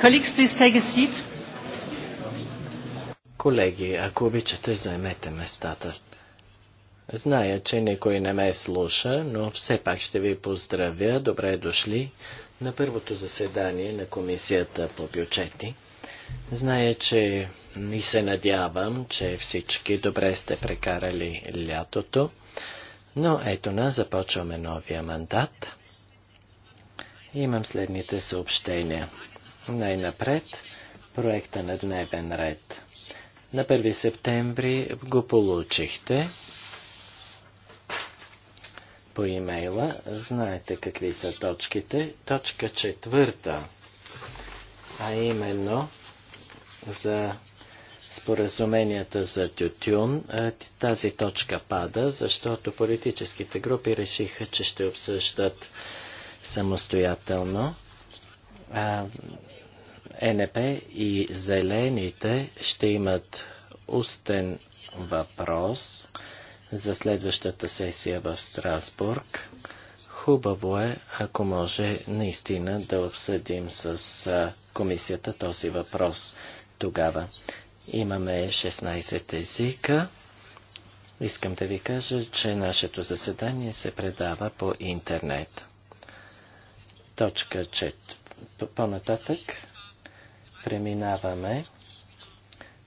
Colleagues, please take a seat. Колеги, ако обичате, займете местата. Зная, че никой не ме слуша, но все пак ще ви поздравя. Добре дошли на първото заседание на Комисията по бюджети. Зная, че и се надявам, че всички добре сте прекарали лятото, но ето на започваме новия мандат. Имам следните съобщения. Най-напред проекта на дневен ред. На 1 септември го получихте по имейла. Знаете какви са точките. Точка четвърта, а именно за споразуменията за тютюн. Е, тази точка пада, защото политическите групи решиха, че ще обсъждат самостоятелно а, е НП и Зелените ще имат устен въпрос за следващата сесия в Страсбург. Хубаво е, ако може наистина да обсъдим с комисията този въпрос тогава. Имаме 16 езика. Искам да ви кажа, че нашето заседание се предава по интернет. Точка 4. По-нататък преминаваме.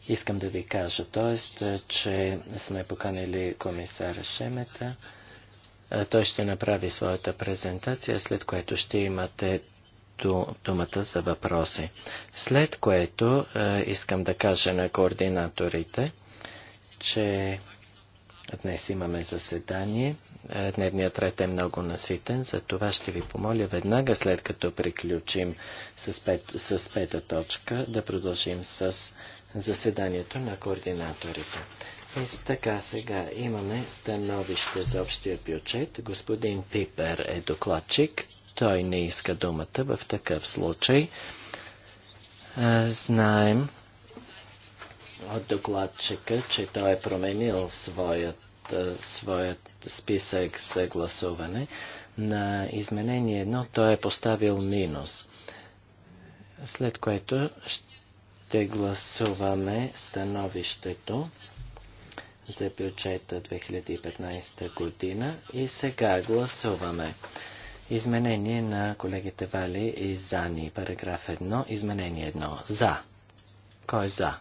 Искам да ви кажа, т.е. че сме поканили комисара Шемета. Той ще направи своята презентация, след което ще имате думата за въпроси. След което искам да кажа на координаторите, че Днес имаме заседание. Е, дневният ред е много наситен, за това ще ви помоля веднага след като приключим с, пет, с пета точка да продължим с заседанието на координаторите. И така сега имаме становище за общия бюджет. Господин Пипер е докладчик. Той не иска думата в такъв случай. Е, знаем, от докладчика, че той е променил своят, своят списък за гласуване. На изменение едно той е поставил минус, след което ще гласуваме становището за бюджета 2015 година и сега гласуваме. Изменение на колегите Вали и Зани. Параграф 1. Изменение 1. За. Кой е за?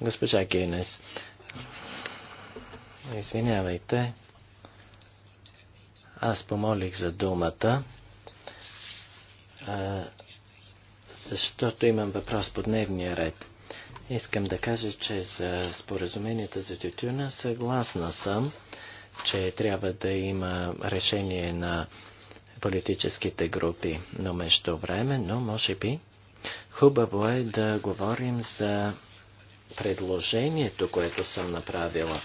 Госпожа Гейнес, извинявайте, аз помолих за думата, защото имам въпрос по дневния ред. Искам да кажа, че за споразуменията за тютюна съгласна съм, че трябва да има решение на политическите групи, но между време, но може би хубаво е да говорим за предложението, което съм направила.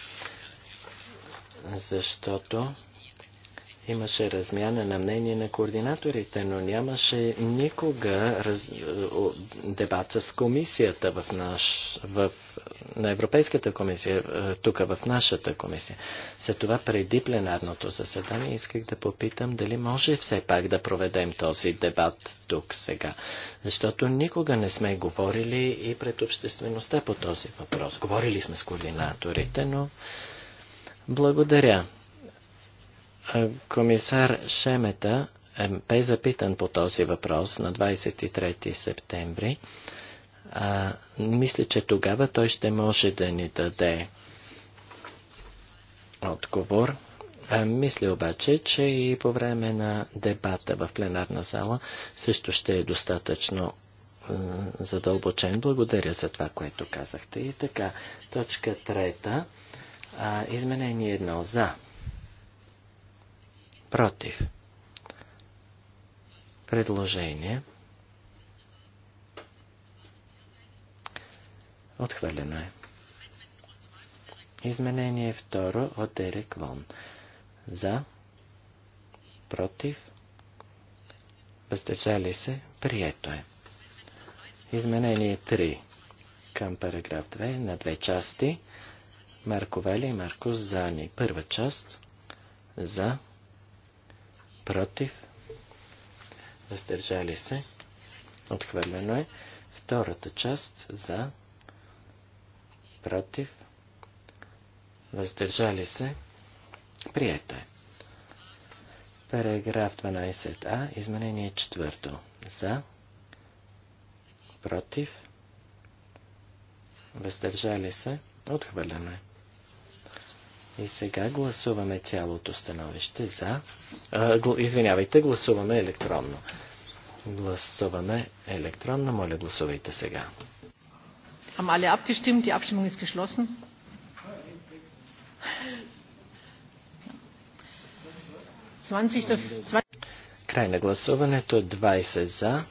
Защото Имаше размяна на мнение на координаторите, но нямаше никога раз... дебат с комисията в наш... в... на Европейската комисия, е, тук в нашата комисия. За това преди пленарното заседание исках да попитам дали може все пак да проведем този дебат тук сега. Защото никога не сме говорили и пред обществеността по този въпрос. Говорили сме с координаторите, но благодаря. Е, комисар Шемета е, бе запитан по този въпрос на 23 септември. А, мисля, че тогава той ще може да ни даде отговор. А, е, мисля обаче, че и по време на дебата в пленарна зала също ще е достатъчно задълбочен. Благодаря за това, което казахте. И така, точка трета. А, изменение едно за против. Предложение. Отхвърлено е. Изменение второ от Дерек Вон. За, против, въздържали се, прието е. Изменение 3 към параграф 2 на две части. Марко Вели и Марко Зани. Първа част за, против, въздържали се, отхвърлено е. Втората част за, против, въздържали се, прието е. Параграф 12а, изменение четвърто. За, против, въздържали се, отхвърлено е. И сега гласуваме цялото становище за... А, извинявайте, гласуваме електронно. Гласуваме електронно. Моля, гласувайте сега. Haben alle abgestimmt? Die Abstimmung ist geschlossen. Край на гласуването 20 за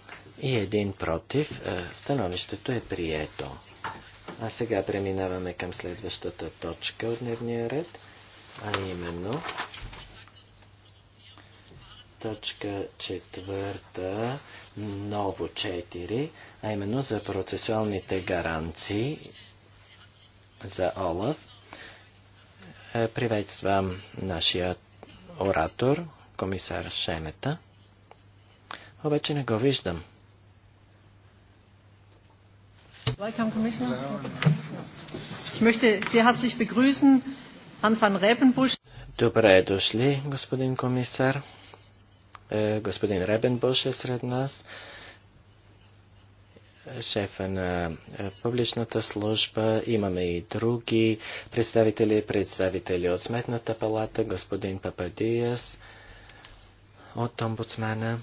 и 1 против. Е, становището е прието. А сега преминаваме към следващата точка от дневния ред, а именно точка четвърта, ново 4, а именно за процесуалните гаранции за ОЛАФ. Е, приветствам нашия оратор, комисар Шемета. Обаче не го виждам. Welcome, Commissioner. Ich möchte Sie herzlich begrüßen, Herrn van Repenbusch. Добре дошли, господин комисар. Е, господин Ребенбуш е сред нас, шефа на е, публичната служба. Имаме и други представители, представители от Сметната палата, господин Пападиас от омбудсмана.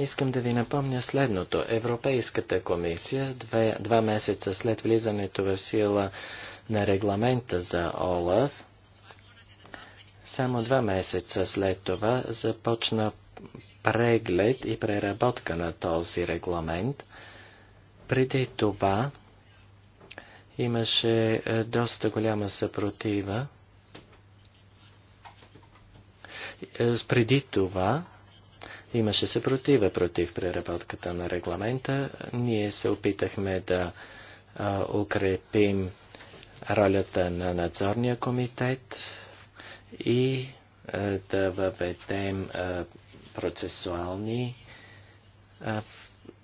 Искам да ви напомня следното. Европейската комисия две, два месеца след влизането в сила на регламента за ОЛАФ, само два месеца след това започна преглед и преработка на този регламент. Преди това имаше е, доста голяма съпротива. Е, преди това Имаше съпротива против преработката на регламента. Ние се опитахме да а, укрепим ролята на надзорния комитет и а, да въведем а, процесуални а,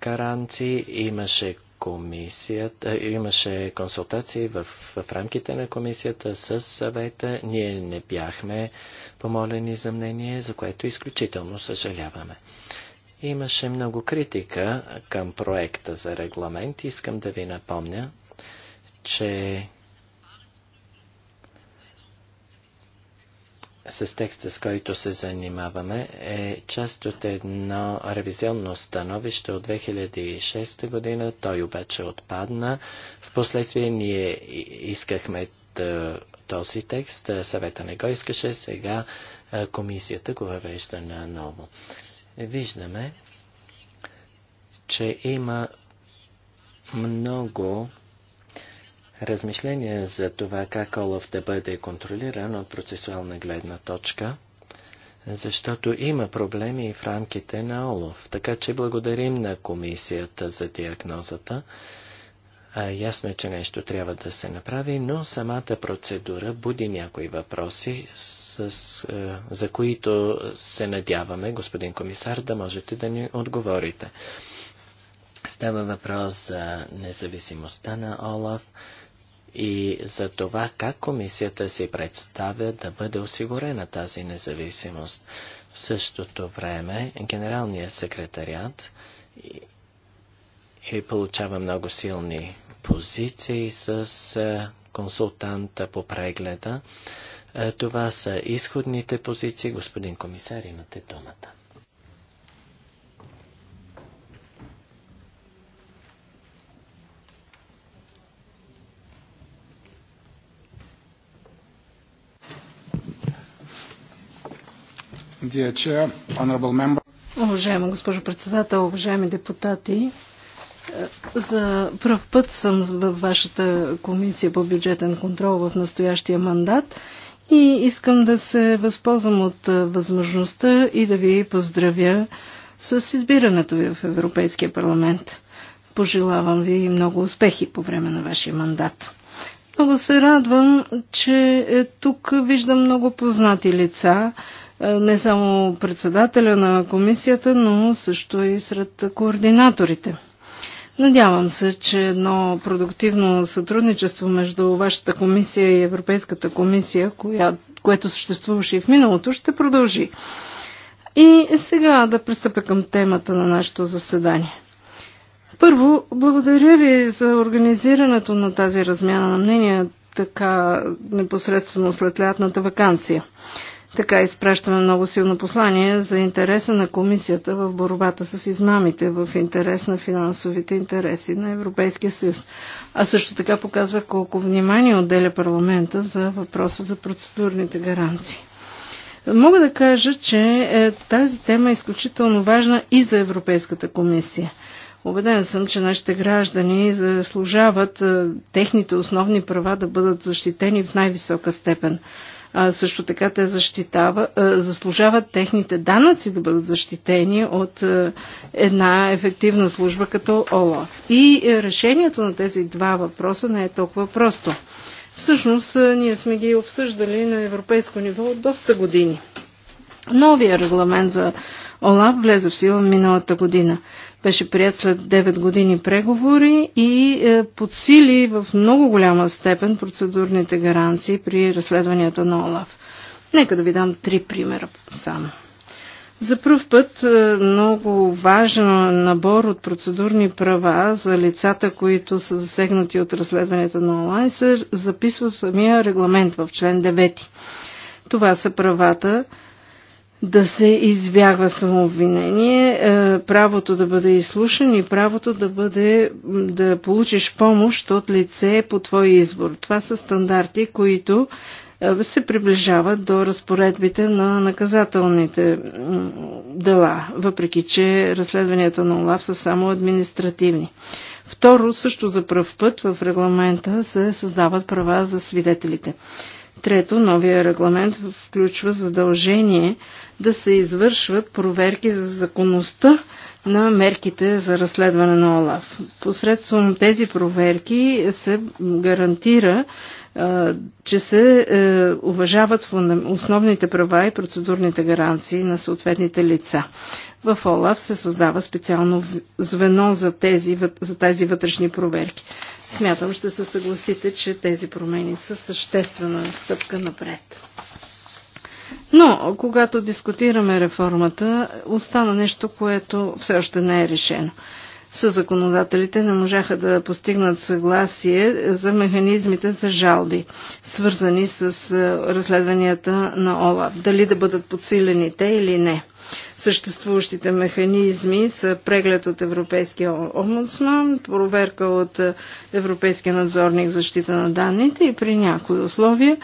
гаранции. Имаше комисията, е, имаше консултации в, в рамките на комисията с съвета. Ние не бяхме помолени за мнение, за което изключително съжаляваме. Имаше много критика към проекта за регламент. Искам да ви напомня, че с текста, с който се занимаваме, е част от едно ревизионно становище от 2006 година. Той обаче отпадна. Впоследствие ние искахме този текст. Съвета не го искаше. Сега комисията го въвежда на ново. Е, виждаме, че има много Размишление за това как Олаф да бъде контролиран от процесуална гледна точка, защото има проблеми и в рамките на Олаф. Така че благодарим на комисията за диагнозата. А, ясно е, че нещо трябва да се направи, но самата процедура буди някои въпроси, с, с, е, за които се надяваме, господин комисар, да можете да ни отговорите. Става въпрос за независимостта на Олаф, и за това как комисията си представя да бъде осигурена тази независимост. В същото време генералният секретариат и, и получава много силни позиции с консултанта по прегледа. Това са изходните позиции. Господин комисар, имате думата. Уважаема госпожо председател, уважаеми депутати, е, за първ път съм в вашата комисия по бюджетен контрол в настоящия мандат и искам да се възползвам от е, възможността и да ви поздравя с избирането ви в Европейския парламент. Пожелавам ви много успехи по време на вашия мандат. Много се радвам, че е, тук виждам много познати лица, е, не само председателя на комисията, но също и сред координаторите. Надявам се, че едно продуктивно сътрудничество между вашата комисия и Европейската комисия, коя, което съществуваше и в миналото, ще продължи. И сега да пристъпя към темата на нашето заседание. Първо, благодаря ви за организирането на тази размяна на мнения така непосредствено след лятната вакансия. Така изпращаме много силно послание за интереса на комисията в борбата с измамите в интерес на финансовите интереси на Европейския съюз. А също така показва колко внимание отделя парламента за въпроса за процедурните гаранции. Мога да кажа, че е, тази тема е изключително важна и за Европейската комисия. Обеден съм, че нашите граждани заслужават е, техните основни права да бъдат защитени в най-висока степен. А, също така те защитава, а, заслужават техните данъци да бъдат защитени от а, една ефективна служба като ОЛАФ. И решението на тези два въпроса не е толкова просто. Всъщност, ние сме ги обсъждали на европейско ниво от доста години. Новия регламент за ОЛАФ влезе в сила миналата година беше прият след 9 години преговори и е, подсили в много голяма степен процедурните гаранции при разследванията на ОЛАФ. Нека да ви дам три примера само. За първ път е, много важен набор от процедурни права за лицата, които са засегнати от разследването на онлайн, се записва в самия регламент в член 9. Това са правата, да се избягва самообвинение, е, правото да бъде изслушан и правото да, бъде, да получиш помощ от лице по твой избор. Това са стандарти, които е, се приближават до разпоредбите на наказателните дела, въпреки че разследванията на ОЛАВ са само административни. Второ, също за пръв път в регламента се създават права за свидетелите. Трето, новия регламент включва задължение да се извършват проверки за законността на мерките за разследване на ОЛАФ. Посредством тези проверки се гарантира, че се е, уважават основните права и процедурните гаранции на съответните лица. В ОЛАФ се създава специално звено за тези, за тези вътрешни проверки. Смятам, ще се съгласите, че тези промени са съществена стъпка напред. Но, когато дискутираме реформата, остана нещо, което все още не е решено. Със законодателите не можаха да постигнат съгласие за механизмите за жалби, свързани с разследванията на ОЛАФ. Дали да бъдат подсилени те или не съществуващите механизми са преглед от Европейския омбудсман, проверка от Европейския надзорник защита на данните и при някои условия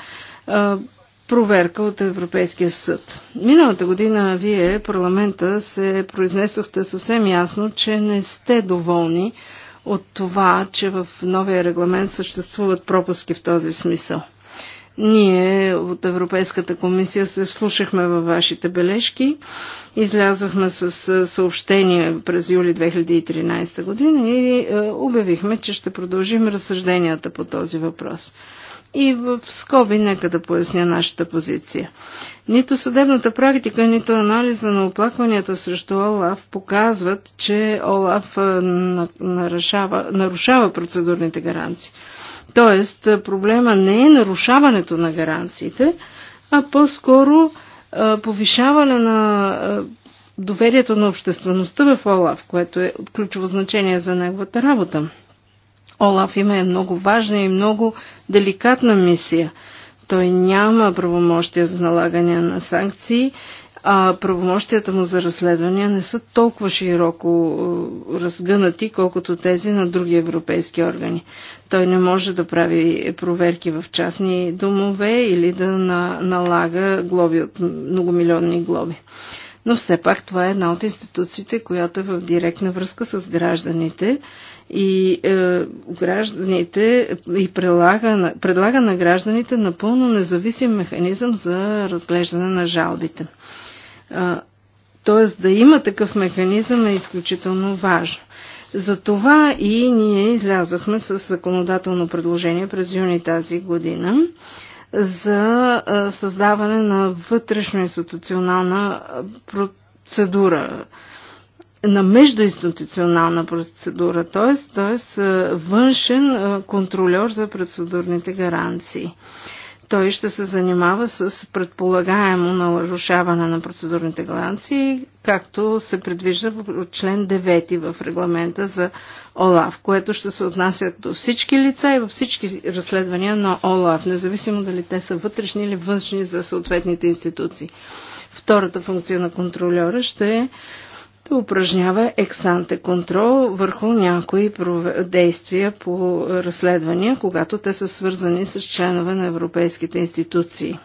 проверка от Европейския съд. Миналата година вие, парламента, се произнесохте съвсем ясно, че не сте доволни от това, че в новия регламент съществуват пропуски в този смисъл. Ние от Европейската комисия се вслушахме във вашите бележки, излязохме с съобщение през юли 2013 година и е, обявихме, че ще продължим разсъжденията по този въпрос. И в скоби нека да поясня нашата позиция. Нито съдебната практика, нито анализа на оплакванията срещу ОЛАФ показват, че ОЛАФ е, нарушава, нарушава процедурните гаранции. Тоест, проблема не е нарушаването на гаранциите, а по-скоро повишаване на доверието на обществеността в ОЛАФ, което е от ключово значение за неговата работа. ОЛАФ има е много важна и много деликатна мисия. Той няма правомощия за налагане на санкции, а правомощията му за разследвания не са толкова широко е, разгънати, колкото тези на други европейски органи. Той не може да прави проверки в частни домове или да на, налага глоби от многомилионни глоби. Но все пак това е една от институциите, която е в директна връзка с гражданите и е, гражданите и прилага предлага на гражданите напълно независим механизъм за разглеждане на жалбите. Тоест да има такъв механизъм е изключително важно. Затова и ние излязохме с законодателно предложение през юни тази година за създаване на вътрешно-институционална процедура, на междуинституционална процедура, т.е. външен контролер за процедурните гаранции той ще се занимава с предполагаемо нарушаване на процедурните гаранции, както се предвижда в член 9 в регламента за ОЛАВ, което ще се отнася до всички лица и във всички разследвания на ОЛАВ, независимо дали те са вътрешни или външни за съответните институции. Втората функция на контролера ще е да упражнява ексанте контрол върху някои действия по разследвания, когато те са свързани с членове на европейските институции.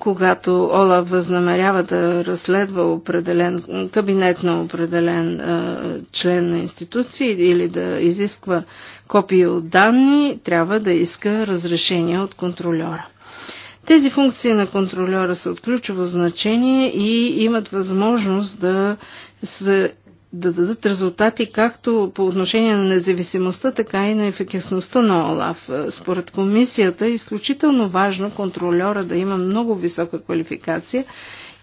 Когато Ола възнамерява да разследва определен кабинет на определен а, член на институции или да изисква копия от данни, трябва да иска разрешение от контролера. Тези функции на контролера са от ключово значение и имат възможност да, се, да дадат резултати както по отношение на независимостта, така и на ефикасността на ОЛАФ. Според комисията е изключително важно контролера да има много висока квалификация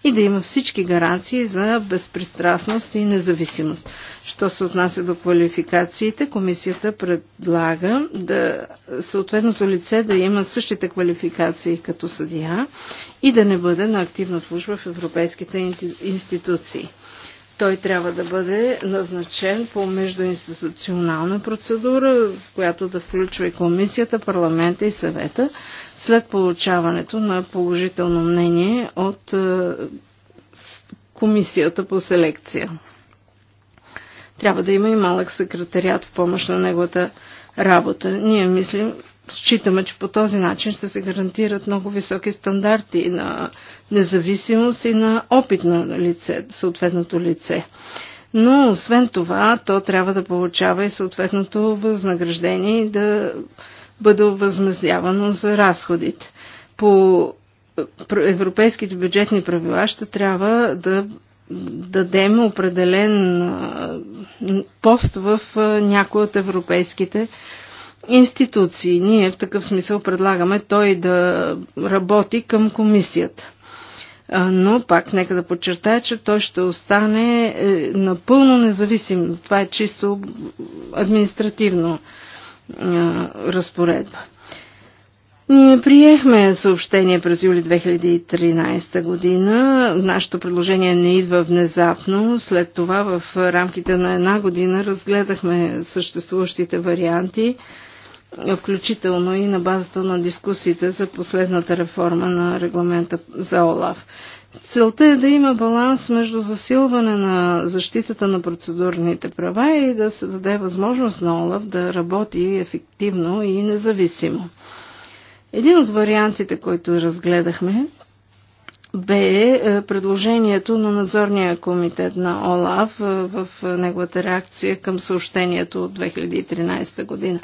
и да има всички гаранции за безпристрастност и независимост. Що се отнася до квалификациите, комисията предлага да съответното лице да има същите квалификации като съдия и да не бъде на активна служба в европейските институции. Той трябва да бъде назначен по междуинституционална процедура, в която да включва и комисията, парламента и съвета, след получаването на положително мнение от е, комисията по селекция. Трябва да има и малък секретариат в помощ на неговата работа. Ние мислим, Считаме, че по този начин ще се гарантират много високи стандарти на независимост и на опит на лице, съответното лице. Но освен това, то трябва да получава и съответното възнаграждение и да бъде възмездявано за разходите. По европейските бюджетни правила ще трябва да дадем определен пост в някои от европейските институции. Ние в такъв смисъл предлагаме той да работи към комисията. Но пак нека да подчертая, че той ще остане е, напълно независим. Това е чисто административно разпоредба. Ние приехме съобщение през юли 2013 година. Нашето предложение не идва внезапно. След това в рамките на една година разгледахме съществуващите варианти включително и на базата на дискусиите за последната реформа на регламента за ОЛАВ. Целта е да има баланс между засилване на защитата на процедурните права и да се даде възможност на ОЛАВ да работи ефективно и независимо. Един от вариантите, който разгледахме, бе е, е, предложението на надзорния комитет на ОЛАВ е, в неговата реакция към съобщението от 2013 година.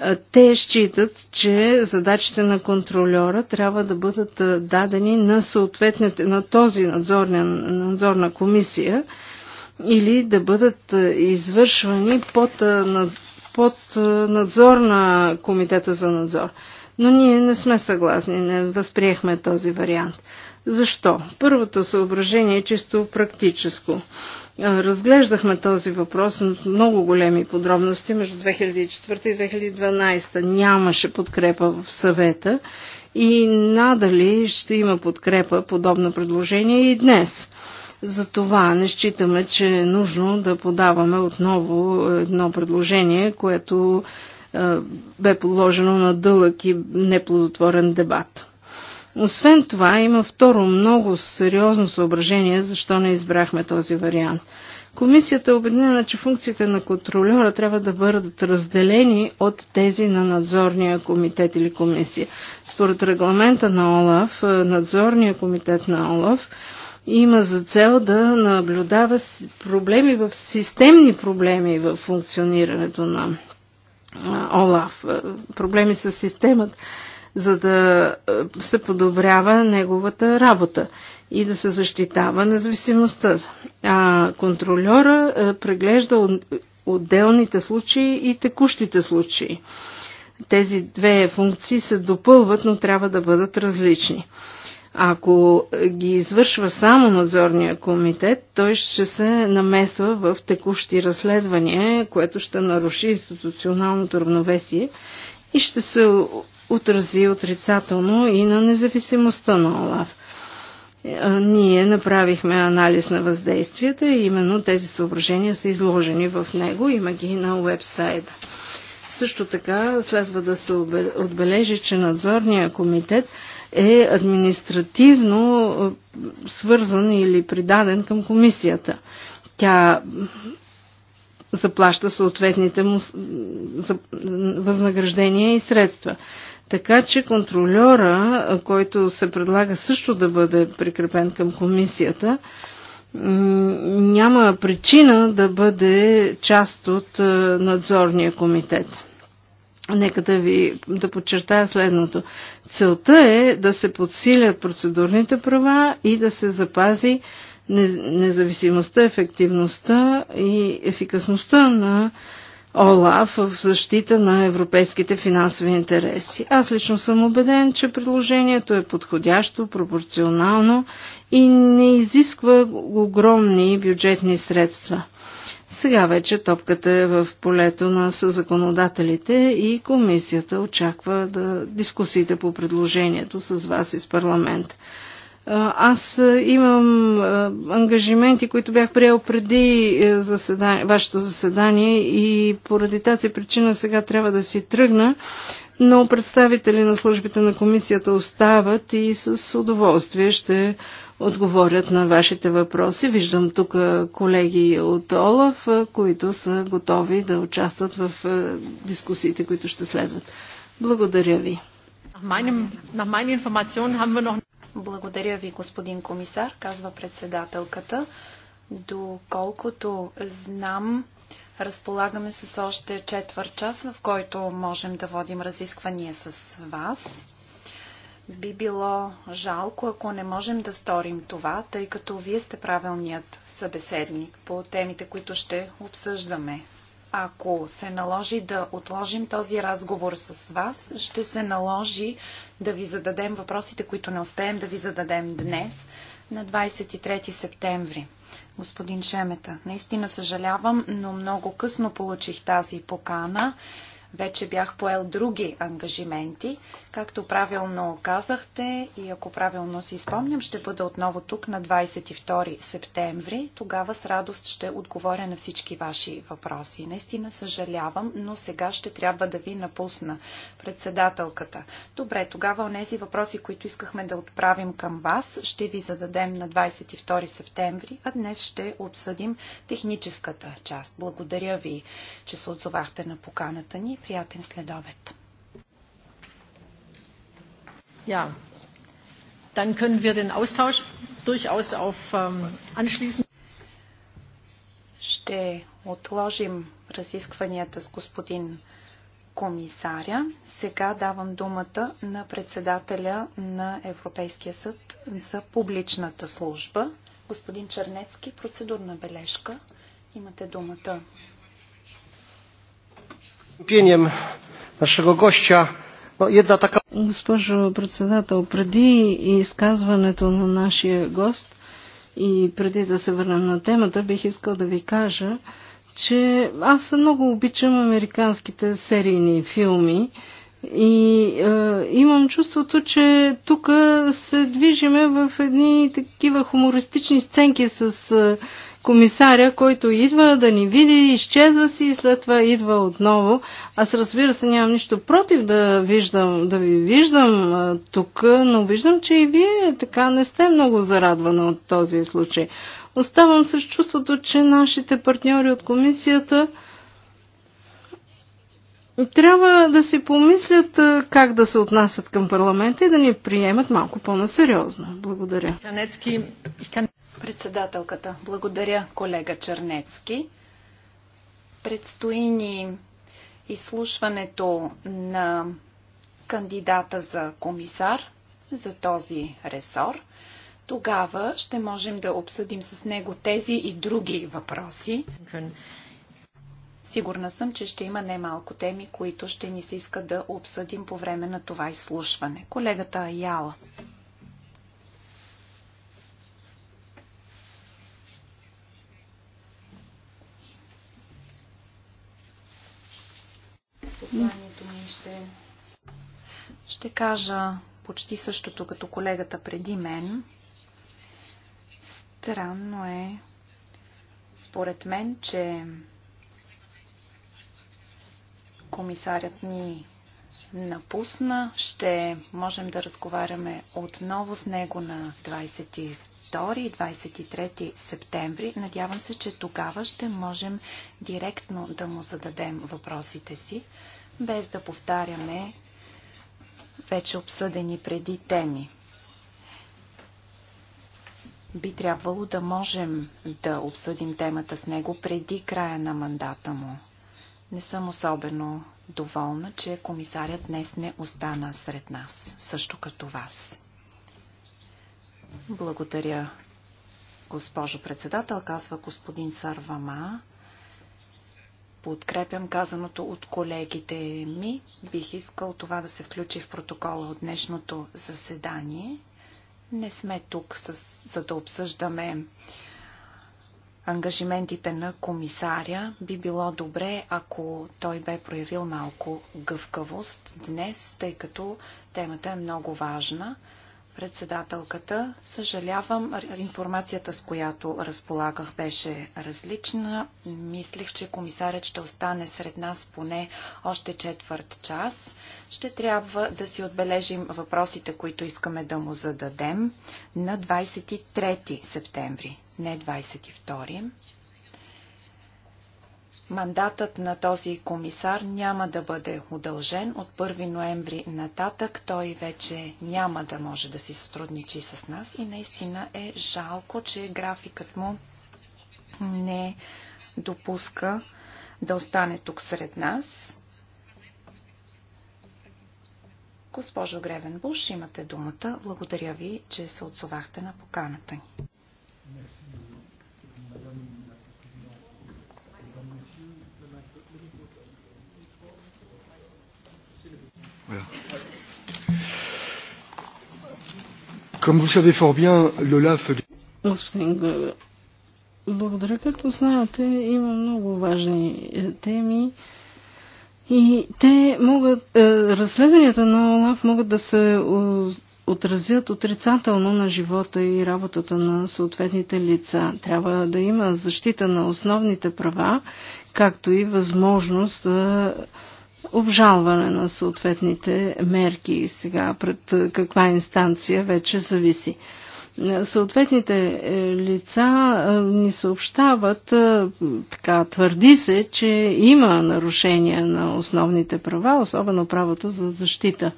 Е, те считат, че задачите на контролера трябва да бъдат е, дадени на съответните, на този надзорна, надзорна комисия или да бъдат е, извършвани под, под надзор на комитета за надзор. Но ние не сме съгласни, не възприехме този вариант. Защо? Първото съображение е чисто практическо. Разглеждахме този въпрос на много големи подробности между 2004 и 2012. Нямаше подкрепа в съвета и надали ще има подкрепа подобно предложение и днес. Затова не считаме, че е нужно да подаваме отново едно предложение, което бе подложено на дълъг и неплодотворен дебат. Освен това, има второ много сериозно съображение, защо не избрахме този вариант. Комисията е обединена, че функциите на контролера трябва да бъдат разделени от тези на надзорния комитет или комисия. Според регламента на ОЛАФ, е, надзорния комитет на ОЛАФ има за цел да наблюдава проблеми в системни проблеми в функционирането на е, ОЛАФ, е, проблеми с системата за да е, се подобрява неговата работа и да се защитава независимостта. А контролера е, преглежда отделните случаи и текущите случаи. Тези две функции се допълват, но трябва да бъдат различни. Ако ги извършва само надзорния комитет, той ще се намесва в текущи разследвания, което ще наруши институционалното равновесие и ще се отрази отрицателно и на независимостта на ОЛАФ. Е, ние направихме анализ на въздействията и именно тези съображения са изложени в него, има ги на уебсайда. Също така следва да се отбележи, че надзорния комитет е административно е, свързан или придаден към комисията. Тя заплаща съответните му възнаграждения и средства. Така че контролера, който се предлага също да бъде прикрепен към комисията, няма причина да бъде част от е, надзорния комитет. Нека да ви да подчертая следното. Целта е да се подсилят процедурните права и да се запази независимостта, ефективността и ефикасността на ОЛАФ в защита на европейските финансови интереси. Аз лично съм убеден, че предложението е подходящо, пропорционално и не изисква огромни бюджетни средства. Сега вече топката е в полето на съзаконодателите и комисията очаква да дискусите по предложението с вас и с парламент. Аз имам ангажименти, които бях приел преди е, заседание, вашето заседание и поради тази причина сега трябва да си тръгна, но представители на службите на комисията остават и с удоволствие ще отговорят на вашите въпроси. Виждам тук колеги от ОЛАФ, които са готови да участват в дискусиите, които ще следват. Благодаря ви. Благодаря ви, господин комисар, казва председателката. Доколкото знам, разполагаме с още четвърт час, в който можем да водим разисквания с вас. Би било жалко, ако не можем да сторим това, тъй като вие сте правилният събеседник по темите, които ще обсъждаме ако се наложи да отложим този разговор с вас, ще се наложи да ви зададем въпросите, които не успеем да ви зададем днес, на 23 септември. Господин Шемета, наистина съжалявам, но много късно получих тази покана вече бях поел други ангажименти. Както правилно казахте и ако правилно си спомням, ще бъда отново тук на 22 септември. Тогава с радост ще отговоря на всички ваши въпроси. Наистина съжалявам, но сега ще трябва да ви напусна председателката. Добре, тогава онези въпроси, които искахме да отправим към вас, ще ви зададем на 22 септември, а днес ще обсъдим техническата част. Благодаря ви, че се отзовахте на поканата ни приятен следобед. Ja, dann können wir den Austausch durchaus auf ähm, anschließen. Ще отложим разискванията с господин комисаря. Сега давам думата на председателя на Европейския съд за публичната служба. Господин Чернецки, процедурна бележка. Имате думата, встъплением нашего гостя. Една така... Госпожо председател, преди изказването на нашия гост и преди да се върнем на темата, бих искал да ви кажа, че аз много обичам американските серийни филми и е, имам чувството, че тук се движиме в едни такива хумористични сценки с е, комисаря, който идва да ни види, изчезва си и след това идва отново. Аз разбира се нямам нищо против да, виждам, да ви виждам а, тук, но виждам, че и вие така не сте много зарадвана от този случай. Оставам с чувството, че нашите партньори от комисията трябва да си помислят как да се отнасят към парламента и да ни приемат малко по-насериозно. Благодаря. Председателката, благодаря колега Чернецки. Предстои ни изслушването на кандидата за комисар за този ресор. Тогава ще можем да обсъдим с него тези и други въпроси. Сигурна съм, че ще има немалко теми, които ще ни се иска да обсъдим по време на това изслушване. Колегата Яла. посланието ми ще... Ще кажа почти същото като колегата преди мен. Странно е, според мен, че комисарят ни напусна. Ще можем да разговаряме отново с него на 22 и 23 септември. Надявам се, че тогава ще можем директно да му зададем въпросите си без да повтаряме вече обсъдени преди теми. Би трябвало да можем да обсъдим темата с него преди края на мандата му. Не съм особено доволна, че комисарят днес не остана сред нас, също като вас. Благодаря, госпожо председател, казва господин Сарвама подкрепям казаното от колегите ми. Бих искал това да се включи в протокола от днешното заседание. Не сме тук, с, за да обсъждаме ангажиментите на комисаря. Би било добре, ако той бе проявил малко гъвкавост днес, тъй като темата е много важна. Председателката, съжалявам, информацията с която разполагах беше различна. Мислих, че комисарят ще остане сред нас поне още четвърт час. Ще трябва да си отбележим въпросите, които искаме да му зададем на 23 септември, не 22. Мандатът на този комисар няма да бъде удължен. От 1 ноември нататък той вече няма да може да си сътрудничи с нас и наистина е жалко, че графикът му не допуска да остане тук сред нас. Госпожо Гревенбуш, имате думата. Благодаря ви, че се отзовахте на поканата ни. Comme vous savez fort bien, l'OLAF... Господин, благодаря. Както знаете, има много важни е, теми. И те могат, е, разследванията на ОЛАФ могат да се отразят отрицателно на живота и работата на съответните лица. Трябва да има защита на основните права, както и възможност да е, обжалване на съответните мерки сега пред е, каква инстанция вече зависи. Е, съответните е, лица ни съобщават, така твърди се, че има нарушения на основните права, особено правото за защита.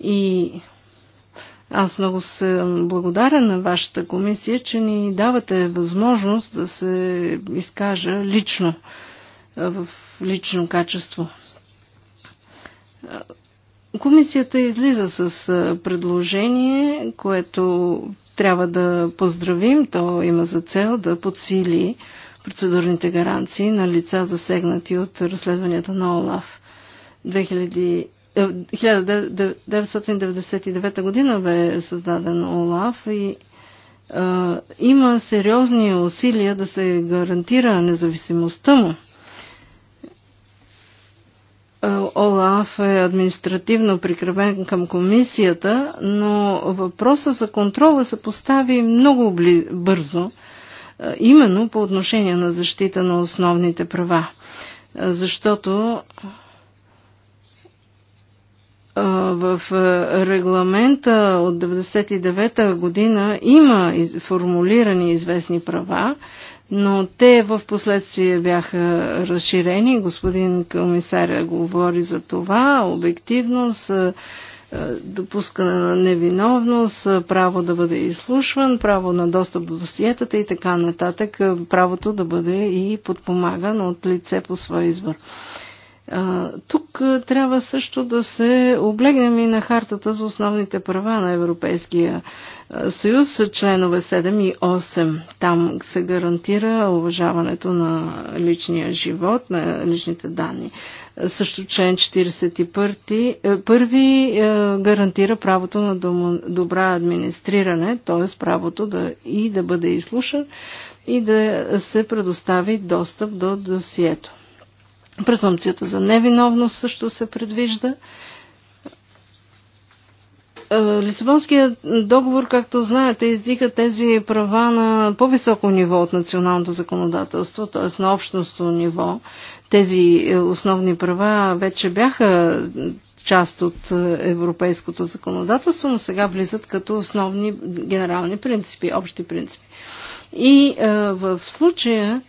И аз много съм благодарен на вашата комисия, че ни давате възможност да се изкажа лично, в лично качество. Комисията излиза с предложение, което трябва да поздравим. То има за цел да подсили процедурните гаранции на лица засегнати от разследванията на ОЛАФ. 2000... 1999 е, година бе създаден ОЛАФ и има сериозни усилия да се гарантира независимостта му. Е, ОЛАФ е административно прикрепен към комисията, но въпроса за контрола се постави много бързо, е, именно по отношение на защита на основните права. Е, защото в регламента от 1999 година има формулирани известни права, но те в последствие бяха разширени. Господин комисаря говори за това, обективност, е, е, допускане на невиновност, е, право да бъде изслушван, право на достъп до досиетата и така нататък, правото да бъде и подпомаган от лице по своя избор. Тук трябва също да се облегнем и на хартата за основните права на Европейския съюз, членове 7 и 8. Там се гарантира уважаването на личния живот, на личните данни. Също член 41 е, първи е, гарантира правото на добра администриране, т.е. правото да и да бъде изслушан и да се предостави достъп до досието. Презумцията за невиновност също се предвижда. Е, Лисабонският договор, както знаете, издиха тези права на по-високо ниво от националното законодателство, т.е. на общностно ниво. Тези е, основни права вече бяха част от е, европейското законодателство, но сега влизат като основни генерални принципи, общи принципи. И в случая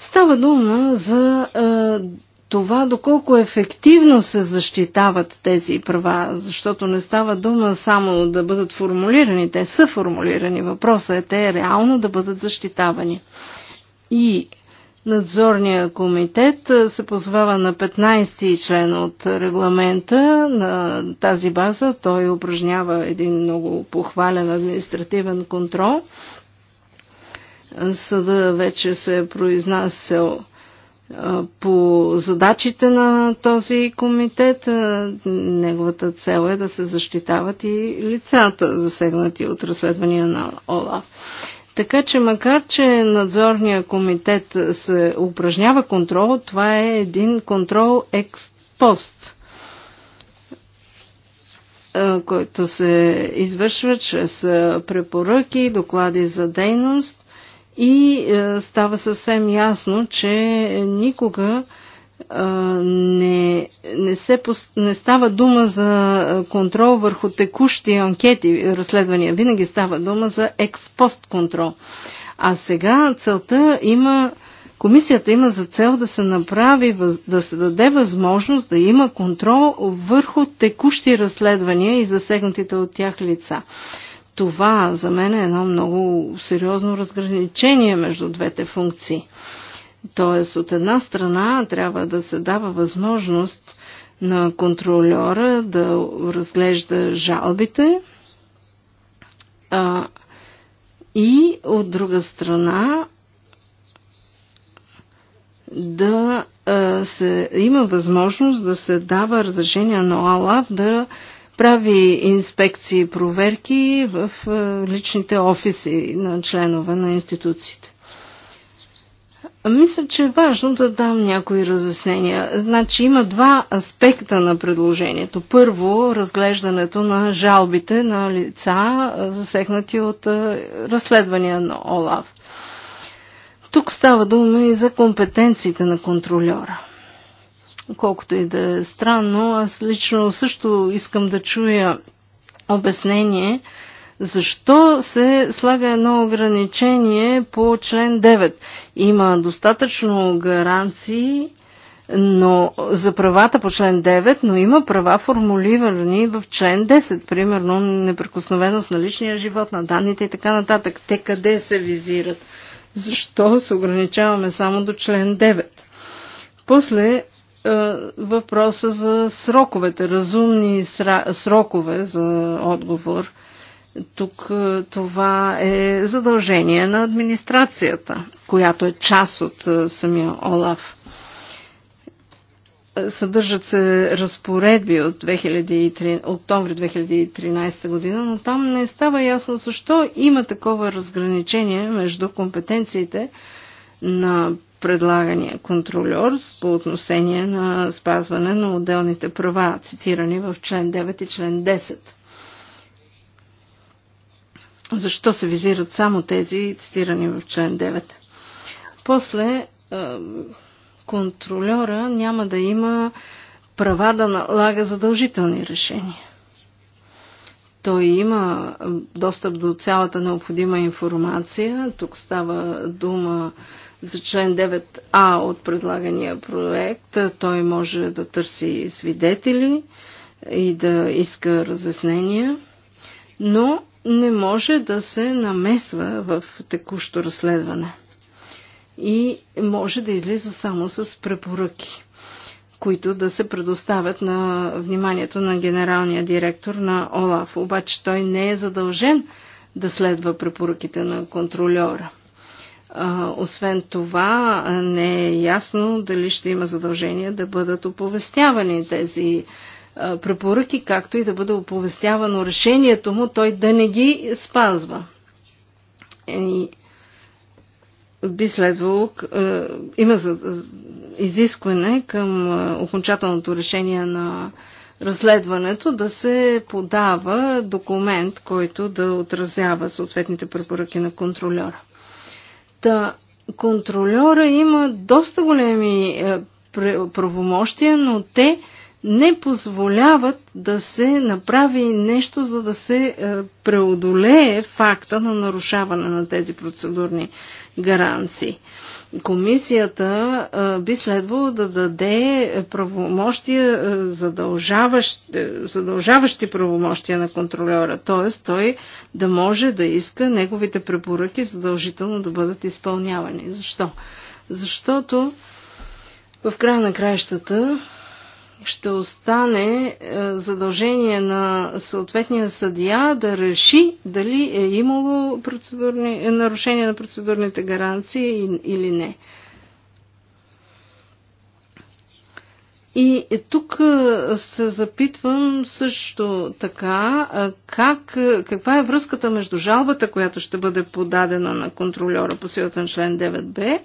Става дума за е, това доколко ефективно се защитават тези права, защото не става дума само да бъдат формулирани, те са формулирани. Въпросът е те реално да бъдат защитавани. И надзорния комитет е, се позовава на 15 член от регламента на тази база. Той упражнява един много похвален административен контрол – Съда вече се е произнасял по задачите на този комитет. Неговата цел е да се защитават и лицата, засегнати от разследвания на ОЛАФ. Така че макар, че надзорния комитет се упражнява контрол, това е един контрол експост, който се извършва чрез препоръки, доклади за дейност и е, става съвсем ясно, че никога е, не, не, се, не става дума за е, контрол върху текущи анкети, разследвания. Винаги става дума за експост контрол. А сега целта има, комисията има за цел да се направи, да се даде възможност да има контрол върху текущи разследвания и засегнатите от тях лица. Това за мен е едно много сериозно разграничение между двете функции. Тоест, от една страна трябва да се дава възможност на контролера да разглежда жалбите, а, и от друга страна да а, се, има възможност да се дава разрешение на ОАЛАВ да а, прави инспекции и проверки в е, личните офиси на членове на институциите. Мисля, че е важно да дам някои разяснения. Значи има два аспекта на предложението. Първо, разглеждането на жалбите на лица, е, засегнати от е, разследвания на ОЛАВ. Тук става дума и за компетенциите на контролера колкото и да е странно, аз лично също искам да чуя обяснение защо се слага едно ограничение по член 9. Има достатъчно гаранции но за правата по член 9, но има права формулирани в член 10, примерно неприкосновеност на личния живот, на данните и така нататък. Те къде се визират? Защо се ограничаваме само до член 9? После е, въпроса за сроковете, разумни срокове за отговор. Тук е, това е задължение на администрацията, която е част от е, самия ОЛАФ. Съдържат се разпоредби от 2003, октомври 2013 година, но там не става ясно защо има такова разграничение между компетенциите на предлагания контролер по отношение на спазване на отделните права, цитирани в член 9 и член 10. Защо се визират само тези, цитирани в член 9? После контролера няма да има права да налага задължителни решения. Той има достъп до цялата необходима информация. Тук става дума за член 9а от предлагания проект. Той може да търси свидетели и да иска разяснения, но не може да се намесва в текущо разследване и може да излиза само с препоръки, които да се предоставят на вниманието на генералния директор на ОЛАФ. Обаче той не е задължен да следва препоръките на контролера. Освен това, не е ясно дали ще има задължение да бъдат оповестявани тези препоръки, както и да бъде оповестявано решението му, той да не ги спазва. И би следвало, има изискване към окончателното решение на разследването да се подава документ, който да отразява съответните препоръки на контролера. Та, контролера има доста големи е, правомощия, но те не позволяват да се направи нещо, за да се е, преодолее факта на нарушаване на тези процедурни гаранции комисията би следвало да даде правомощия, задължаващи, задължаващи правомощия на контролера, т.е. той да може да иска неговите препоръки задължително да бъдат изпълнявани. Защо? Защото в края на краищата ще остане е, задължение на съответния съдия да реши дали е имало процедурни, е, нарушение на процедурните гаранции или не. И тук е, се запитвам също така как, каква е връзката между жалбата, която ще бъде подадена на контролера по силата на член 9б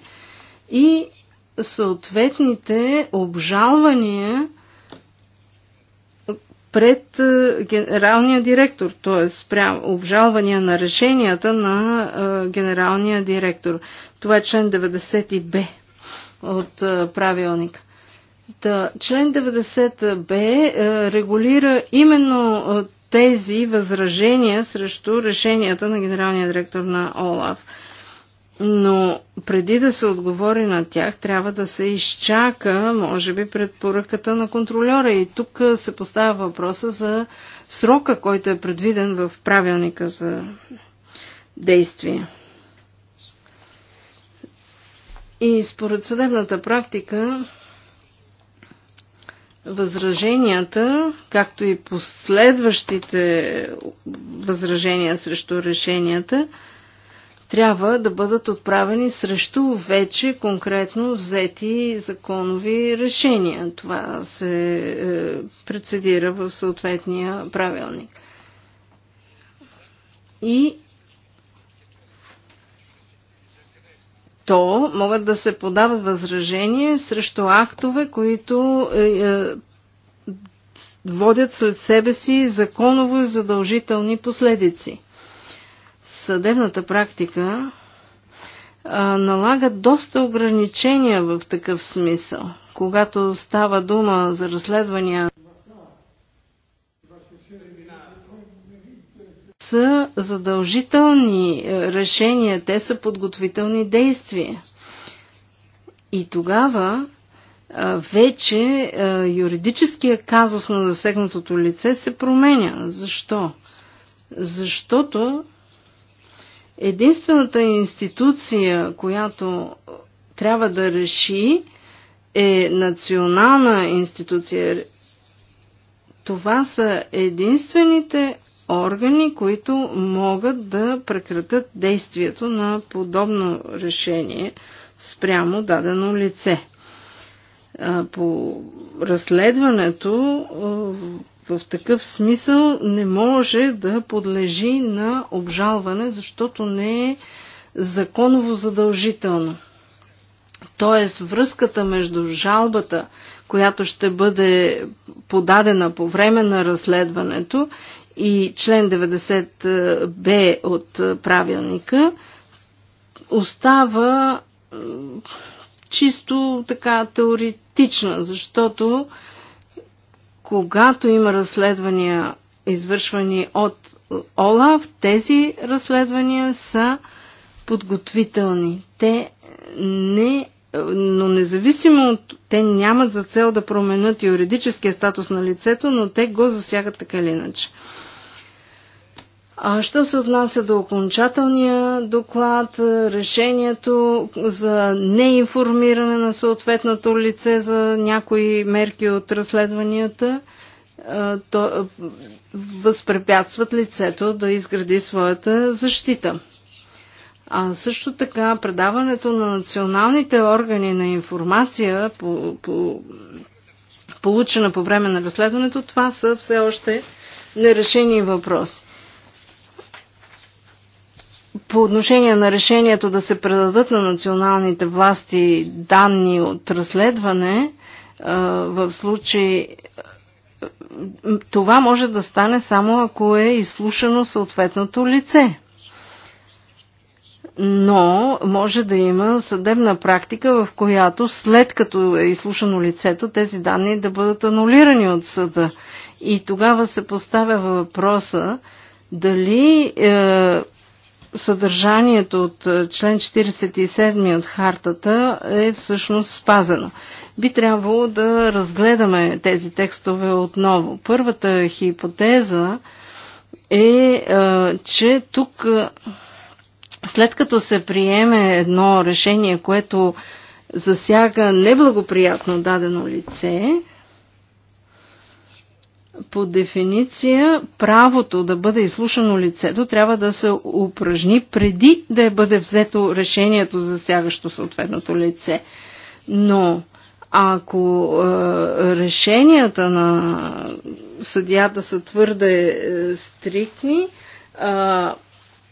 и съответните обжалвания, пред е, генералния директор, т.е. спрямо обжалвания на решенията на е, генералния директор. Това е член 90б от е, правилника. Да, член 90б регулира именно тези възражения срещу решенията на генералния директор на ОЛАФ но преди да се отговори на тях, трябва да се изчака, може би, предпоръката на контролера. И тук се поставя въпроса за срока, който е предвиден в правилника за действие. И според съдебната практика, възраженията, както и последващите възражения срещу решенията, трябва да бъдат отправени срещу вече конкретно взети законови решения. Това се е, прецедира в съответния правилник. И то могат да се подават възражения срещу актове, които е, е, водят след себе си законово задължителни последици съдебната практика налага доста ограничения в такъв смисъл, когато става дума за разследвания са задължителни е, решения, те са подготвителни действия. И тогава вече юридическия казус на засегнатото лице се променя. Защо? Защото единствената институция, която трябва да реши, е национална институция. Това са единствените органи, които могат да прекратят действието на подобно решение спрямо дадено лице. По разследването в такъв смисъл не може да подлежи на обжалване, защото не е законово задължително. Тоест, връзката между жалбата, която ще бъде подадена по време на разследването и член 90б от правилника, остава чисто така теоретична, защото когато има разследвания, извършвани от ОЛАВ, тези разследвания са подготвителни. Те не но независимо от те нямат за цел да променят юридическия статус на лицето, но те го засягат така или иначе. А що се отнася до окончателния доклад, решението за неинформиране на съответното лице за някои мерки от разследванията, то възпрепятстват лицето да изгради своята защита. А също така предаването на националните органи на информация, по, по, получена по време на разследването, това са все още нерешени въпроси по отношение на решението да се предадат на националните власти данни от разследване, в случай това може да стане само ако е изслушано съответното лице. Но може да има съдебна практика, в която след като е изслушано лицето, тези данни да бъдат анулирани от съда. И тогава се поставя въпроса дали е, съдържанието от е, член 47 от хартата е всъщност спазено. Би трябвало да разгледаме тези текстове отново. Първата хипотеза е, е че тук е, след като се приеме едно решение, което засяга неблагоприятно дадено лице, по дефиниция правото да бъде изслушано лицето трябва да се упражни преди да е бъде взето решението за сягащо съответното лице. Но ако е, решенията на съдията са твърде е, стриктни, е,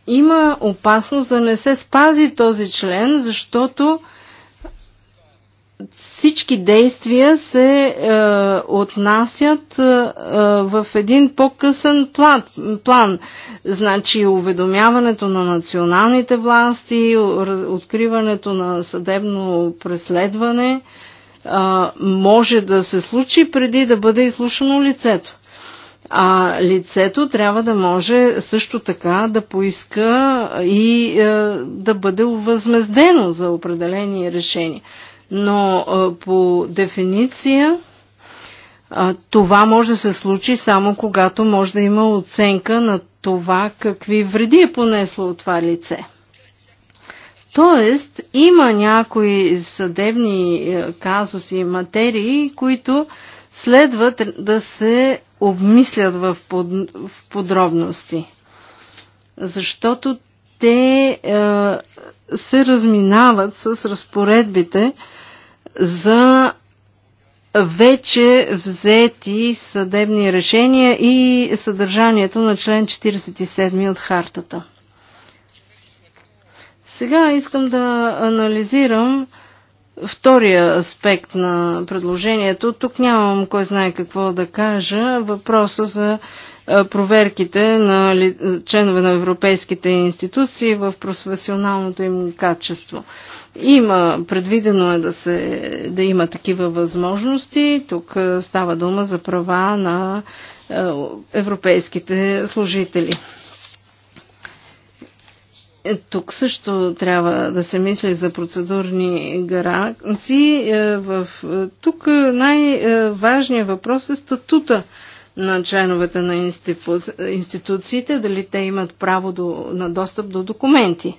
има опасност да не се спази този член, защото всички действия се е, отнасят е, в един по-късен план, план. Значи уведомяването на националните власти, откриването на съдебно преследване е, може да се случи преди да бъде изслушано лицето. А лицето трябва да може също така да поиска и е, да бъде възмездено за определени решения но по дефиниция това може да се случи само когато може да има оценка на това какви вреди е понесло от това лице. Тоест, има някои съдебни казуси и материи, които следват да се обмислят в, под, в подробности. Защото те е, се разминават с разпоредбите за вече взети съдебни решения и съдържанието на член 47 от хартата. Сега искам да анализирам втория аспект на предложението. Тук нямам кой знае какво да кажа. Въпроса за проверките на членове на европейските институции в професионалното им качество. Има, предвидено е да, се, да има такива възможности. Тук е, става дума за права на е, европейските служители. Е, тук също трябва да се мисли за процедурни гаранции. Тук най-важният въпрос е статута на членовете на институциите, дали те имат право до... на достъп до документи.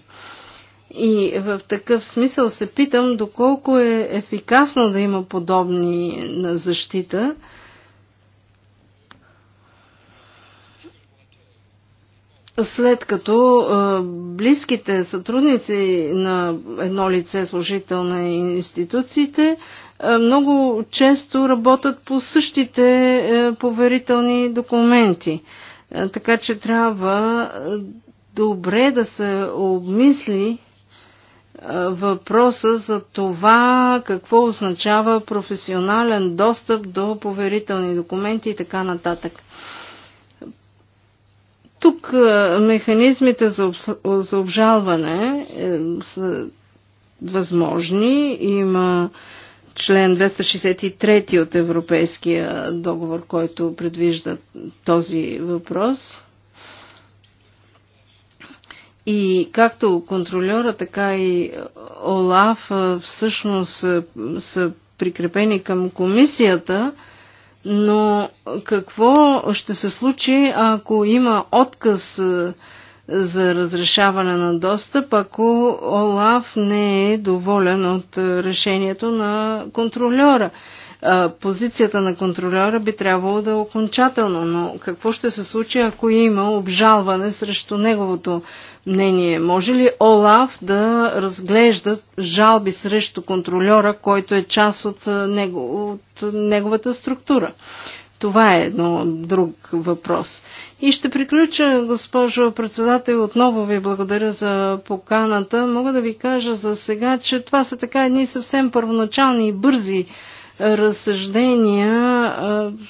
И в такъв смисъл се питам доколко е ефикасно да има подобни на защита. След като близките сътрудници на едно лице, служител на институциите, много често работят по същите поверителни документи. Така че трябва добре да се обмисли въпроса за това какво означава професионален достъп до поверителни документи и така нататък. Тук механизмите за, за обжалване е, са възможни. Има член 263 от Европейския договор, който предвижда този въпрос. И както контролера, така и ОЛАФ всъщност са, прикрепени към комисията, но какво ще се случи, ако има отказ за разрешаване на достъп, ако ОЛАФ не е доволен от решението на контролера? позицията на контролера би трябвало да е окончателно, но какво ще се случи, ако има обжалване срещу неговото мнение? Може ли Олаф да разглежда жалби срещу контролера, който е част от, него, от неговата структура? Това е едно друг въпрос. И ще приключа, госпожо председател, отново ви благодаря за поканата. Мога да ви кажа за сега, че това са така едни съвсем първоначални и бързи разсъждения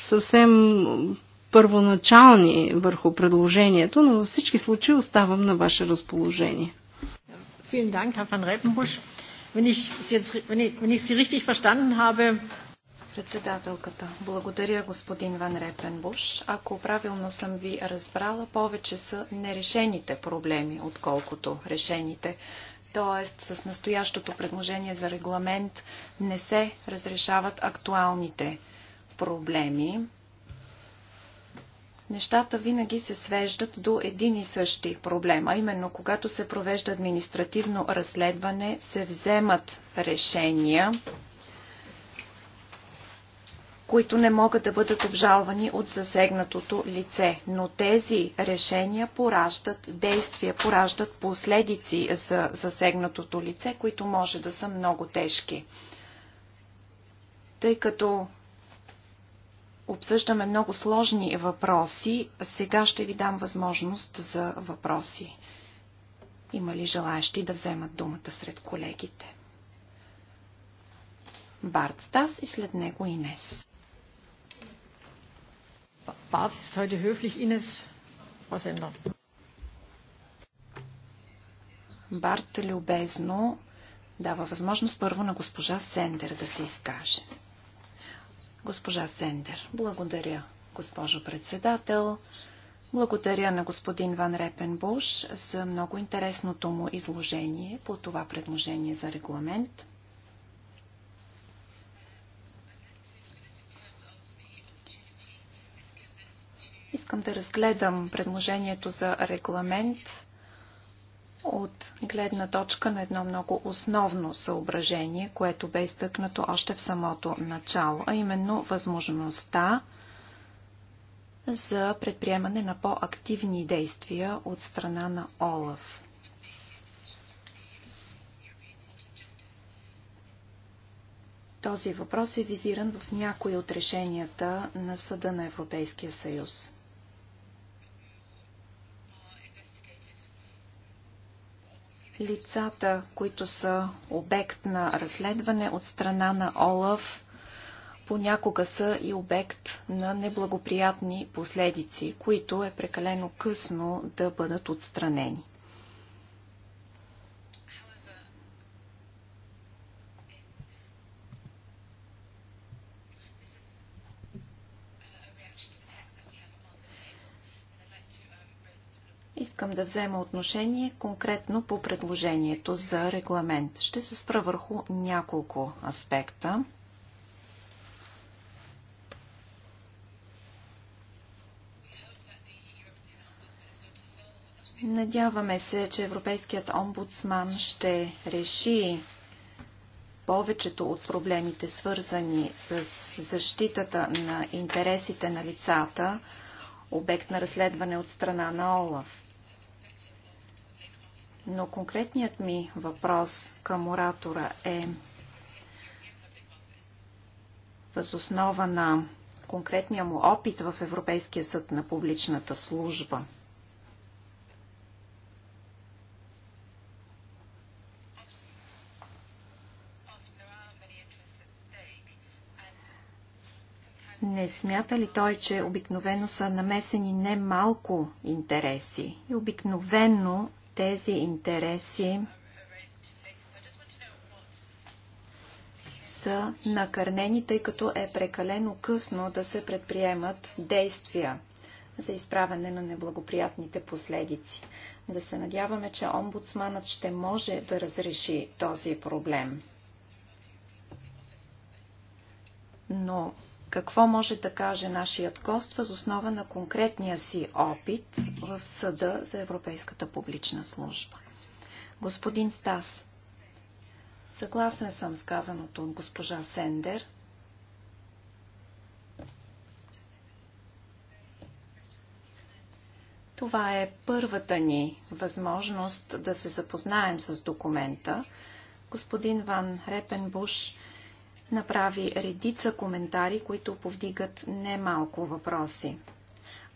съвсем първоначални върху предложението, но във всички случаи оставам на ваше разположение. Председателката. Благодаря, господин Ван Репенбуш. Ако правилно съм ви разбрала, повече са нерешените проблеми, отколкото решените. Т.е. с настоящото предложение за регламент не се разрешават актуалните проблеми. Нещата винаги се свеждат до един и същи проблем, а именно когато се провежда административно разследване, се вземат решения които не могат да бъдат обжалвани от засегнатото лице. Но тези решения пораждат действия, пораждат последици за засегнатото лице, които може да са много тежки. Тъй като обсъждаме много сложни въпроси, сега ще ви дам възможност за въпроси. Има ли желаящи да вземат думата сред колегите? Барт Стас и след него Инес. Bart ist heute höflich, Ines, Frau Sender. Барт любезно дава възможност първо на госпожа Сендер да се изкаже. Госпожа Сендер, благодаря, госпожо председател. Благодаря на господин Ван Репенбуш за много интересното му изложение по това предложение за регламент. Искам да разгледам предложението за регламент от гледна точка на едно много основно съображение, което бе изтъкнато още в самото начало, а именно възможността за предприемане на по-активни действия от страна на ОЛАФ. Този въпрос е визиран в някои от решенията на Съда на Европейския съюз. лицата, които са обект на разследване от страна на ОЛАФ, понякога са и обект на неблагоприятни последици, които е прекалено късно да бъдат отстранени. да взема отношение конкретно по предложението за регламент. Ще се спра върху няколко аспекта. Надяваме се, че Европейският омбудсман ще реши повечето от проблемите, свързани с защитата на интересите на лицата, обект на разследване от страна на ОЛАФ. Но конкретният ми въпрос към оратора е възоснова на конкретния му опит в Европейския съд на публичната служба. Не смята ли той, че обикновено са намесени немалко интереси и обикновено тези интереси са накърнени, тъй като е прекалено късно да се предприемат действия за изправяне на неблагоприятните последици. Да се надяваме, че омбудсманът ще може да разреши този проблем. Но какво може да каже нашият гост въз основа на конкретния си опит в Съда за Европейската публична служба? Господин Стас, съгласен съм с казаното от госпожа Сендер. Това е първата ни възможност да се запознаем с документа. Господин Ван Репенбуш направи редица коментари, които повдигат немалко въпроси.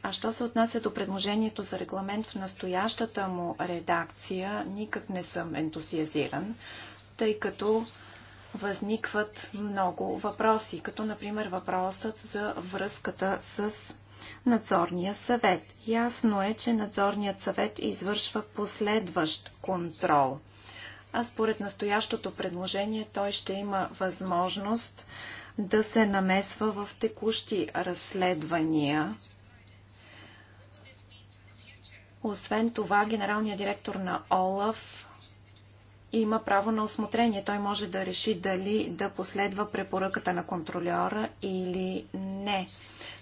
А що се отнася до предложението за регламент в настоящата му редакция, никак не съм ентусиазиран, тъй като възникват много въпроси, като например въпросът за връзката с надзорния съвет. Ясно е, че надзорният съвет извършва последващ контрол а според настоящото предложение той ще има възможност да се намесва в текущи разследвания. Освен това, генералният директор на ОЛАФ има право на осмотрение. Той може да реши дали да последва препоръката на контролера или не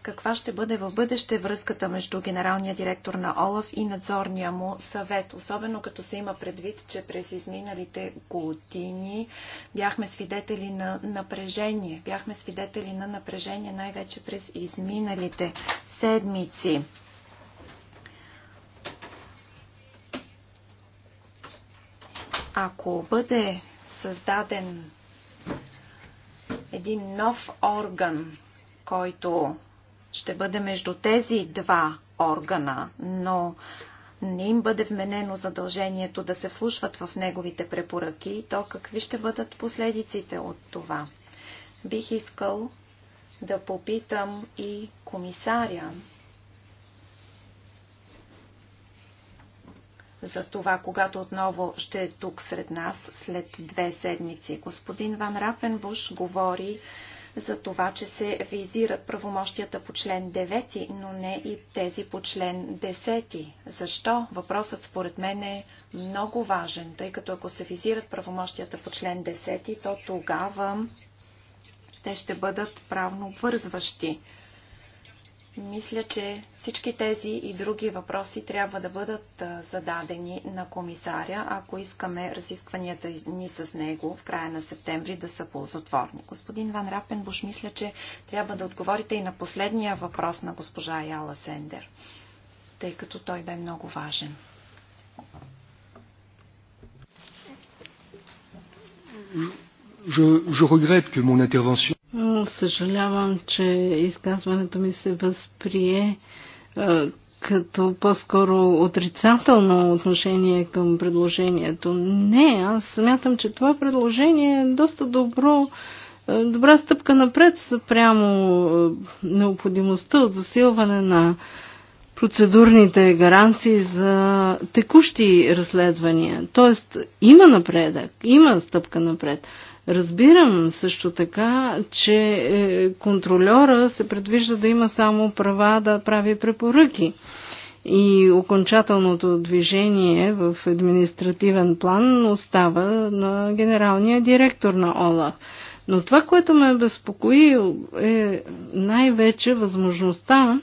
каква ще бъде в бъдеще връзката между генералния директор на ОЛАФ и надзорния му съвет, особено като се има предвид, че през изминалите години бяхме свидетели на напрежение. Бяхме свидетели на напрежение най-вече през изминалите седмици. Ако бъде създаден един нов орган, който ще бъде между тези два органа, но не им бъде вменено задължението да се вслушват в неговите препоръки, то какви ще бъдат последиците от това? Бих искал да попитам и комисаря за това, когато отново ще е тук сред нас след две седмици. Господин Ван Рапенбуш говори за това, че се визират правомощията по член 9, но не и тези по член 10. Защо? Въпросът според мен е много важен, тъй като ако се визират правомощията по член 10, то тогава те ще бъдат правно обвързващи. Мисля, че всички тези и други въпроси трябва да бъдат зададени на комисаря, ако искаме разискванията ни с него в края на септември да са ползотворни. Господин Ван Рапенбуш, мисля, че трябва да отговорите и на последния въпрос на госпожа Яла Сендер, тъй като той бе много важен. Je, je regrette que mon intervention Съжалявам, че изказването ми се възприе като по-скоро отрицателно отношение към предложението. Не, аз смятам, че това предложение е доста добро, добра стъпка напред прямо необходимостта от засилване на процедурните гаранции за текущи разследвания. Тоест, има напредък, има стъпка напред, Разбирам също така, че е, контролера се предвижда да има само права да прави препоръки и окончателното движение в административен план остава на генералния директор на ОЛА. Но това, което ме безпокои е най-вече възможността,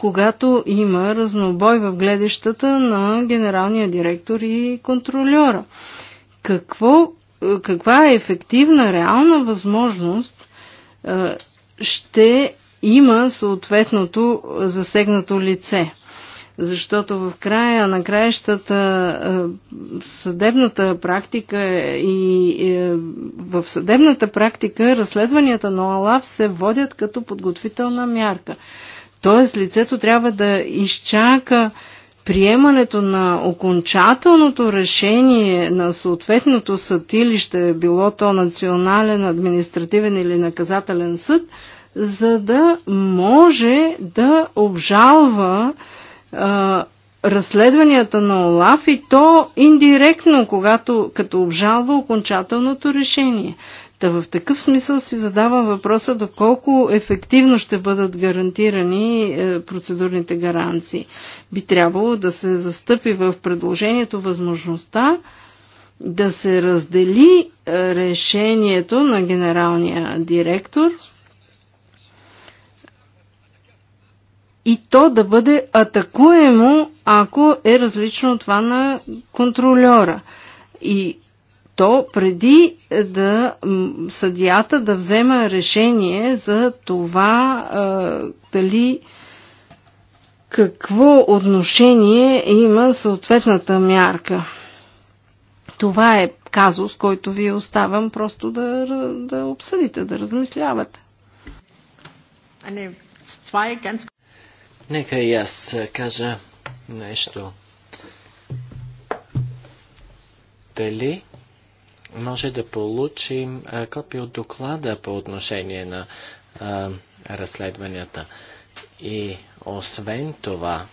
когато има разнобой в гледащата на генералния директор и контролера. Какво каква е ефективна, реална възможност ще има съответното засегнато лице. Защото в края на краищата съдебната практика и е, в съдебната практика разследванията на ОЛАВ се водят като подготвителна мярка. Тоест лицето трябва да изчака приемането на окончателното решение на съответното съдилище, било то национален, административен или наказателен съд, за да може да обжалва а, разследванията на ОЛАФ и то индиректно, когато, като обжалва окончателното решение. Та в такъв смисъл си задавам въпроса доколко ефективно ще бъдат гарантирани е, процедурните гаранции. Би трябвало да се застъпи в предложението възможността да се раздели е, решението на генералния директор и то да бъде атакуемо, ако е различно от това на контролера. И то преди да съдията да взема решение за това а, дали какво отношение има съответната мярка. Това е казус, който ви оставам просто да, да обсъдите, да размислявате. Е Нека и аз кажа нещо. Дали може да получим копия от доклада по отношение на а, разследванията. И освен това,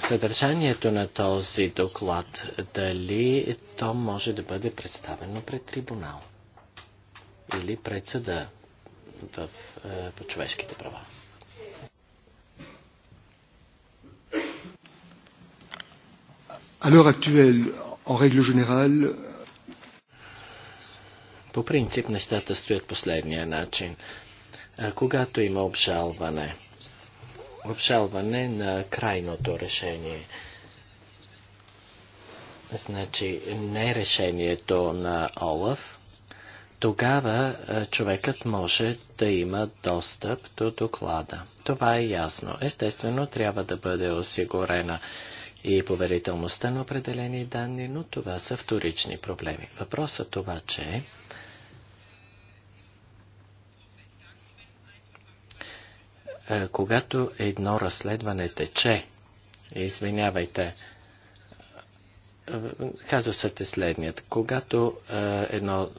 съдържанието на този доклад, дали то може да бъде представено пред трибунал или пред съда в, в, по човешките права. Alors actuelle, en règle générale, по принцип нещата стоят последния начин. Когато има обжалване, обжалване на крайното решение, значи не решението на Олаф, тогава човекът може да има достъп до доклада. Това е ясно. Естествено, трябва да бъде осигурена и поверителността на определени данни, но това са вторични проблеми. Въпросът обаче е, когато едно разследване тече, извинявайте, казусът е следният. Когато едно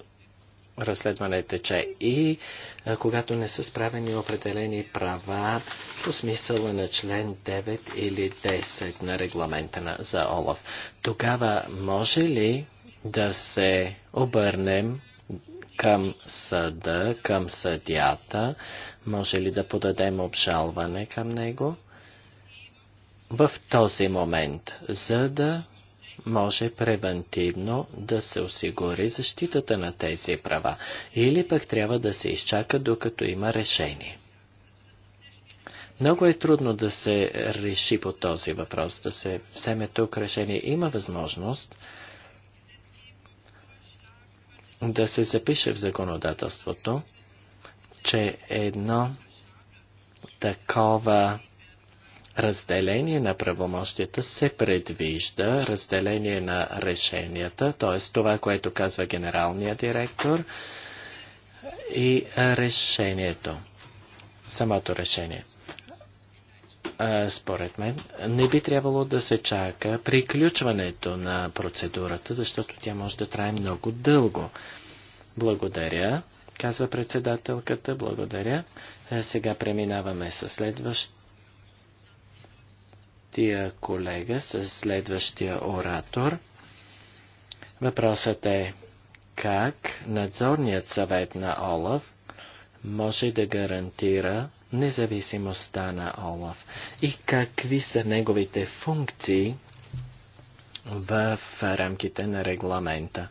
разследване тече и а, когато не са справени определени права по смисъла на член 9 или 10 на регламента на, за ОЛАФ. Тогава може ли да се обърнем към съда, към съдята? Може ли да подадем обжалване към него? В този момент, за да може превентивно да се осигури защитата на тези права или пък трябва да се изчака докато има решение. Много е трудно да се реши по този въпрос, да се вземе тук решение. Има възможност да се запише в законодателството, че едно такова разделение на правомощията се предвижда, разделение на решенията, т.е. това, което казва генералният директор и решението, самото решение. Според мен не би трябвало да се чака приключването на процедурата, защото тя може да трае много дълго. Благодаря, казва председателката, благодаря. Сега преминаваме със следващ тия колега с следващия оратор. Въпросът е как надзорният съвет на Олаф може да гарантира независимостта на Олаф и какви са неговите функции в рамките на регламента.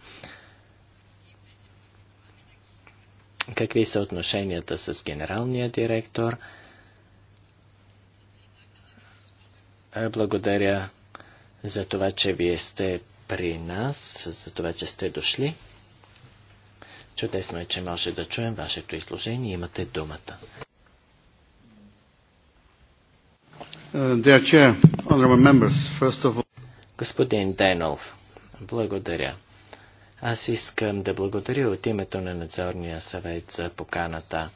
Какви са отношенията с генералния директор – Е, благодаря за това, че вие сте при нас, за това, че сте дошли. Чудесно е, че може да чуем вашето изложение. Имате думата. Uh, Господин Денов, благодаря. Аз искам да благодаря от името на надзорния съвет за поканата.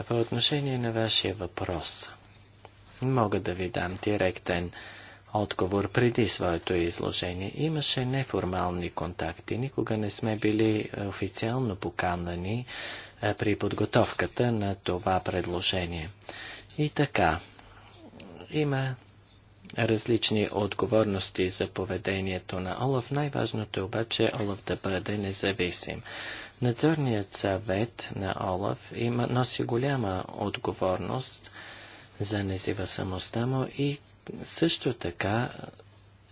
А по отношение на вашия въпрос – мога да ви дам директен отговор преди своето изложение. Имаше неформални контакти. Никога не сме били официално поканани при подготовката на това предложение. И така, има различни отговорности за поведението на Олаф. Най-важното е обаче Олаф да бъде независим. Надзорният съвет на Олаф има, носи голяма отговорност – за независимостта му и също така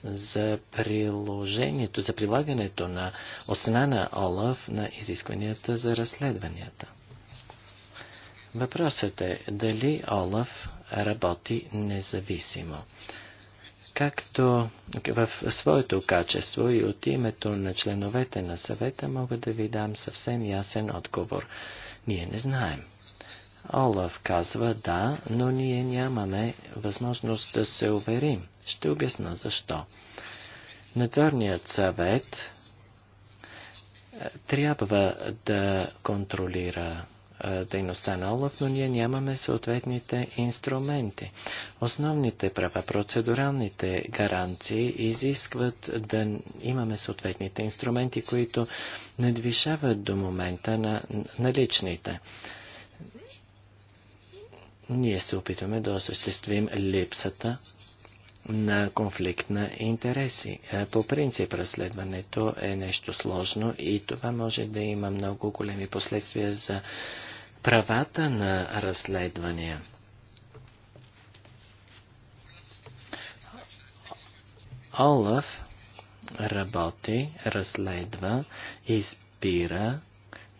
за приложението, за прилагането на осна на Олаф на изискванията за разследванията. Въпросът е дали Олаф работи независимо. Както в своето качество и от името на членовете на съвета мога да ви дам съвсем ясен отговор. Ние не знаем. Олаф казва да, но ние нямаме възможност да се уверим. Ще обясна защо. Надзорният съвет е, трябва да контролира е, дейността на ОЛАФ, но ние нямаме съответните инструменти. Основните права, процедуралните гаранции изискват да имаме съответните инструменти, които надвишават до момента на наличните. На ние се опитваме да осъществим липсата на конфликт на интереси. Е, по принцип разследването е нещо сложно и това може да има много големи последствия за правата на разследвания. Олаф работи, разследва, избира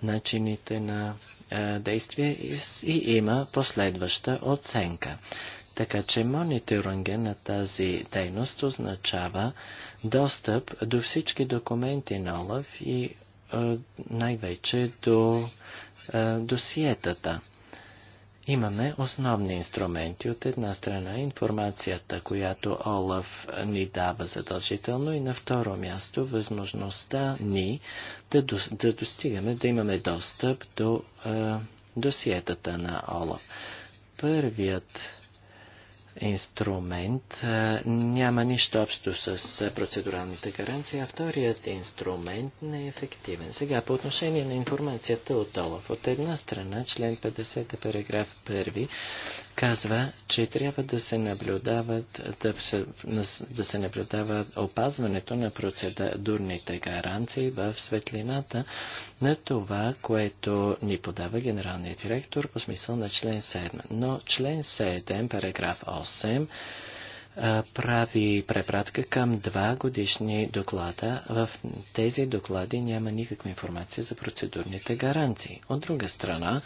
начините на е, действие и има последваща оценка. Така че мониторинга на тази дейност означава достъп до всички документи на ОЛАФ и е, най-вече до е, досиетата. Имаме основни инструменти. От една страна информацията, която ОЛАФ ни дава задължително и на второ място възможността ни да, до, да достигаме, да имаме достъп до е, досиетата на ОЛАФ. Първият инструмент е, няма нищо общо с е, процедуралните гаранции, а вторият инструмент не е ефективен. Сега, по отношение на информацията от Олаф. От една страна, член 50, параграф 1, казва, че трябва да се наблюдават, да се, да се наблюдава опазването на процедурните гаранции в светлината на това, което ни подава генералният директор по смисъл на член 7. Но член 7, параграф 8, 8 прави препратка към два годишни доклада. В тези доклади няма никаква информация за процедурните гаранции. От друга страна,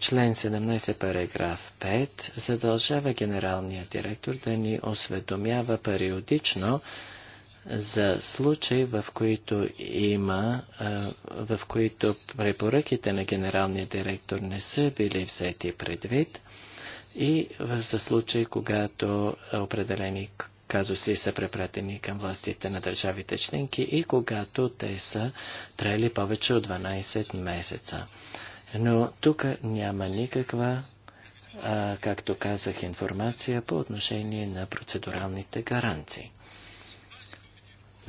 член 17 параграф 5 задължава генералния директор да ни осведомява периодично за случаи, в които има, в които препоръките на генералния директор не са били взети предвид и за случай, когато определени казуси са препратени към властите на държавите членки и когато те са трели повече от 12 месеца. Но тук няма никаква, а, както казах, информация по отношение на процедуралните гаранции.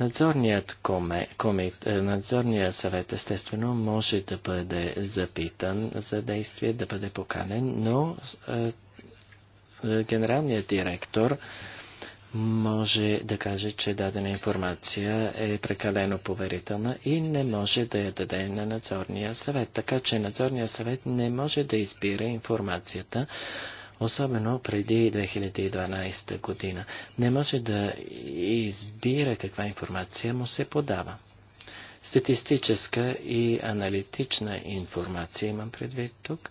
Надзорният, коме, комит, е, надзорният съвет естествено може да бъде запитан за действие, да бъде поканен, но е, е, генералният директор може да каже, че дадена информация е прекалено поверителна и не може да я даде на надзорния съвет. Така че Надзорния съвет не може да избира информацията, особено преди 2012 година. Не може да избира каква информация му се подава. Статистическа и аналитична информация имам предвид тук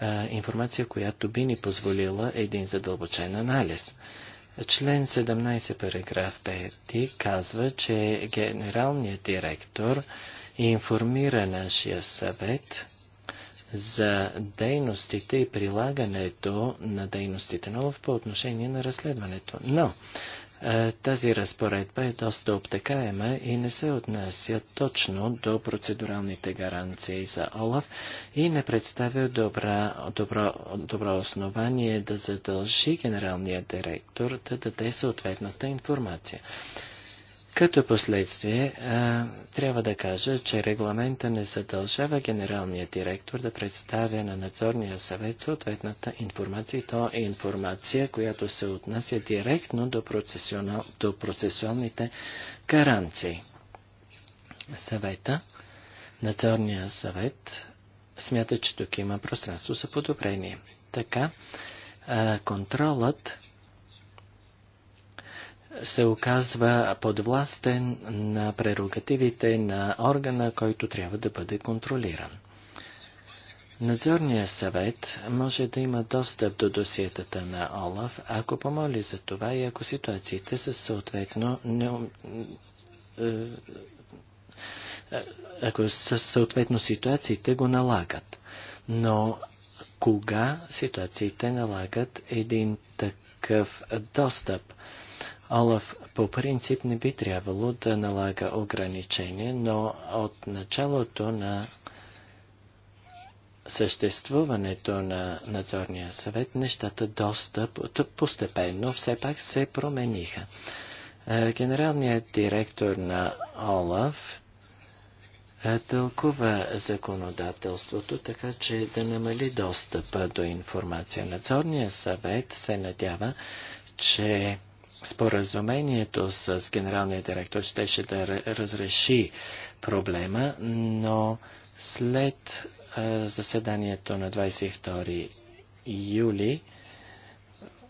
а, информация, която би ни позволила един задълбочен анализ. Член 17, параграф 5 казва, че генералният директор информира нашия съвет за дейностите и прилагането на дейностите на по отношение на разследването. Но е, тази разпоредба е доста обтекаема и не се отнася точно до процедуралните гаранции за ОЛАФ и не представя добра, добро, добро основание да задължи генералния директор да даде съответната информация. Като последствие, а, трябва да кажа, че регламента не задължава генералния директор да представя на надзорния съвет съответната информация, и то е информация, която се отнася директно до, процесуал... до процесуалните гаранции. Съвета, надзорния съвет, смята, че тук има пространство за подобрение. Така, а, контролът се оказва подвластен на прерогативите на органа, който трябва да бъде контролиран. Надзорният съвет може да има достъп до досиетата на Олаф, ако помоли за това и ако ситуациите са съответно не, е, е, ако съответно ситуациите го налагат. Но кога ситуациите налагат един такъв достъп? Олаф по принцип не би трябвало да налага ограничения, но от началото на съществуването на надзорния съвет нещата доста постепенно все пак се промениха. Е, генералният директор на ОЛАФ е, тълкува законодателството, така че да намали достъпа до информация. Надзорният съвет се надява, че Споразумението с генералния директор щеше да разреши проблема, но след заседанието на 22 юли,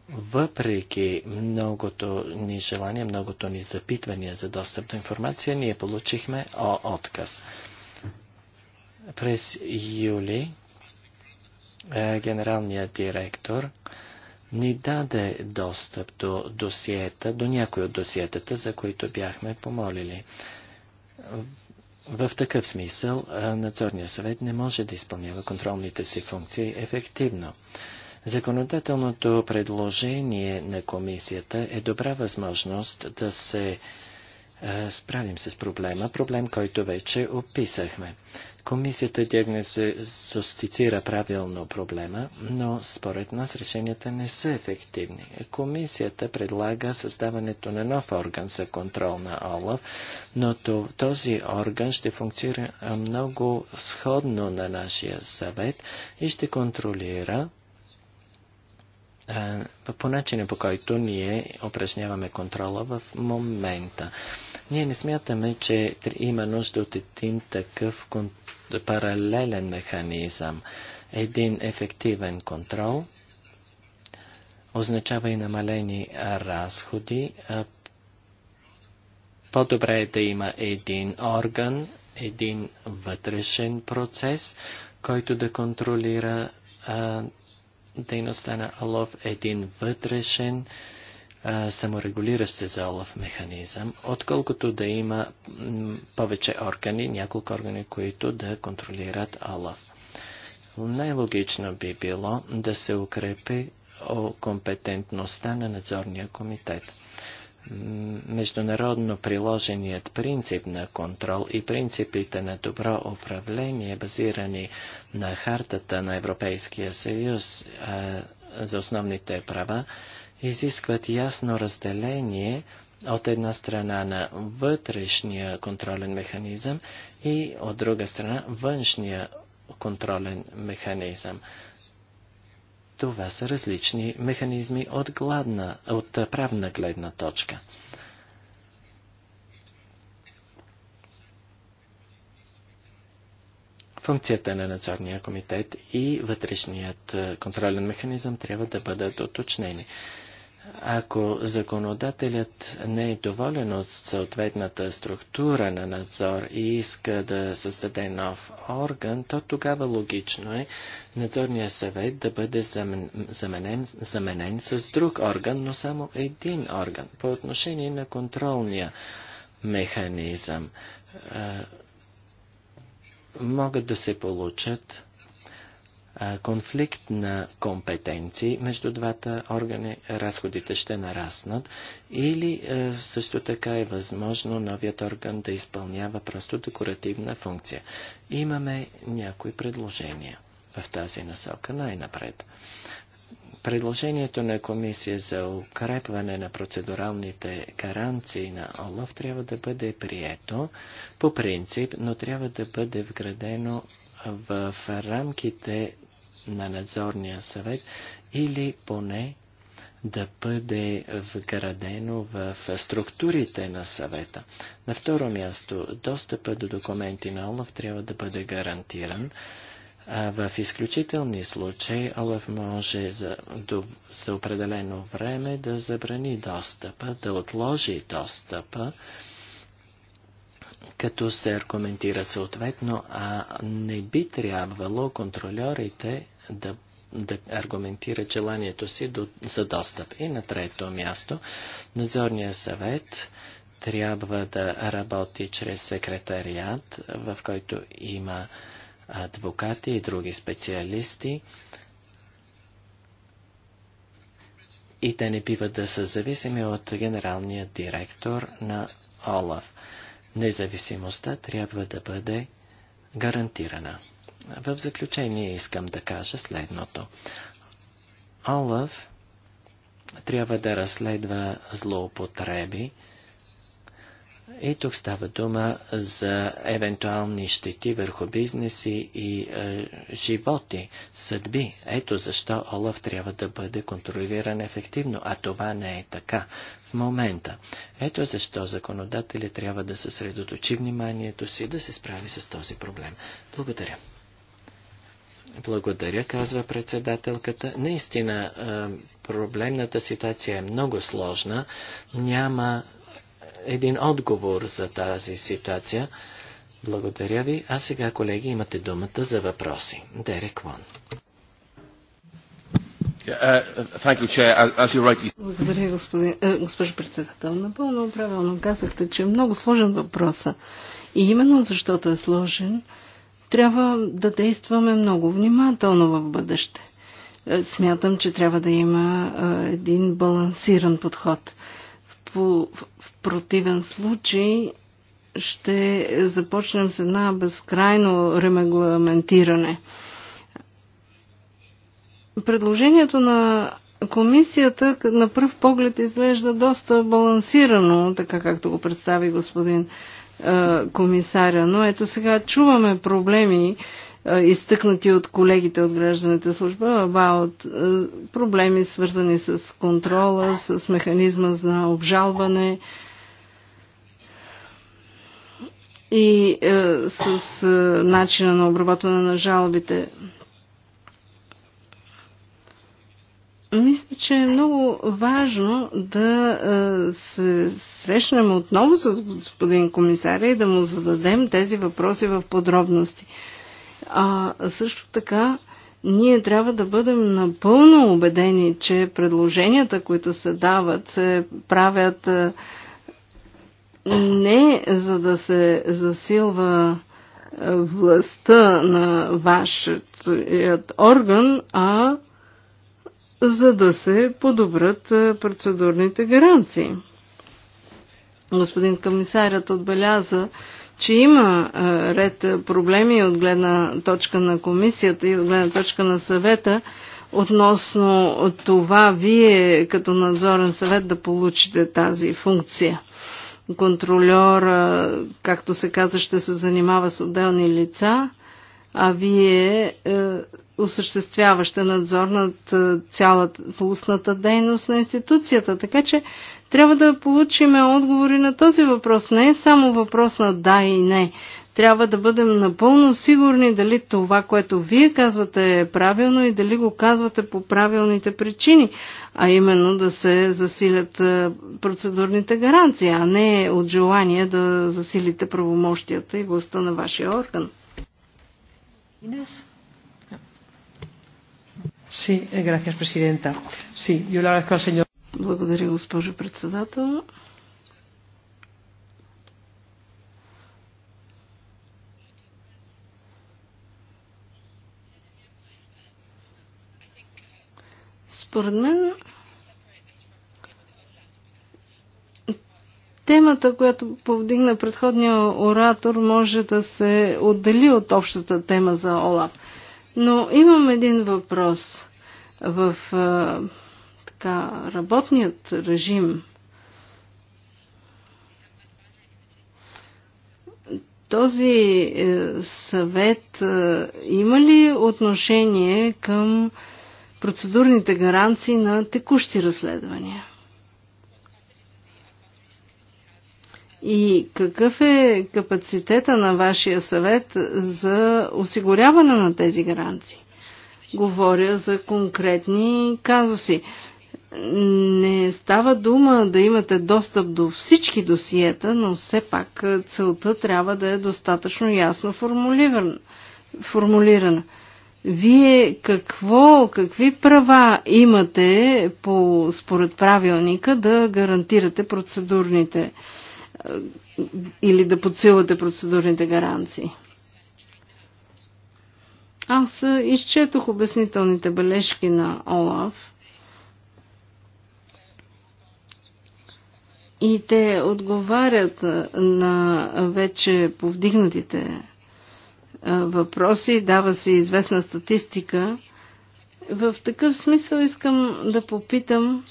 въпреки многото ни желания, многото ни запитвания за достъп до информация, ние получихме о отказ. През юли генералният директор ни даде достъп до досиета, до някои от досиетата, за които бяхме помолили. В такъв смисъл надзорният съвет не може да изпълнява контролните си функции ефективно. Законодателното предложение на комисията е добра възможност да се е, справим се с проблема, проблем, който вече описахме. Комисията диагностицира правилно проблема, но според нас решенията не са ефективни. Комисията предлага създаването на нов орган за контрол на ОЛАВ, но този орган ще функцира много сходно на нашия съвет и ще контролира е, по начина по който ние упражняваме контрола в момента. Ние не смятаме, че има нужда от един такъв паралелен механизъм. Един ефективен контрол означава и намалени разходи. По-добре е да има един орган, един вътрешен процес, който да контролира а, дейността на АЛОВ, един вътрешен а, саморегулиращ се зоолов механизъм, отколкото да има повече органи, няколко органи, които да контролират олов. Най-логично би било да се укрепи компетентността на надзорния комитет. Международно приложеният принцип на контрол и принципите на добро управление, базирани на хартата на Европейския съюз за основните права, изискват ясно разделение от една страна на вътрешния контролен механизъм и от друга страна външния контролен механизъм. Това са различни механизми от, гладна, от правна гледна точка. Функцията на надзорния комитет и вътрешният е, контролен механизъм трябва да бъдат уточнени. Ако законодателят не е доволен от съответната структура на надзор и иска да създаде нов орган, то тогава логично е надзорният съвет да бъде заменен, заменен с друг орган, но само един орган. По отношение на контролния механизъм, е, могат да се получат конфликт на компетенции между двата органи, разходите ще нараснат или е, също така е възможно новият орган да изпълнява просто декоративна функция. Имаме някои предложения в тази насока най-напред. Предложението на комисия за укрепване на процедуралните гаранции на ОЛОВ трябва да бъде прието по принцип, но трябва да бъде вградено в рамките на надзорния съвет или поне да бъде вградено в структурите на съвета. На второ място, достъпа до документи на ОЛАФ трябва да бъде гарантиран. А в изключителни случаи ОЛАФ може за, до, за определено време да забрани достъпа, да отложи достъпа, като се аргументира съответно, а не би трябвало контролерите да, да аргументира желанието си до, за достъп. И на трето място, надзорният съвет трябва да работи чрез секретариат, в който има адвокати и други специалисти. И те не биват да са зависими от генералния директор на ОЛАФ. Независимостта трябва да бъде гарантирана. В заключение искам да кажа следното. Олъв трябва да разследва злоупотреби, и тук става дума за евентуални щети върху бизнеси и е, животи, съдби. Ето защо Олаф трябва да бъде контролиран ефективно, а това не е така в момента. Ето защо законодателят трябва да съсредоточи вниманието си да се справи с този проблем. Благодаря. Благодаря, казва председателката. Наистина, е, проблемната ситуация е много сложна. Няма един отговор за тази ситуация. Благодаря ви. А сега, колеги, имате думата за въпроси. Дерек Вон. Uh, Благодаря, е, госпожо председател. Напълно правилно казахте, че е много сложен въпрос. И именно защото е сложен, трябва да действаме много внимателно в бъдеще. Е, смятам, че трябва да има е, един балансиран подход. В противен случай ще започнем с една безкрайно регламентиране. Предложението на комисията на пръв поглед изглежда доста балансирано, така както го представи господин е, комисаря. Но ето сега чуваме проблеми, е, изтъкнати от колегите от гражданата служба, от е, проблеми свързани с контрола, с механизма за обжалване и с начина на обработване на жалобите. Мисля, че е много важно да е, се срещнем отново с господин комисаря и да му зададем тези въпроси в подробности. А също така, ние трябва да бъдем напълно убедени, че предложенията, които се дават, се правят е, не за да се засилва е, властта на вашият орган, а за да се подобрат е, процедурните гаранции. Господин комисарят отбеляза, че има е, ред проблеми от гледна точка на комисията и от гледна точка на съвета относно това вие като надзорен съвет да получите тази функция. Контролер, както се каза, ще се занимава с отделни лица а вие е, осъществяваща надзор над е, цялата устната дейност на институцията. Така че трябва да получим отговори на този въпрос. Не е само въпрос на да и не. Трябва да бъдем напълно сигурни дали това, което вие казвате е правилно и дали го казвате по правилните причини, а именно да се засилят е, процедурните гаранции, а не от желание да засилите правомощията и властта на вашия орган. Inés. Sí, gracias, presidenta. Sí, yo le agradezco al señor. Благодаря, госпожо председател. Според мен Темата, която повдигна предходния оратор, може да се отдели от общата тема за ОЛАП. Но имам един въпрос. В а, така, работният режим този е, съвет е, има ли отношение към процедурните гаранции на текущи разследвания? И какъв е капацитета на вашия съвет за осигуряване на тези гаранции? Говоря за конкретни казуси. Не става дума да имате достъп до всички досиета, но все пак целта трябва да е достатъчно ясно формулирана. формулирана. Вие какво, какви права имате по, според правилника да гарантирате процедурните е, или да подсилвате процедурните гаранции. Аз е, изчетох обяснителните бележки на Олаф и те отговарят е, на вече повдигнатите въпроси, дава се известна статистика. В такъв смисъл искам да попитам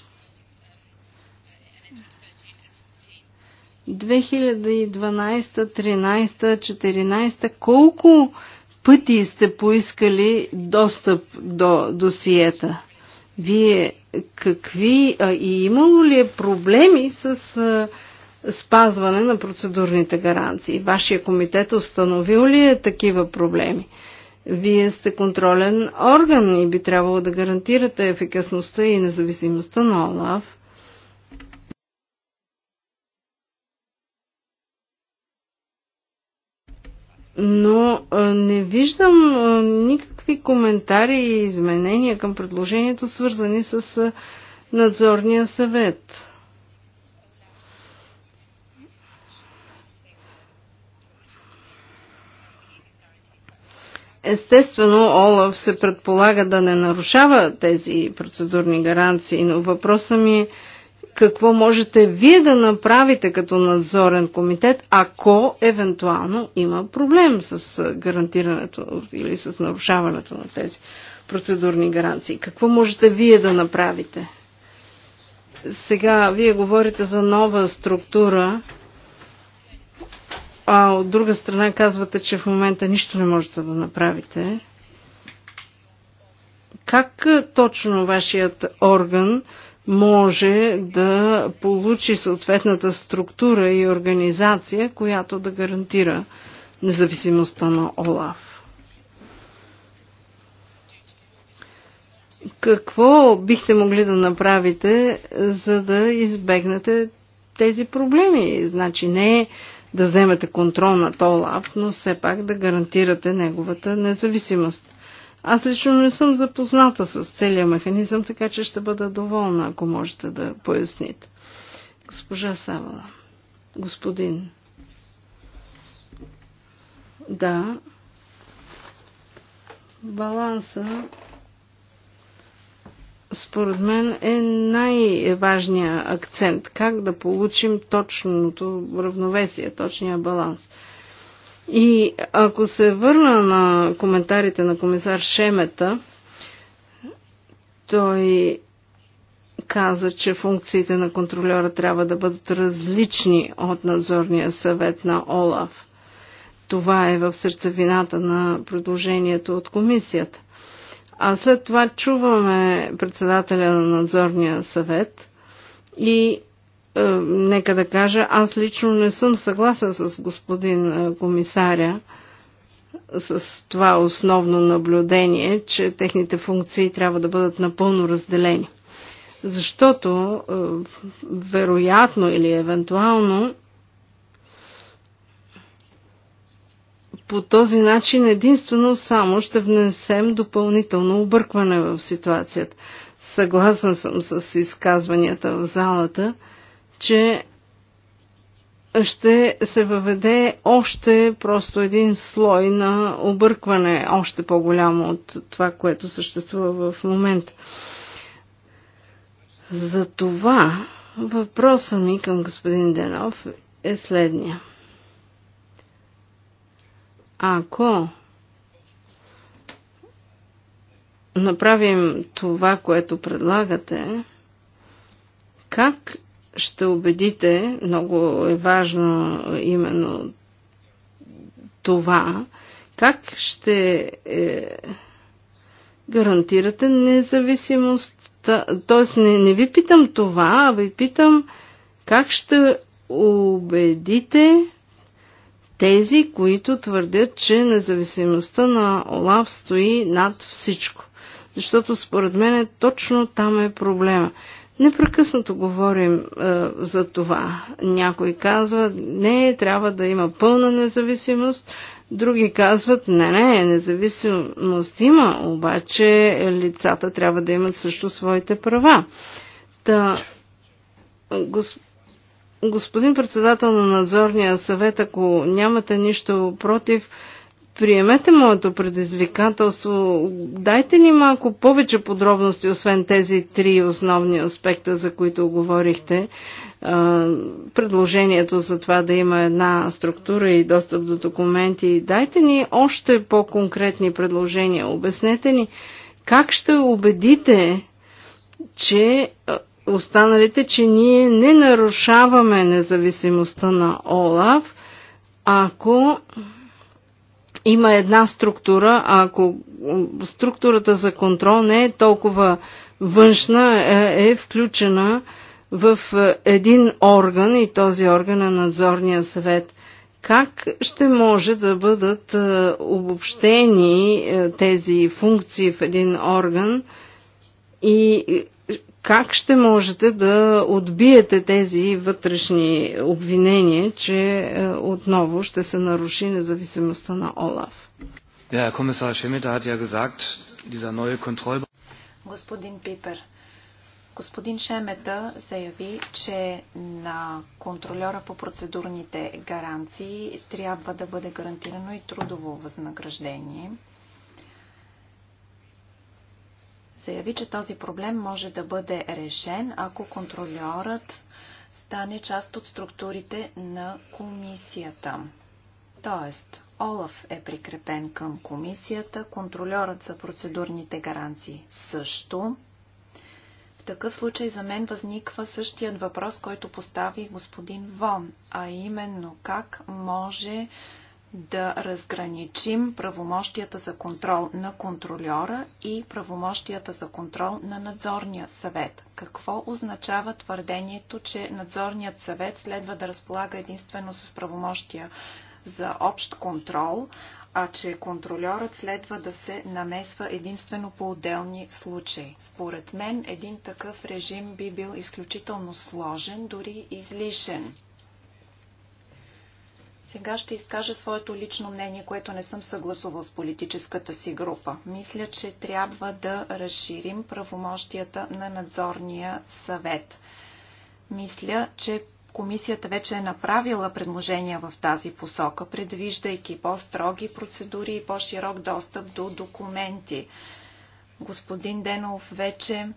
2012, 13, 14, колко пъти сте поискали достъп до досиета? Вие какви а, и имало ли е проблеми с а, спазване на процедурните гаранции? Вашия комитет установил ли е такива проблеми? Вие сте контролен орган и би трябвало да гарантирате ефикасността и независимостта на ОЛАВ. но не виждам никакви коментари и изменения към предложението, свързани с надзорния съвет. Естествено, Олаф се предполага да не нарушава тези процедурни гаранции, но въпросът ми е какво можете вие да направите като надзорен комитет, ако евентуално има проблем с гарантирането или с нарушаването на тези процедурни гаранции? Какво можете вие да направите? Сега вие говорите за нова структура, а от друга страна казвате, че в момента нищо не можете да направите. Как точно вашият орган може да получи съответната структура и организация, която да гарантира независимостта на ОЛАФ. Какво бихте могли да направите, за да избегнете тези проблеми? Значи не е да вземете контрол над ОЛАФ, но все пак да гарантирате неговата независимост. Аз лично не съм запозната с целия механизъм, така че ще бъда доволна, ако можете да поясните. Госпожа Савала. Господин. Да. Баланса според мен е най-важният акцент. Как да получим точното равновесие, точния баланс. И ако се върна на коментарите на комисар Шемета, той каза, че функциите на контролера трябва да бъдат различни от надзорния съвет на ОЛАФ. Това е в сърцевината на предложението от комисията. А след това чуваме председателя на надзорния съвет и е, нека да кажа, аз лично не съм съгласен с господин е, комисаря с това основно наблюдение, че техните функции трябва да бъдат напълно разделени. Защото е, вероятно или евентуално по този начин единствено само ще внесем допълнително объркване в ситуацията. Съгласен съм с изказванията в залата – че ще се въведе още просто един слой на объркване, още по-голямо от това, което съществува в момента. За това въпросът ми към господин Денов е следния. Ако направим това, което предлагате, как ще убедите, много е важно именно това, как ще е, гарантирате независимост. Тоест не, не ви питам това, а ви питам как ще убедите тези, които твърдят, че независимостта на Олаф стои над всичко. Защото според мен точно там е проблема. Непрекъснато говорим а, е, за това. Някой казва, не, трябва да има пълна независимост, други казват, не, не, независимост има, обаче лицата трябва да имат също своите права. Та, гос, господин председател на надзорния съвет, ако нямате нищо против, а, приемете моето предизвикателство. Дайте ни малко повече подробности, освен тези три основни аспекта, за които говорихте. Предложението за това да има една структура и достъп до документи. Дайте ни още по-конкретни предложения. Обяснете ни как ще убедите, че останалите, че ние не нарушаваме независимостта на ОЛАВ, ако има една структура, а ако структурата за контрол не е толкова външна, е, е, включена в един орган и този орган е надзорния съвет. Как ще може да бъдат е, обобщени е, тези функции в един орган и как ще можете да отбиете тези вътрешни обвинения, че е, отново ще се наруши независимостта на ОЛАФ? Господин Пипер, господин Шемета заяви, че на контролера по процедурните гаранции трябва да бъде гарантирано и трудово възнаграждение. заяви, че този проблем може да бъде решен, ако контролерът стане част от структурите на комисията. Тоест, Олаф е прикрепен към комисията, контролерът за процедурните гаранции също. В такъв случай за мен възниква същият въпрос, който постави господин Вон, а именно как може да разграничим правомощията за контрол на контролера и правомощията за контрол на надзорния съвет. Какво означава твърдението, че надзорният съвет следва да разполага единствено с правомощия за общ контрол, а че контролерът следва да се намесва единствено по отделни случаи. Според мен един такъв режим би бил изключително сложен, дори излишен. Сега ще изкажа своето лично мнение, което не съм съгласувал с политическата си група. Мисля, че трябва да разширим правомощията на надзорния съвет. Мисля, че комисията вече е направила предложения в тази посока, предвиждайки по-строги процедури и по-широк достъп до документи. Господин Денов вече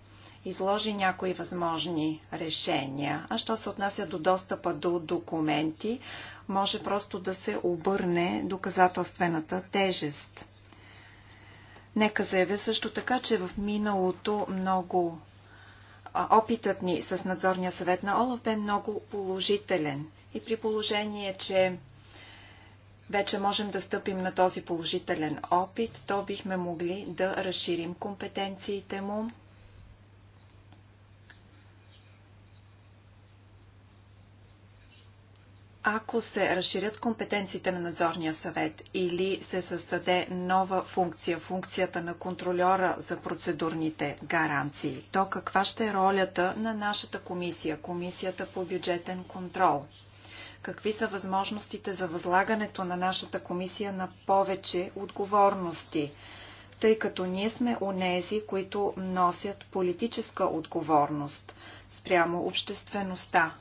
изложи някои възможни решения. А що се отнася до достъпа до документи, може просто да се обърне доказателствената тежест. Нека заявя също така, че в миналото много опитът ни с надзорния съвет на Олаф бе много положителен. И при положение, че вече можем да стъпим на този положителен опит, то бихме могли да разширим компетенциите му, Ако се разширят компетенциите на надзорния съвет или се създаде нова функция, функцията на контролера за процедурните гаранции, то каква ще е ролята на нашата комисия, комисията по бюджетен контрол? Какви са възможностите за възлагането на нашата комисия на повече отговорности? тъй като ние сме онези, които носят политическа отговорност спрямо обществеността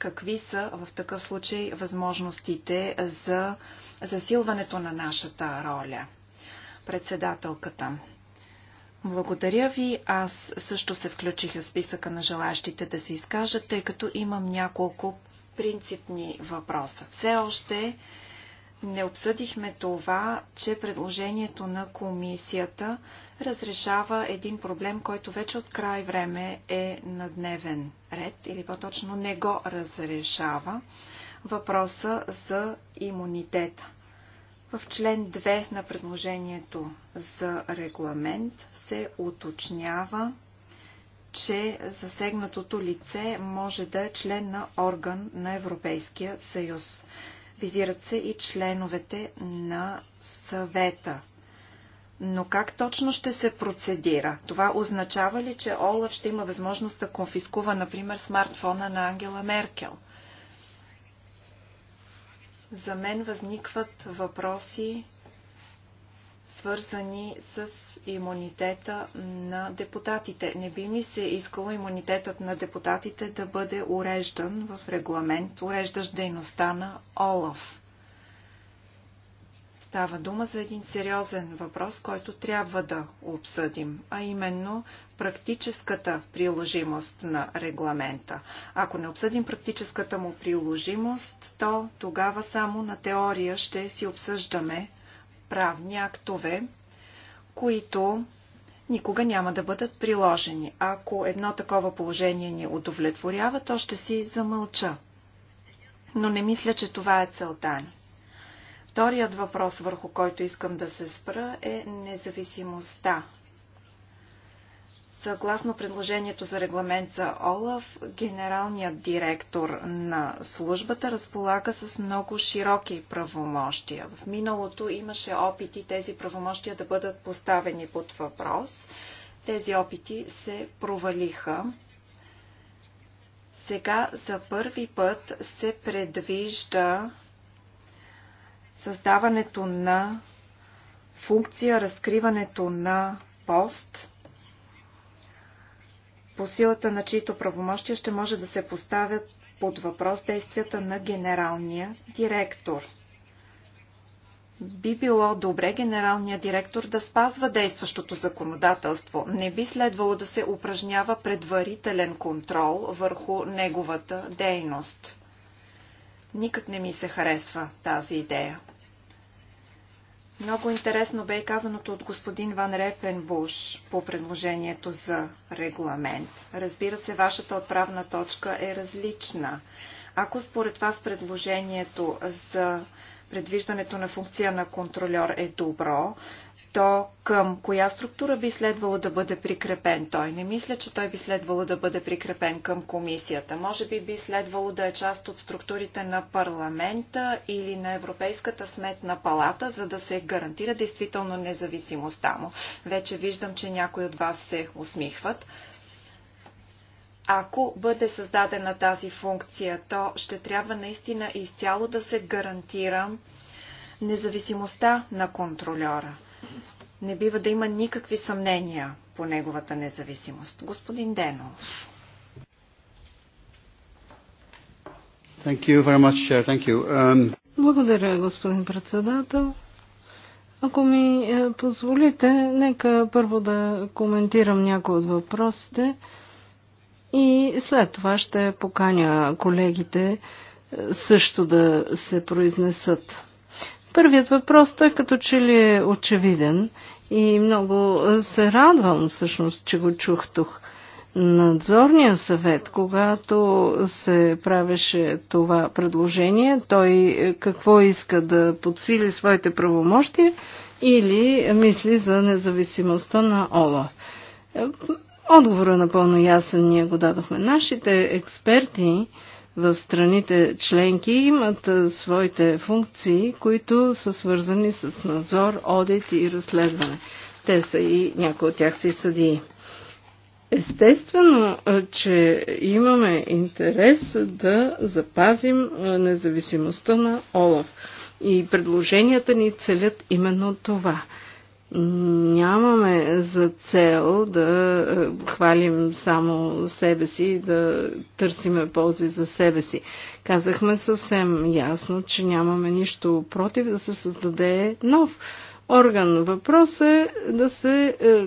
какви са в такъв случай възможностите за засилването на нашата роля. Председателката. Благодаря ви. Аз също се включих в списъка на желащите да се изкажат, тъй като имам няколко принципни въпроса. Все още не обсъдихме това, че предложението на комисията разрешава един проблем, който вече от край време е на дневен ред, или по-точно не го разрешава, въпроса за имунитета. В член 2 на предложението за регламент се уточнява, че засегнатото лице може да е член на орган на Европейския съюз. Визират се и членовете на съвета. Но как точно ще се процедира? Това означава ли, че Олаф ще има възможност да конфискува, например, смартфона на Ангела Меркел? За мен възникват въпроси свързани с имунитета на депутатите. Не би ми се искало имунитетът на депутатите да бъде уреждан в регламент, уреждащ дейността на ОЛАФ. Става дума за един сериозен въпрос, който трябва да обсъдим, а именно практическата приложимост на регламента. Ако не обсъдим практическата му приложимост, то тогава само на теория ще си обсъждаме правни актове, които никога няма да бъдат приложени. Ако едно такова положение ни удовлетворява, то ще си замълча. Но не мисля, че това е целта ни. Вторият въпрос, върху който искам да се спра, е независимостта Съгласно предложението за регламент за ОЛАФ, генералният директор на службата разполага с много широки правомощия. В миналото имаше опити тези правомощия да бъдат поставени под въпрос. Тези опити се провалиха. Сега за първи път се предвижда създаването на функция, разкриването на пост – по силата на чието правомощия ще може да се поставят под въпрос действията на генералния директор. Би било добре генералния директор да спазва действащото законодателство. Не би следвало да се упражнява предварителен контрол върху неговата дейност. Никак не ми се харесва тази идея. Много интересно бе и казаното от господин Ван Репенбуш по предложението за регламент. Разбира се, вашата отправна точка е различна. Ако според вас предложението за предвиждането на функция на контролер е добро, то към коя структура би следвало да бъде прикрепен той? Не мисля, че той би следвало да бъде прикрепен към комисията. Може би би следвало да е част от структурите на парламента или на Европейската сметна палата, за да се гарантира действително независимостта му. Вече виждам, че някои от вас се усмихват. Ако бъде създадена тази функция, то ще трябва наистина изцяло да се гарантира независимостта на контролера. Не бива да има никакви съмнения по неговата независимост. Господин Денов. Much, um... Благодаря, господин председател. Ако ми е, позволите, нека първо да коментирам някои от въпросите и след това ще поканя колегите е, също да се произнесат. Първият въпрос, той като че ли е очевиден и много се радвам всъщност, че го чух тук. Надзорния съвет, когато се правеше това предложение, той какво иска да подсили своите правомощи или мисли за независимостта на ОЛА. Отговорът е напълно ясен, ние го дадохме. Нашите експерти, в страните членки имат своите функции, които са свързани с надзор, одит и разследване. Те са и някои от тях са и съдии. Естествено, че имаме интерес да запазим независимостта на Олаф. И предложенията ни целят именно това – Нямаме за цел да е, хвалим само себе си и да търсиме ползи за себе си. Казахме съвсем ясно, че нямаме нищо против да се създаде нов орган. Въпрос е да се е,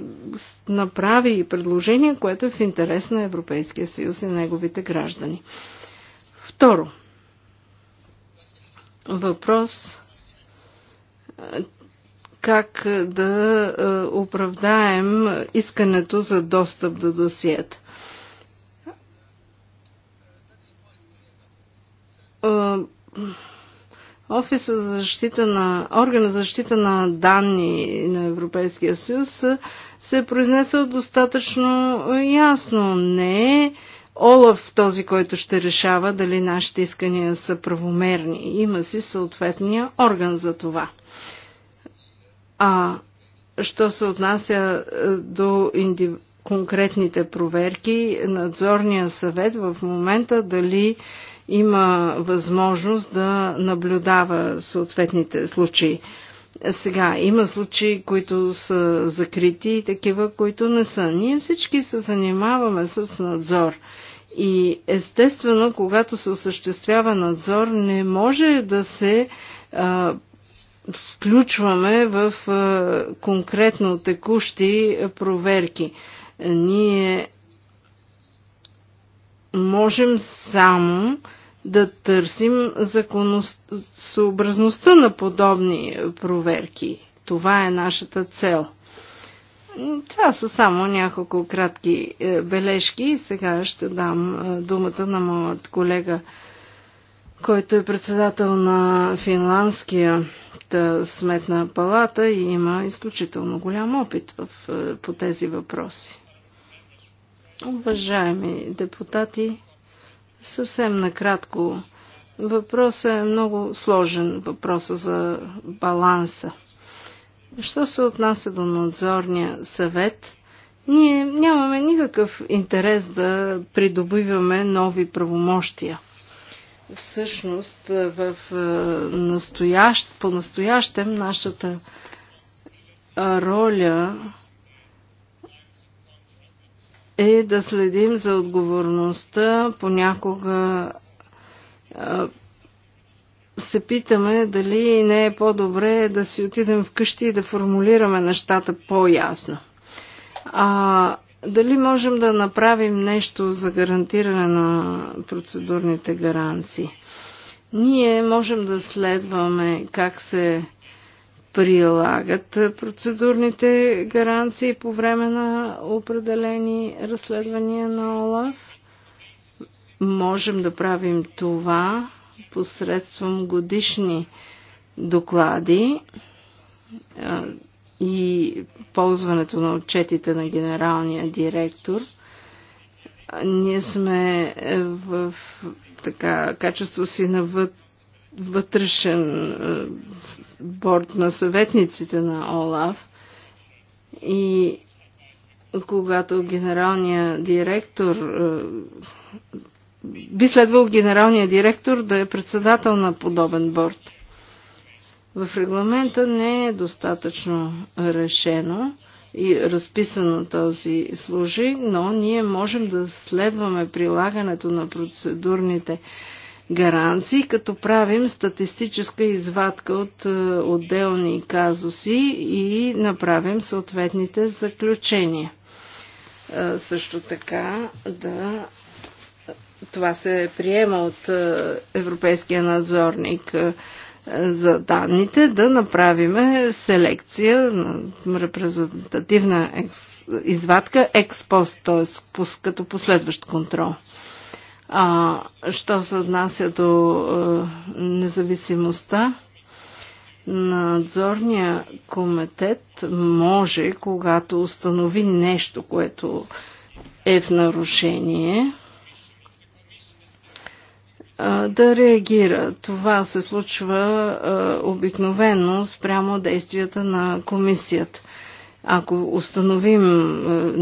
направи предложение, което е в интерес на Европейския съюз и неговите граждани. Второ. Въпрос е, как е, да е, оправдаем искането за достъп до досиета. Е, Офиса за защита на, органа за защита на данни на Европейския съюз се е произнесъл достатъчно ясно. Не е Олаф този, който ще решава дали нашите искания са правомерни. Има си съответния орган за това. А що се отнася е, до инди... конкретните проверки, надзорния съвет в момента дали има възможност да наблюдава съответните случаи. Сега, има случаи, които са закрити и такива, които не са. Ние всички се занимаваме с надзор. И естествено, когато се осъществява надзор, не може да се а, включваме в е, конкретно текущи проверки. Ние можем само да търсим законосъобразността на подобни проверки. Това е нашата цел. Това са само няколко кратки е, бележки и сега ще дам е, думата на моят колега, който е председател на финландския сметна палата и има изключително голям опит в, е, по тези въпроси. Уважаеми депутати, съвсем накратко, въпросът е много сложен, въпросът за баланса. Що се отнася до надзорния съвет, ние нямаме никакъв интерес да придобиваме нови правомощия – Всъщност, е, в е, настоящ, по-настоящем нашата е, роля е да следим за отговорността. Понякога се питаме дали не е по-добре да си отидем вкъщи и да формулираме нещата по-ясно. А дали можем да направим нещо за гарантиране на процедурните гаранции? Ние можем да следваме как се прилагат процедурните гаранции по време на определени разследвания на ОЛАФ. Можем да правим това посредством годишни доклади и ползването на отчетите на генералния директор. Ние сме в така, качество си на вътрешен е, борт на съветниците на ОЛАВ и когато генералния директор е, би следвал генералния директор да е председател на подобен борт. В регламента не е достатъчно решено и разписано този служи, но ние можем да следваме прилагането на процедурните гаранции, като правим статистическа извадка от е, отделни казуси и направим съответните заключения. Е, също така да това се приема от е, Европейския надзорник е, за данните да направиме селекция на репрезентативна екс, извадка експост, т.е. като последващ контрол. А, що се отнася до е, независимостта, надзорния комитет може, когато установи нещо, което е в нарушение, да реагира. Това се случва обикновено спрямо действията на комисията. Ако установим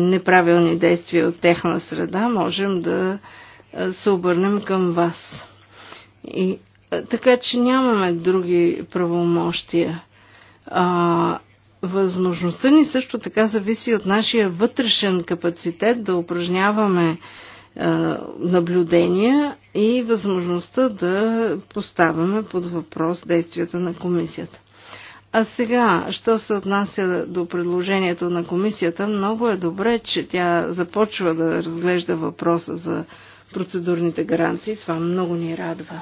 неправилни действия от техна среда, можем да се обърнем към вас. И, така че нямаме други правомощия. А, възможността ни също така зависи от нашия вътрешен капацитет да упражняваме наблюдения и възможността да поставяме под въпрос действията на комисията. А сега, що се отнася до предложението на комисията, много е добре, че тя започва да разглежда въпроса за процедурните гаранции. Това много ни радва.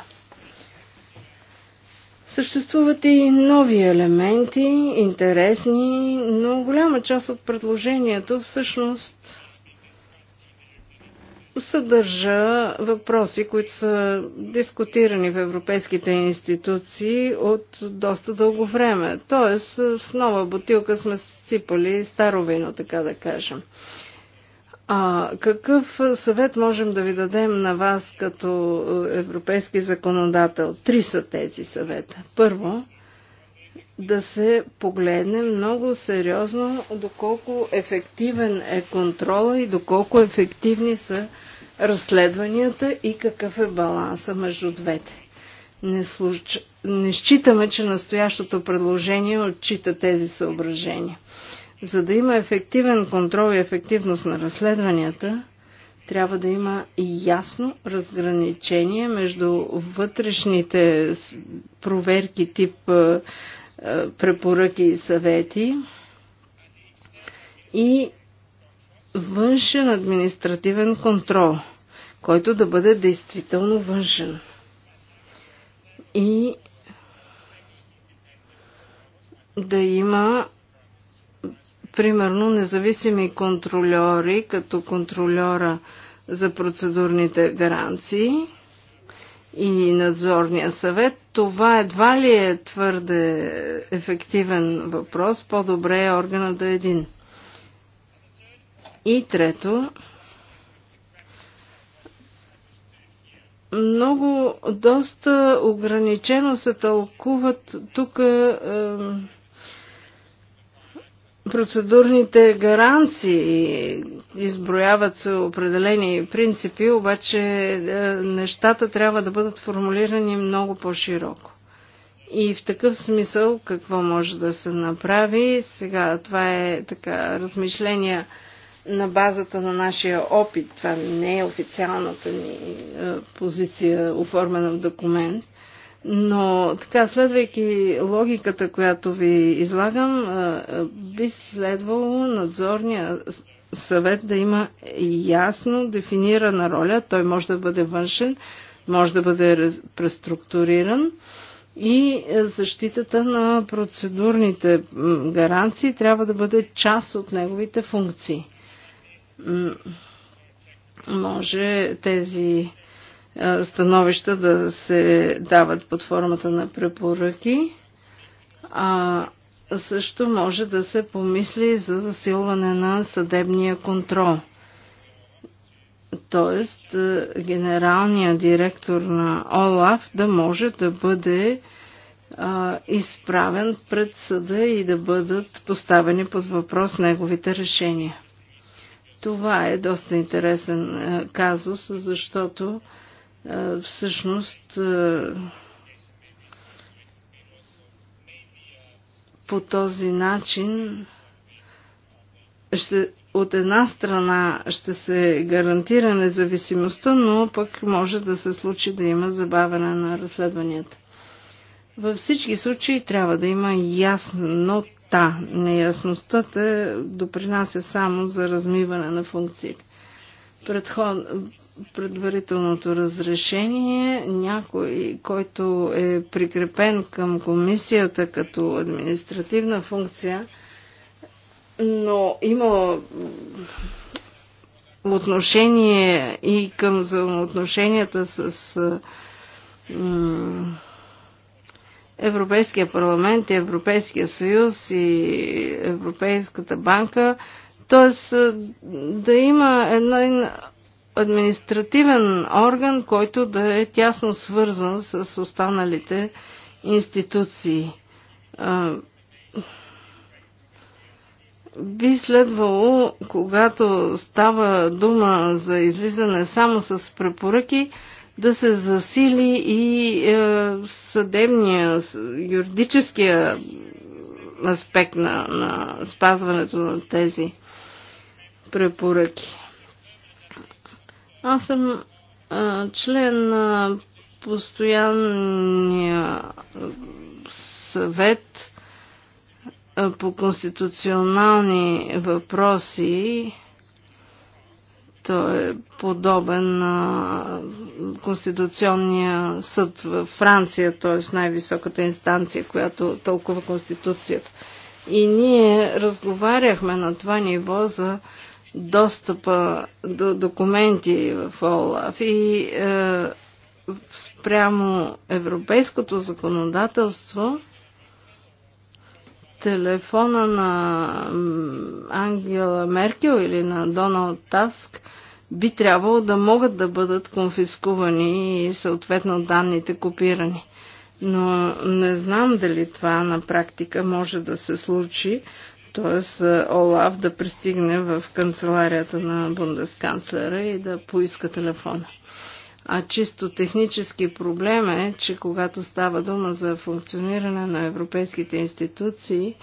Съществуват и нови елементи, интересни, но голяма част от предложението всъщност съдържа въпроси, които са дискутирани в европейските институции от доста дълго време. Тоест, в нова бутилка сме сипали старо вино, така да кажем. А какъв съвет можем да ви дадем на вас като европейски законодател? Три са тези съвета. Първо, да се погледне много сериозно доколко ефективен е контрола и доколко ефективни са разследванията и какъв е баланса между двете. Не, случ... не считаме, че настоящото предложение отчита тези съображения. За да има ефективен контрол и ефективност на разследванията, трябва да има и ясно разграничение между вътрешните проверки тип е, е, препоръки и съвети и външен административен контрол, който да бъде действително външен. И да има примерно независими контролери, като контролера за процедурните гаранции и надзорния съвет. Това едва ли е твърде ефективен въпрос. По-добре е органа да е един. И трето, много, доста ограничено се тълкуват тук е, процедурните гаранции. Изброяват се определени принципи, обаче е, нещата трябва да бъдат формулирани много по-широко. И в такъв смисъл какво може да се направи? Сега това е така размишления на базата на нашия опит, това не е официалната ни е, позиция, оформена в документ, но така, следвайки логиката, която ви излагам, е, е, би следвало надзорния съвет да има ясно дефинирана роля. Той може да бъде външен, може да бъде преструктуриран и защитата на процедурните гаранции трябва да бъде част от неговите функции може тези становища да се дават под формата на препоръки, а също може да се помисли за засилване на съдебния контрол. Тоест, генералният директор на ОЛАФ да може да бъде а, изправен пред съда и да бъдат поставени под въпрос неговите решения. Това е доста интересен е, казус, защото е, всъщност е, по този начин ще, от една страна ще се гарантира независимостта, но пък може да се случи да има забавяне на разследванията. Във всички случаи трябва да има ясно неяснота. Неясността те допринася само за размиване на функциите. Предход... Предварителното разрешение, някой, който е прикрепен към комисията като административна функция, но има отношение и към взаимоотношенията с Европейския парламент и Европейския съюз и Европейската банка. Тоест да има един административен орган, който да е тясно свързан с останалите институции. Би следвало, когато става дума за излизане само с препоръки, да се засили и е, съдебния, юридическия аспект на, на спазването на тези препоръки. Аз съм е, член на постоянния съвет е, по конституционални въпроси той е подобен на Конституционния съд в Франция, т.е. най-високата инстанция, която тълкува Конституцията. И ние разговаряхме на това ниво за достъпа до документи в ОЛАФ и е, спрямо европейското законодателство телефона на Ангела Меркел или на Доналд Таск би трябвало да могат да бъдат конфискувани и съответно данните копирани. Но не знам дали това на практика може да се случи, т.е. Олаф да пристигне в канцеларията на бундесканцлера и да поиска телефона. А чисто технически проблем е, че когато става дума за функциониране на европейските институции,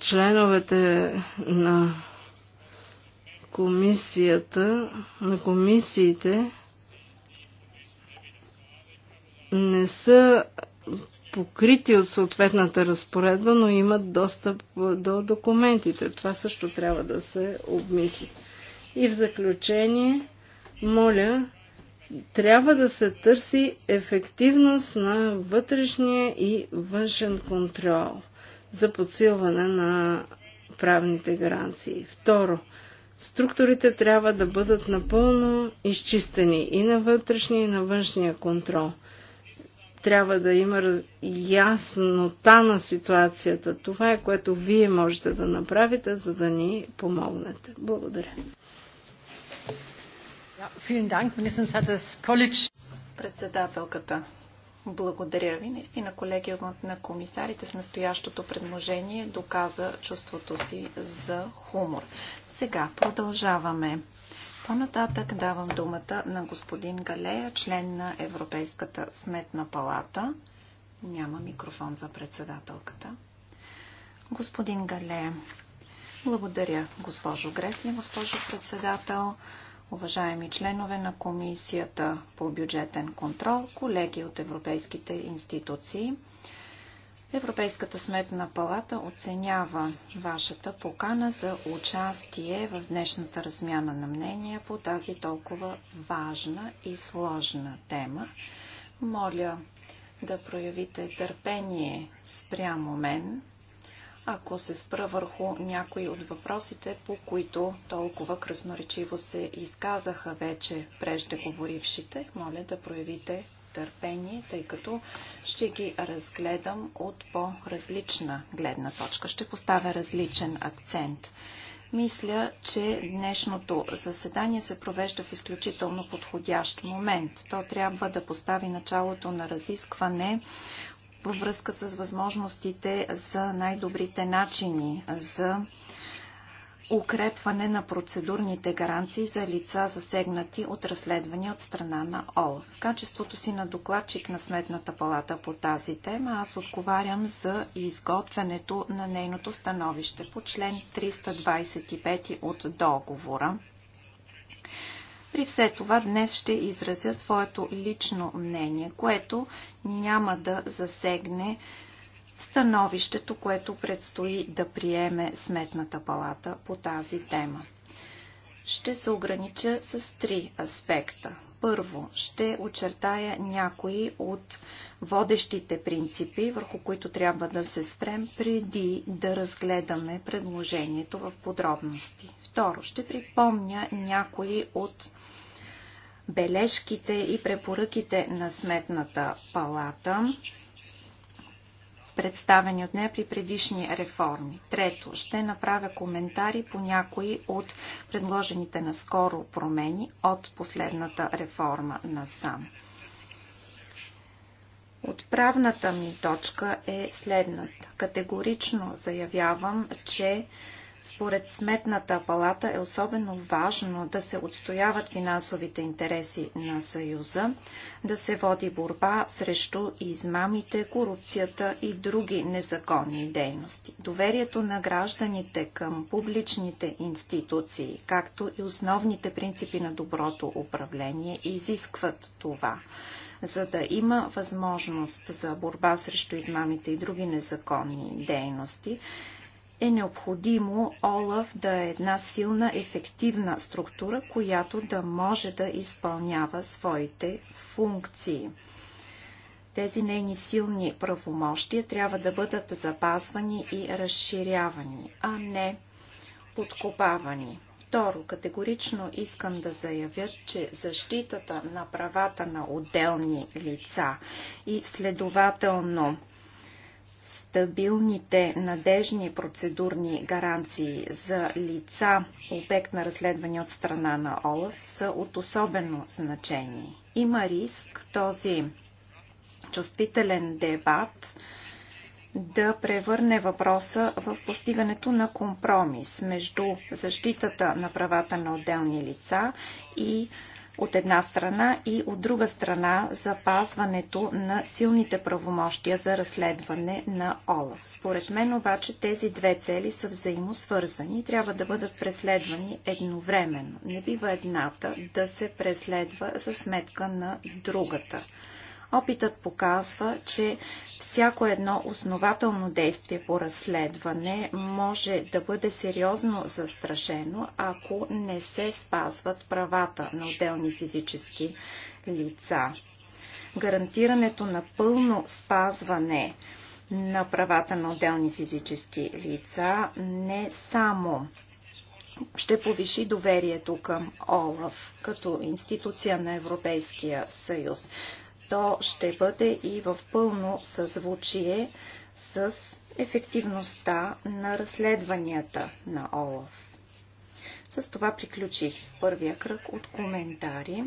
членовете на комисията, на комисиите не са покрити от съответната разпоредба, но имат достъп до документите. Това също трябва да се обмисли. И в заключение, моля трябва да се търси ефективност на вътрешния и външен контрол за подсилване на правните гаранции. Второ, структурите трябва да бъдат напълно изчистени и на вътрешния и на външния контрол. Трябва да има яснота на ситуацията. Това е което вие можете да направите, за да ни помогнете. Благодаря. Председателката. Благодаря ви. Наистина колегиумът на комисарите с настоящото предложение доказа чувството си за хумор. Сега продължаваме. По-нататък давам думата на господин Галея, член на Европейската сметна палата. Няма микрофон за председателката. Господин Галея, благодаря, госпожо Гресли, госпожо председател уважаеми членове на Комисията по бюджетен контрол, колеги от европейските институции. Европейската сметна палата оценява вашата покана за участие в днешната размяна на мнения по тази толкова важна и сложна тема. Моля да проявите търпение спрямо мен, ако се спра върху някои от въпросите, по които толкова красноречиво се изказаха вече преждеговорившите, моля да проявите търпение, тъй като ще ги разгледам от по-различна гледна точка. Ще поставя различен акцент. Мисля, че днешното заседание се провежда в изключително подходящ момент. То трябва да постави началото на разискване във връзка с възможностите за най-добрите начини за укрепване на процедурните гаранции за лица засегнати от разследвания от страна на ОЛ. В качеството си на докладчик на Сметната палата по тази тема, аз отговарям за изготвянето на нейното становище по член 325 от договора при все това днес ще изразя своето лично мнение, което няма да засегне становището, което предстои да приеме Сметната палата по тази тема ще се огранича с три аспекта. Първо, ще очертая някои от водещите принципи, върху които трябва да се спрем преди да разгледаме предложението в подробности. Второ, ще припомня някои от бележките и препоръките на Сметната палата представени от нея при предишни реформи. Трето, ще направя коментари по някои от предложените наскоро промени от последната реформа на САМ. Отправната ми точка е следната. Категорично заявявам, че според Сметната палата е особено важно да се отстояват финансовите интереси на Съюза, да се води борба срещу измамите, корупцията и други незаконни дейности. Доверието на гражданите към публичните институции, както и основните принципи на доброто управление, изискват това за да има възможност за борба срещу измамите и други незаконни дейности, е необходимо ОЛАФ да е една силна, ефективна структура, която да може да изпълнява своите функции. Тези нейни силни правомощия трябва да бъдат запазвани и разширявани, а не подкопавани. Второ, категорично искам да заявя, че защитата на правата на отделни лица и следователно стабилните, надежни процедурни гаранции за лица, обект на разследване от страна на ОЛАФ, са от особено значение. Има риск този чувствителен дебат да превърне въпроса в постигането на компромис между защитата на правата на отделни лица и от една страна и от друга страна запазването на силните правомощия за разследване на ОЛАФ. Според мен обаче тези две цели са взаимосвързани и трябва да бъдат преследвани едновременно. Не бива едната да се преследва за сметка на другата. Опитът показва, че всяко едно основателно действие по разследване може да бъде сериозно застрашено, ако не се спазват правата на отделни физически лица. Гарантирането на пълно спазване на правата на отделни физически лица не само ще повиши доверието към ОЛАФ като институция на Европейския съюз, то ще бъде и в пълно съзвучие с ефективността на разследванията на ОЛАФ. С това приключих първия кръг от коментари.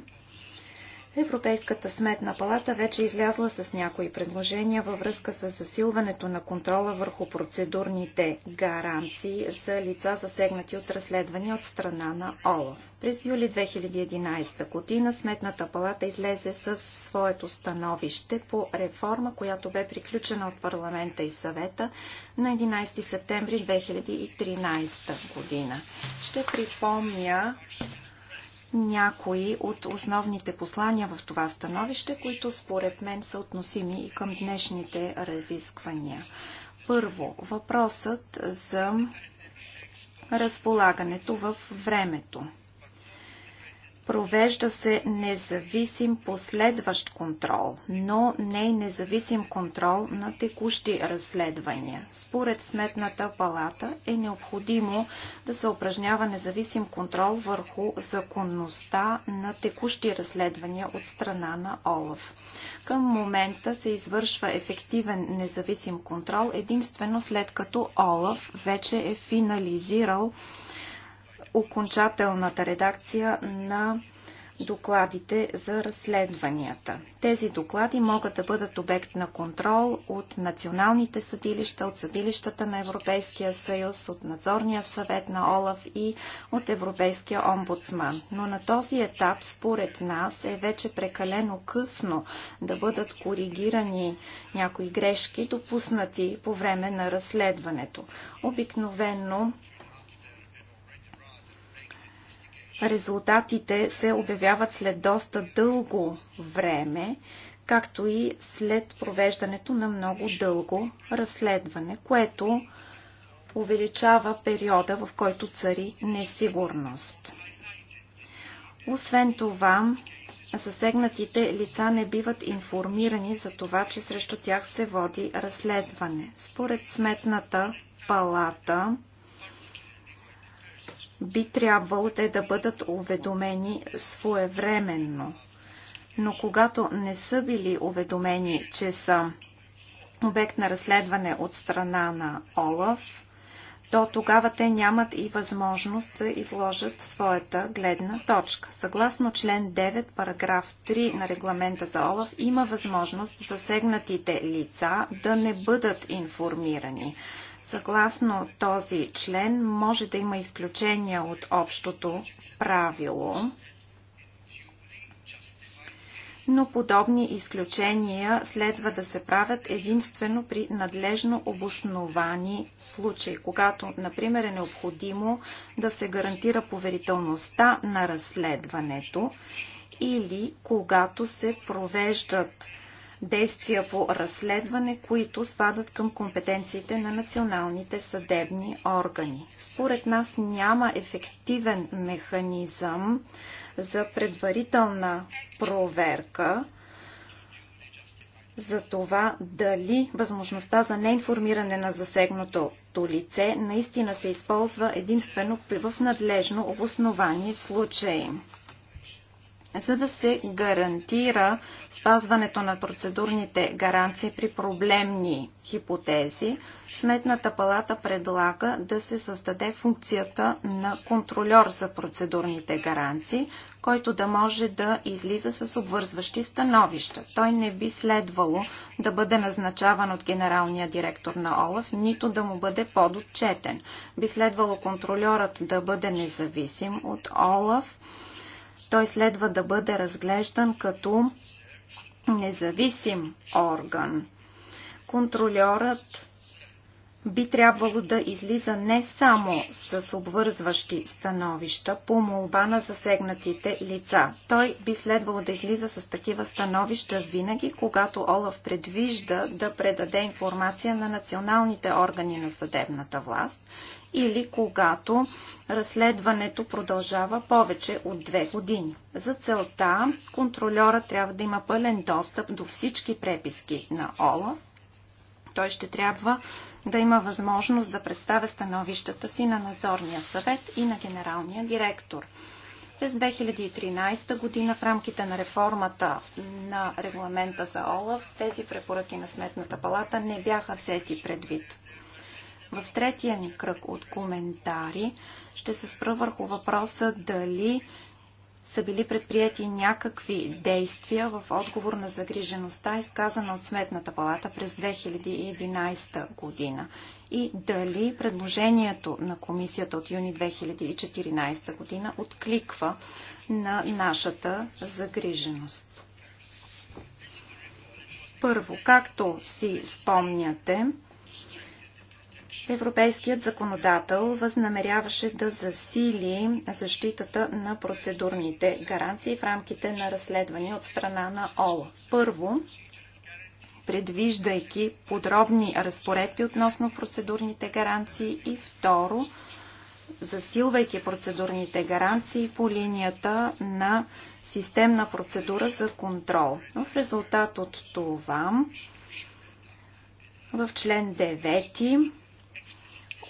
Европейската сметна палата вече излязла с някои предложения във връзка с засилването на контрола върху процедурните гаранции за лица засегнати от разследвания от страна на ОЛАФ. През юли 2011 година Сметната палата излезе с своето становище по реформа, която бе приключена от парламента и съвета на 11 септември 2013 година. Ще припомня някои от основните послания в това становище, които според мен са относими и към днешните разисквания. Първо, въпросът за разполагането в времето. Провежда се независим последващ контрол, но не и независим контрол на текущи разследвания. Според Сметната палата е необходимо да се упражнява независим контрол върху законността на текущи разследвания от страна на ОЛАФ. Към момента се извършва ефективен независим контрол единствено след като ОЛАФ вече е финализирал окончателната редакция на докладите за разследванията. Тези доклади могат да бъдат обект на контрол от националните съдилища, от съдилищата на Европейския съюз, от надзорния съвет на ОЛАФ и от Европейския омбудсман. Но на този етап, според нас, е вече прекалено късно да бъдат коригирани някои грешки, допуснати по време на разследването. Обикновено Резултатите се обявяват след доста дълго време, както и след провеждането на много дълго разследване, което увеличава периода, в който цари несигурност. Освен това, засегнатите лица не биват информирани за това, че срещу тях се води разследване. Според сметната палата, би трябвало те да бъдат уведомени своевременно. Но когато не са били уведомени, че са обект на разследване от страна на ОЛАФ, то тогава те нямат и възможност да изложат своята гледна точка. Съгласно член 9, параграф 3 на регламента за ОЛАФ, има възможност засегнатите лица да не бъдат информирани. Съгласно този член може да има изключения от общото правило, но подобни изключения следва да се правят единствено при надлежно обосновани случаи, когато, например, е необходимо да се гарантира поверителността на разследването или когато се провеждат действия по разследване, които спадат към компетенциите на националните съдебни органи. Според нас няма ефективен механизъм за предварителна проверка за това дали възможността за неинформиране на засегнатото лице наистина се използва единствено в надлежно обосновани случаи за да се гарантира спазването на процедурните гаранции при проблемни хипотези, Сметната палата предлага да се създаде функцията на контролер за процедурните гаранции, който да може да излиза с обвързващи становища. Той не би следвало да бъде назначаван от генералния директор на ОЛАФ, нито да му бъде подотчетен. Би следвало контролерът да бъде независим от ОЛАФ, той следва да бъде разглеждан като независим орган. Контролерът би трябвало да излиза не само с обвързващи становища по молба на засегнатите лица. Той би следвало да излиза с такива становища винаги, когато Олаф предвижда да предаде информация на националните органи на съдебната власт, или когато разследването продължава повече от две години. За целта контролера трябва да има пълен достъп до всички преписки на ОЛА. Той ще трябва да има възможност да представя становищата си на надзорния съвет и на генералния директор. През 2013 година в рамките на реформата на регламента за ОЛАВ тези препоръки на Сметната палата не бяха взети предвид. В третия ни кръг от коментари ще се спра върху въпроса дали са били предприяти някакви действия в отговор на загрижеността, изказана от Сметната палата през 2011 година и дали предложението на комисията от юни 2014 година откликва на нашата загриженост. Първо, както си спомняте, Европейският законодател възнамеряваше да засили защитата на процедурните гаранции в рамките на разследвания от страна на ОЛА. Първо, предвиждайки подробни разпоредби относно процедурните гаранции и второ, засилвайки процедурните гаранции по линията на системна процедура за контрол. В резултат от това в член 9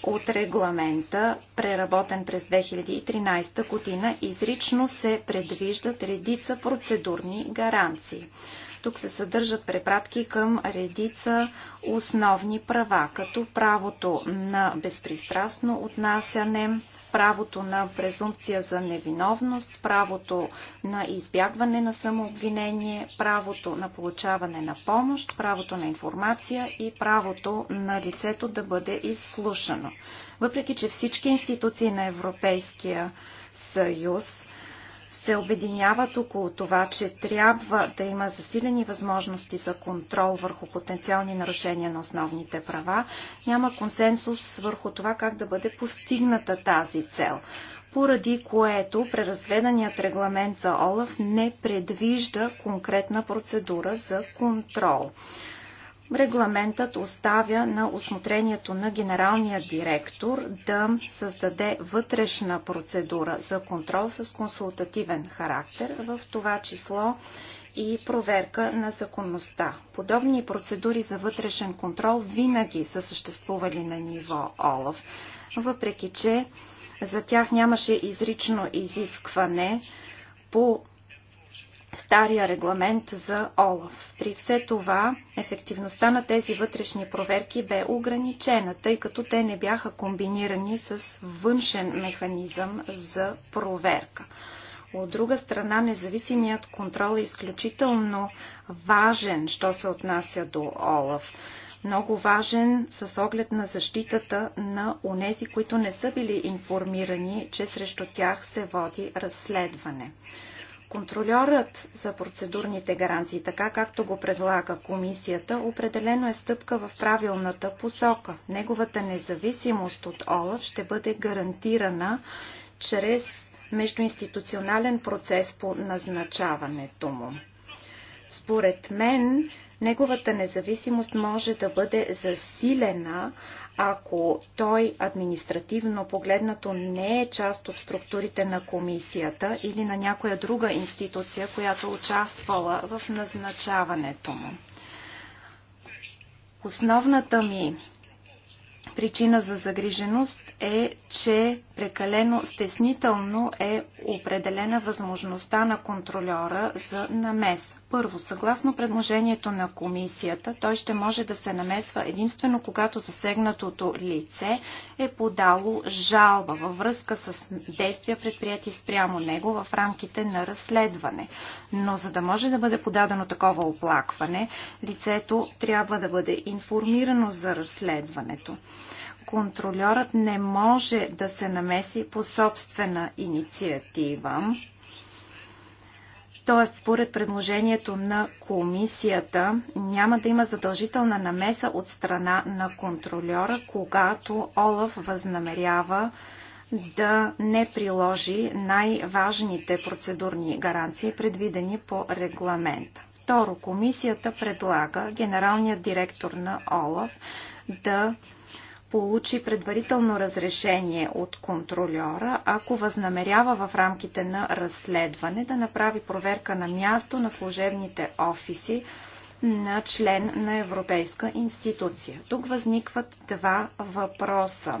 от регламента, преработен през 2013 година, изрично се предвиждат редица процедурни гаранции. Тук се съдържат препратки към редица основни права, като правото на безпристрастно отнасяне, правото на презумпция за невиновност, правото на избягване на самообвинение, правото на получаване на помощ, правото на информация и правото на лицето да бъде изслушано. Въпреки, че всички институции на Европейския съюз се обединяват около това, че трябва да има засилени възможности за контрол върху потенциални нарушения на основните права, няма консенсус върху това как да бъде постигната тази цел поради което преразгледаният регламент за ОЛАФ не предвижда конкретна процедура за контрол. Регламентът оставя на осмотрението на генералния директор да създаде вътрешна процедура за контрол с консултативен характер, в това число и проверка на законността. Подобни процедури за вътрешен контрол винаги са съществували на ниво ОЛОВ, въпреки че за тях нямаше изрично изискване по стария регламент за ОЛАФ. При все това, ефективността на тези вътрешни проверки бе ограничена, тъй като те не бяха комбинирани с външен механизъм за проверка. От друга страна, независимият контрол е изключително важен, що се отнася до ОЛАФ. Много важен с оглед на защитата на унези, които не са били информирани, че срещу тях се води разследване. Контролерът за процедурните гаранции, така както го предлага комисията, определено е стъпка в правилната посока. Неговата независимост от ОЛАФ ще бъде гарантирана чрез междуинституционален процес по назначаването му. Според мен, неговата независимост може да бъде засилена, ако той административно погледнато не е част от структурите на комисията или на някоя друга институция, която участвала в назначаването му. Основната ми причина за загриженост е, че прекалено стеснително е определена възможността на контролера за намес. Първо, съгласно предложението на комисията, той ще може да се намесва единствено когато засегнатото лице е подало жалба във връзка с действия предприяти спрямо него в рамките на разследване. Но за да може да бъде подадено такова оплакване, лицето трябва да бъде информирано за разследването контролерът не може да се намеси по собствена инициатива. Тоест, според предложението на комисията, няма да има задължителна намеса от страна на контролера, когато Олаф възнамерява да не приложи най-важните процедурни гаранции, предвидени по регламента. Второ, комисията предлага генералният директор на ОЛАФ да получи предварително разрешение от контролера, ако възнамерява в рамките на разследване да направи проверка на място на служебните офиси на член на Европейска институция. Тук възникват два въпроса.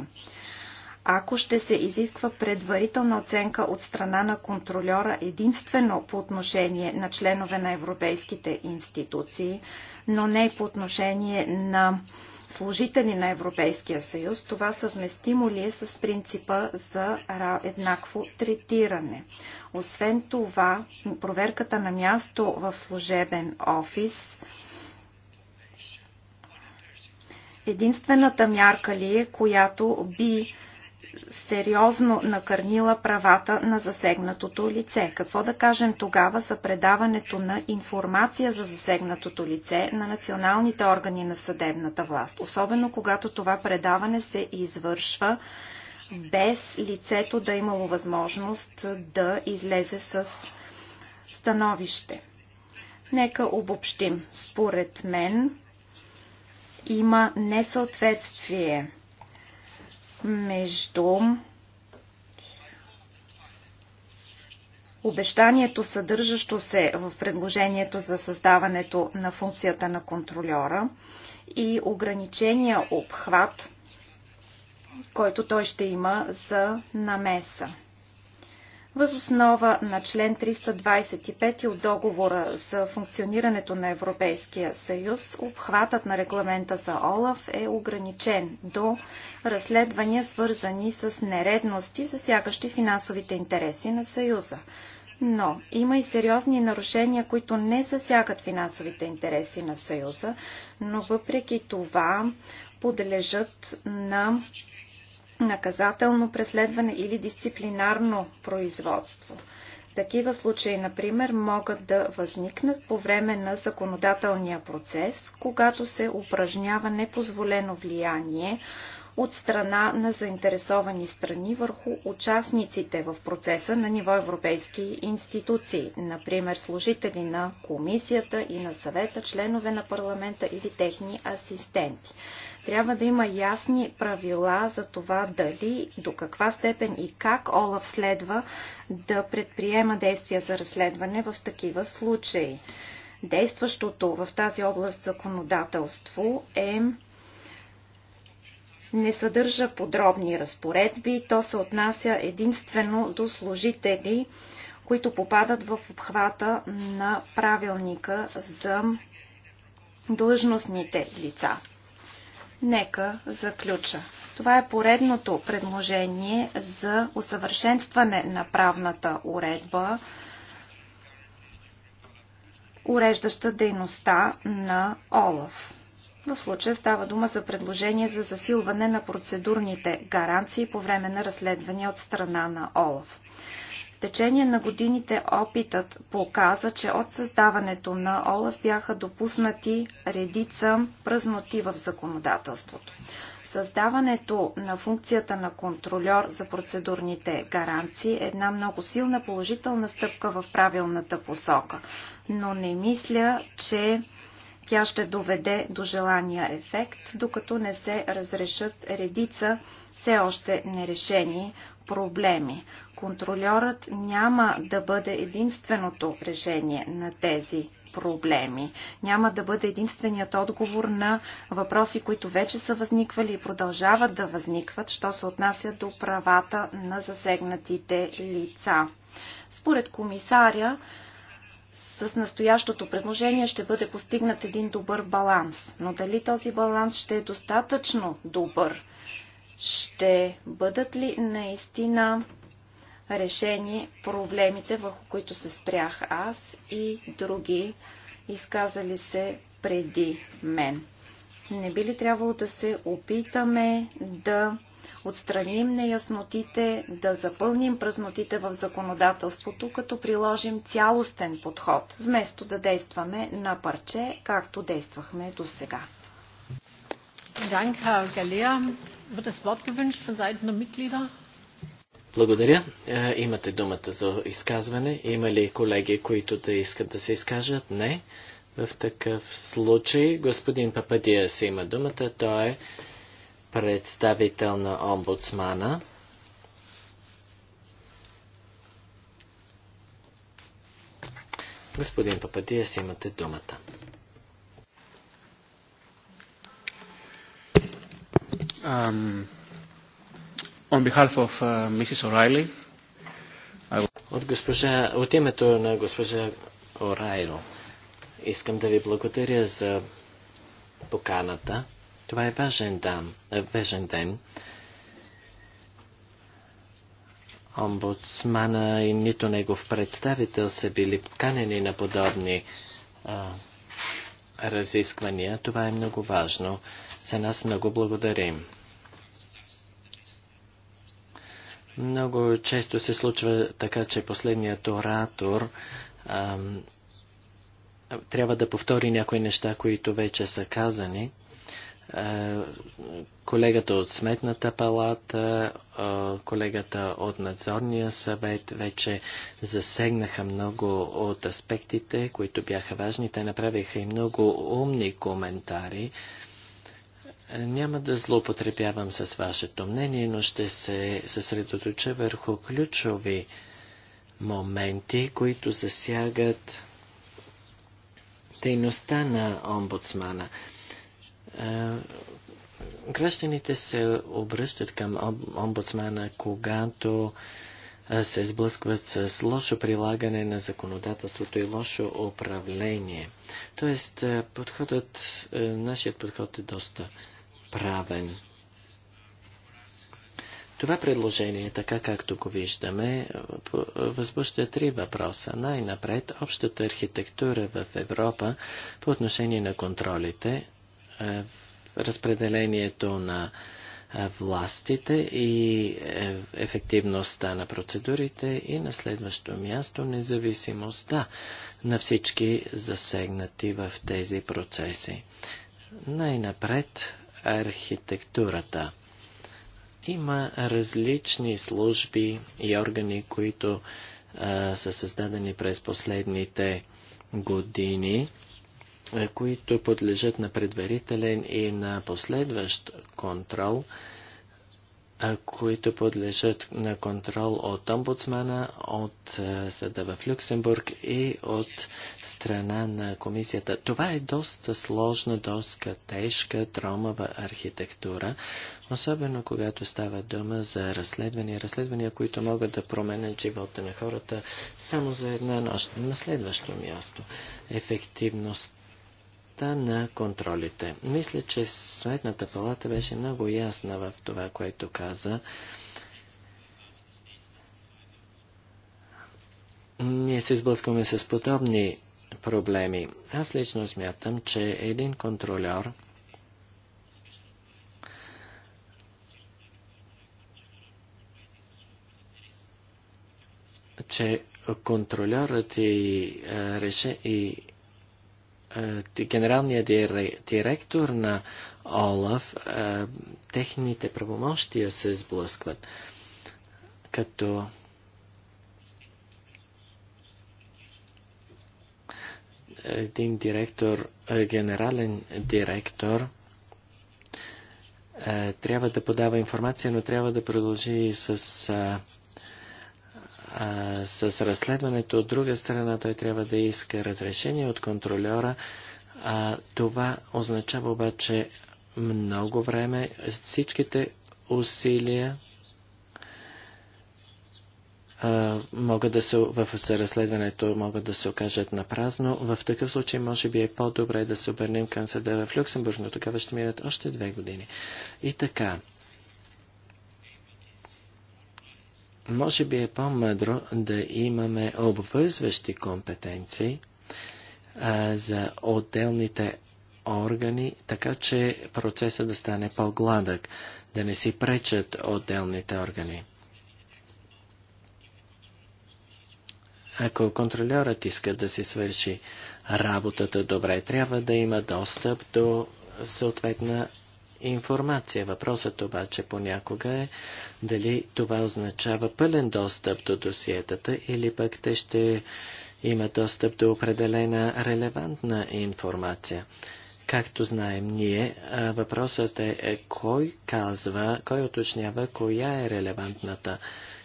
Ако ще се изисква предварителна оценка от страна на контролера единствено по отношение на членове на европейските институции, но не и по отношение на служители на Европейския съюз, това съвместимо ли е с принципа за еднакво третиране? Освен това, проверката на място в служебен офис единствената мярка ли е, която би сериозно накърнила правата на засегнатото лице. Какво да кажем тогава за предаването на информация за засегнатото лице на националните органи на съдебната власт, особено когато това предаване се извършва без лицето да е имало възможност да излезе с становище. Нека обобщим. Според мен има несъответствие между обещанието, съдържащо се в предложението за създаването на функцията на контролера и ограничения обхват, който той ще има за намеса въз основа на член 325 от договора за функционирането на Европейския съюз, обхватът на регламента за ОЛАФ е ограничен до разследвания, свързани с нередности, засягащи финансовите интереси на Съюза. Но има и сериозни нарушения, които не засягат финансовите интереси на Съюза, но въпреки това подлежат на наказателно преследване или дисциплинарно производство. Такива случаи, например, могат да възникнат по време на законодателния процес, когато се упражнява непозволено влияние от страна на заинтересовани страни върху участниците в процеса на ниво европейски институции, например служители на комисията и на съвета, членове на парламента или техни асистенти. Трябва да има ясни правила за това дали, до каква степен и как Олаф следва да предприема действия за разследване в такива случаи. Действащото в тази област законодателство е не съдържа подробни разпоредби, то се отнася единствено до служители, които попадат в обхвата на правилника за длъжностните лица. Нека заключа. Това е поредното предложение за усъвършенстване на правната уредба, уреждаща дейността на ОЛАФ. В случая става дума за предложение за засилване на процедурните гаранции по време на разследвания от страна на ОЛАФ. С течение на годините опитът показа, че от създаването на ОЛАФ бяха допуснати редица празноти в законодателството. Създаването на функцията на контролер за процедурните гаранции е една много силна положителна стъпка в правилната посока, но не мисля, че тя ще доведе до желания ефект, докато не се разрешат редица все още нерешени проблеми. Контролерът няма да бъде единственото решение на тези проблеми. Няма да бъде единственият отговор на въпроси, които вече са възниквали и продължават да възникват, що се отнася до правата на засегнатите лица. Според комисаря, с настоящото предложение ще бъде постигнат един добър баланс. Но дали този баланс ще е достатъчно добър? Ще бъдат ли наистина решени проблемите, върху които се спрях аз и други, изказали се преди мен? Не би ли трябвало да се опитаме да отстраним неяснотите, да запълним празнотите в законодателството, като приложим цялостен подход, вместо да действаме на парче, както действахме до сега. Благодаря. Е, имате думата за изказване. Има ли колеги, които да искат да се изкажат? Не. В такъв случай господин Пападия си има думата. Той е представител на омбудсмана. Господин Пападия, си имате думата. Um, on behalf of uh, Mrs. O'Reilly, I... от, госпожа, от името на госпожа Орайло искам да ви благодаря за поканата. Това е важен, дам, е важен ден. Омбудсмана и нито негов представител са били канени на подобни а, разисквания. Това е много важно. За нас много благодарим. Много често се случва така, че последният оратор ам, трябва да повтори някои неща, които вече са казани. Е, колегата от Сметната палата, е, колегата от Надзорния съвет вече засегнаха много от аспектите, които бяха важни. Те направиха и много умни коментари. Е, няма да злоупотребявам с вашето мнение, но ще се съсредоточа върху ключови моменти, които засягат дейността на омбудсмана. Гражданите се обръщат към омбудсмана, когато се сблъскват с лошо прилагане на законодателството и лошо управление. Тоест, подходът, нашият подход е доста правен. Това предложение, така както го виждаме, възбужда три въпроса. Най-напред, общата архитектура в Европа по отношение на контролите, е, разпределението на е, властите и е, ефективността на процедурите и на следващо място независимостта на всички засегнати в тези процеси. Най-напред архитектурата. Има различни служби и органи, които а, са създадени през последните години е, които подлежат на предварителен и на последващ контрол, които подлежат на контрол от омбудсмана, от е, съда в Люксембург и от страна на комисията. Това е доста сложна, доста тежка, тромава архитектура, особено когато става дума за разследвания, разследвания, които могат да променят живота на хората само за една нощ. На следващо място, ефективност важността на контролите. Мисля, че Сметната палата беше много ясна в това, което каза. Ние се сблъскваме с подобни проблеми. Аз лично смятам, че един контролер че контролерът и, реше, и е, генералният директор на ОЛАФ, е, техните правомощия се сблъскват. Като един директор, е, генерален директор, трябва да подава информация, но трябва да продължи с а, с разследването. От друга страна, той трябва да иска разрешение от контролера. А, това означава обаче много време. Всичките усилия могат да се, в разследването могат да се окажат на празно. В такъв случай може би е по-добре да се обърнем към съда в Люксембург, но тогава ще минат още две години. И така, Може би е по-мъдро да имаме обвързващи компетенции а, за отделните органи, така че процесът да стане по-гладък, да не си пречат отделните органи. Ако контролерът иска да си свърши работата добре, трябва да има достъп до съответна информация. Въпросът обаче понякога е дали това означава пълен достъп до досиетата или пък те ще имат достъп до определена релевантна информация. Както знаем ние, въпросът е, е кой казва, кой уточнява коя е релевантната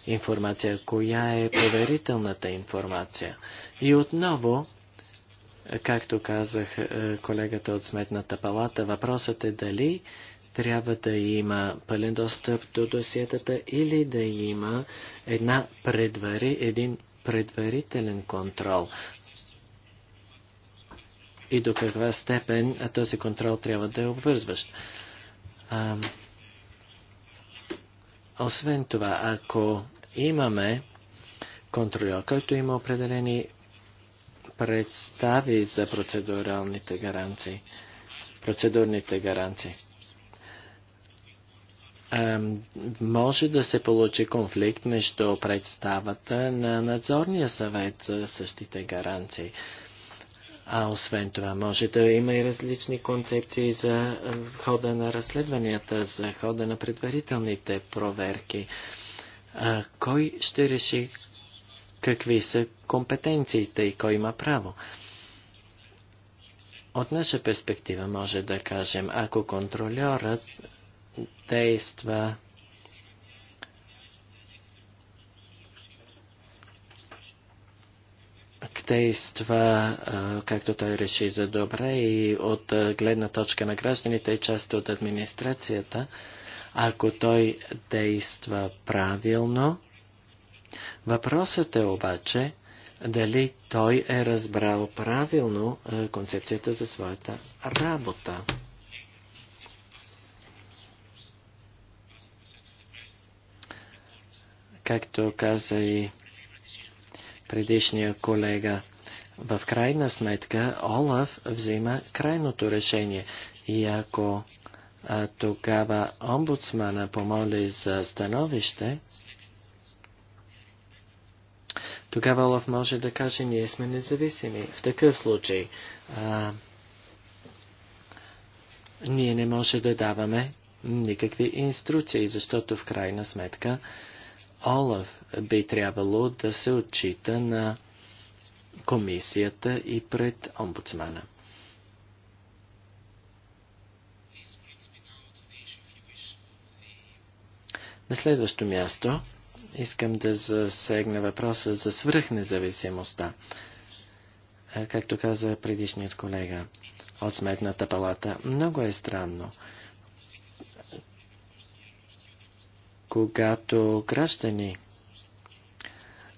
информация, коя е поверителната информация. И отново Както казах е, колегата от Сметната палата, въпросът е дали трябва да има пълен достъп до досиетата или да има една предвари, един предварителен контрол. И до каква степен този контрол трябва да е обвързващ. А, освен това, ако имаме контролер, който има определени представи за процедуралните гаранции, процедурните гаранции. Може да се получи конфликт между представата на надзорния съвет за същите гаранции. А освен това, може да има и различни концепции за хода на разследванията, за хода на предварителните проверки. А, кой ще реши какви са компетенциите и кой има право. От наша перспектива може да кажем, ако контролерът действа действа, както той реши за добре и от гледна точка на гражданите и част от администрацията, ако той действа правилно, Въпросът е обаче дали той е разбрал правилно е, концепцията за своята работа. Както каза и предишния колега, в крайна сметка Олаф взима крайното решение и ако а, тогава омбудсмана помоли за становище, тогава Олаф може да каже, ние сме независими. В такъв случай а, ние не може да даваме никакви инструкции, защото в крайна сметка Олаф би трябвало да се отчита на комисията и пред омбудсмана. На следващо място Искам да засегна въпроса за свръхнезависимостта. Е, както каза предишният колега от Сметната палата, много е странно. Когато граждани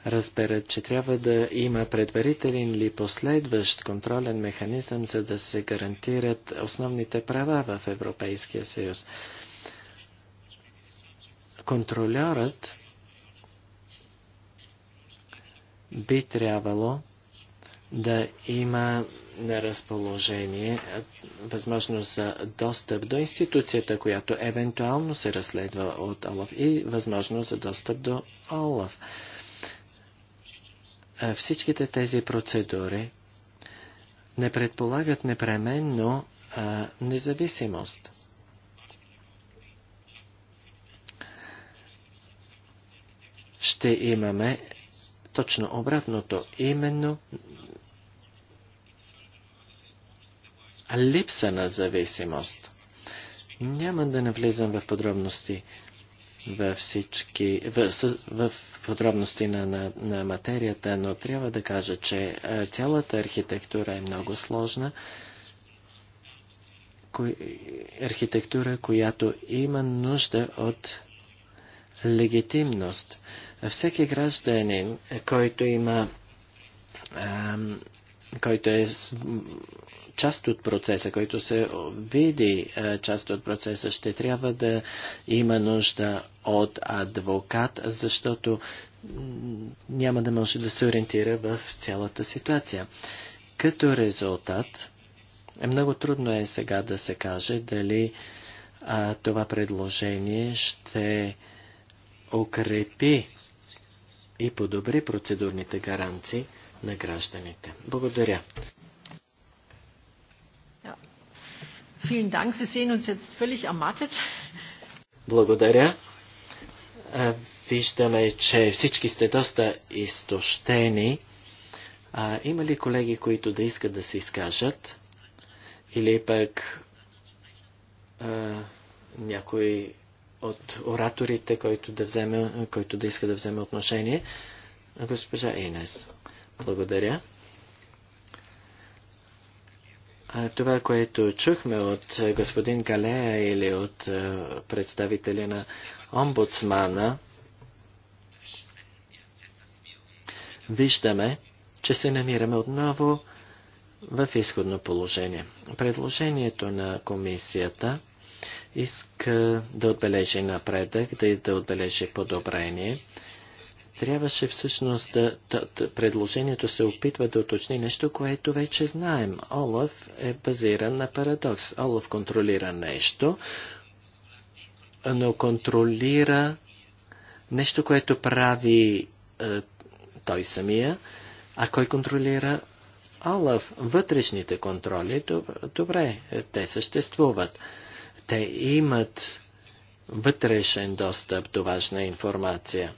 разберат, че трябва да има предварителен или последващ контролен механизъм, за да се гарантират основните права в Европейския съюз. Контролерът би трябвало да има на разположение възможност за достъп до институцията, която евентуално се разследва от ОЛАФ и възможност за достъп до ОЛАФ. Всичките тези процедури не предполагат непременно а, независимост. Ще имаме точно обратното, именно липса на зависимост. Няма да навлизам в подробности във всички, в, в подробности на, на, на материята, но трябва да кажа, че цялата архитектура е много сложна. Кой, архитектура, която има нужда от легитимност. Всеки гражданин, който има който е част от процеса, който се види част от процеса, ще трябва да има нужда от адвокат, защото няма да може да се ориентира в цялата ситуация. Като резултат, е много трудно е сега да се каже дали а, това предложение ще укрепи и подобри процедурните гаранции на гражданите. Благодаря. Благодаря. Виждаме, че всички сте доста изтощени. А, има ли колеги, които да искат да се изкажат? Или пък а, някой от ораторите, който да, вземе, който да иска да вземе отношение. Госпожа Инес, благодаря. А това, което чухме от е, господин Галея или от е, представители на омбудсмана, виждаме, че се намираме отново в изходно положение. Предложението на комисията – иска да отбележи напредък, да, да отбележи подобрение. Трябваше всъщност да, да, да предложението се опитва да уточни нещо, което вече знаем. Олаф е базиран на парадокс. Олаф контролира нещо, но контролира нещо, което прави е, той самия, а кой контролира Олаф? Вътрешните контроли, добре, те съществуват те имат вътрешен достъп до важна информация.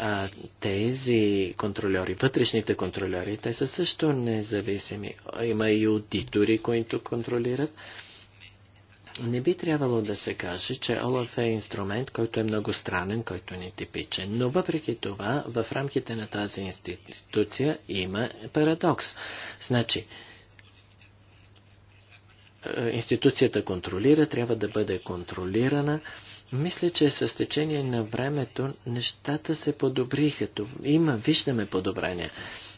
А тези контролери, вътрешните контролери, те са също независими. Има и аудитори, които контролират. Не би трябвало да се каже, че Олаф е инструмент, който е много странен, който не е типичен. Но въпреки това, в рамките на тази институция има парадокс. Значи, е, институцията контролира, трябва да бъде контролирана. Мисля, че с течение на времето нещата се подобриха. Има, виждаме подобрения.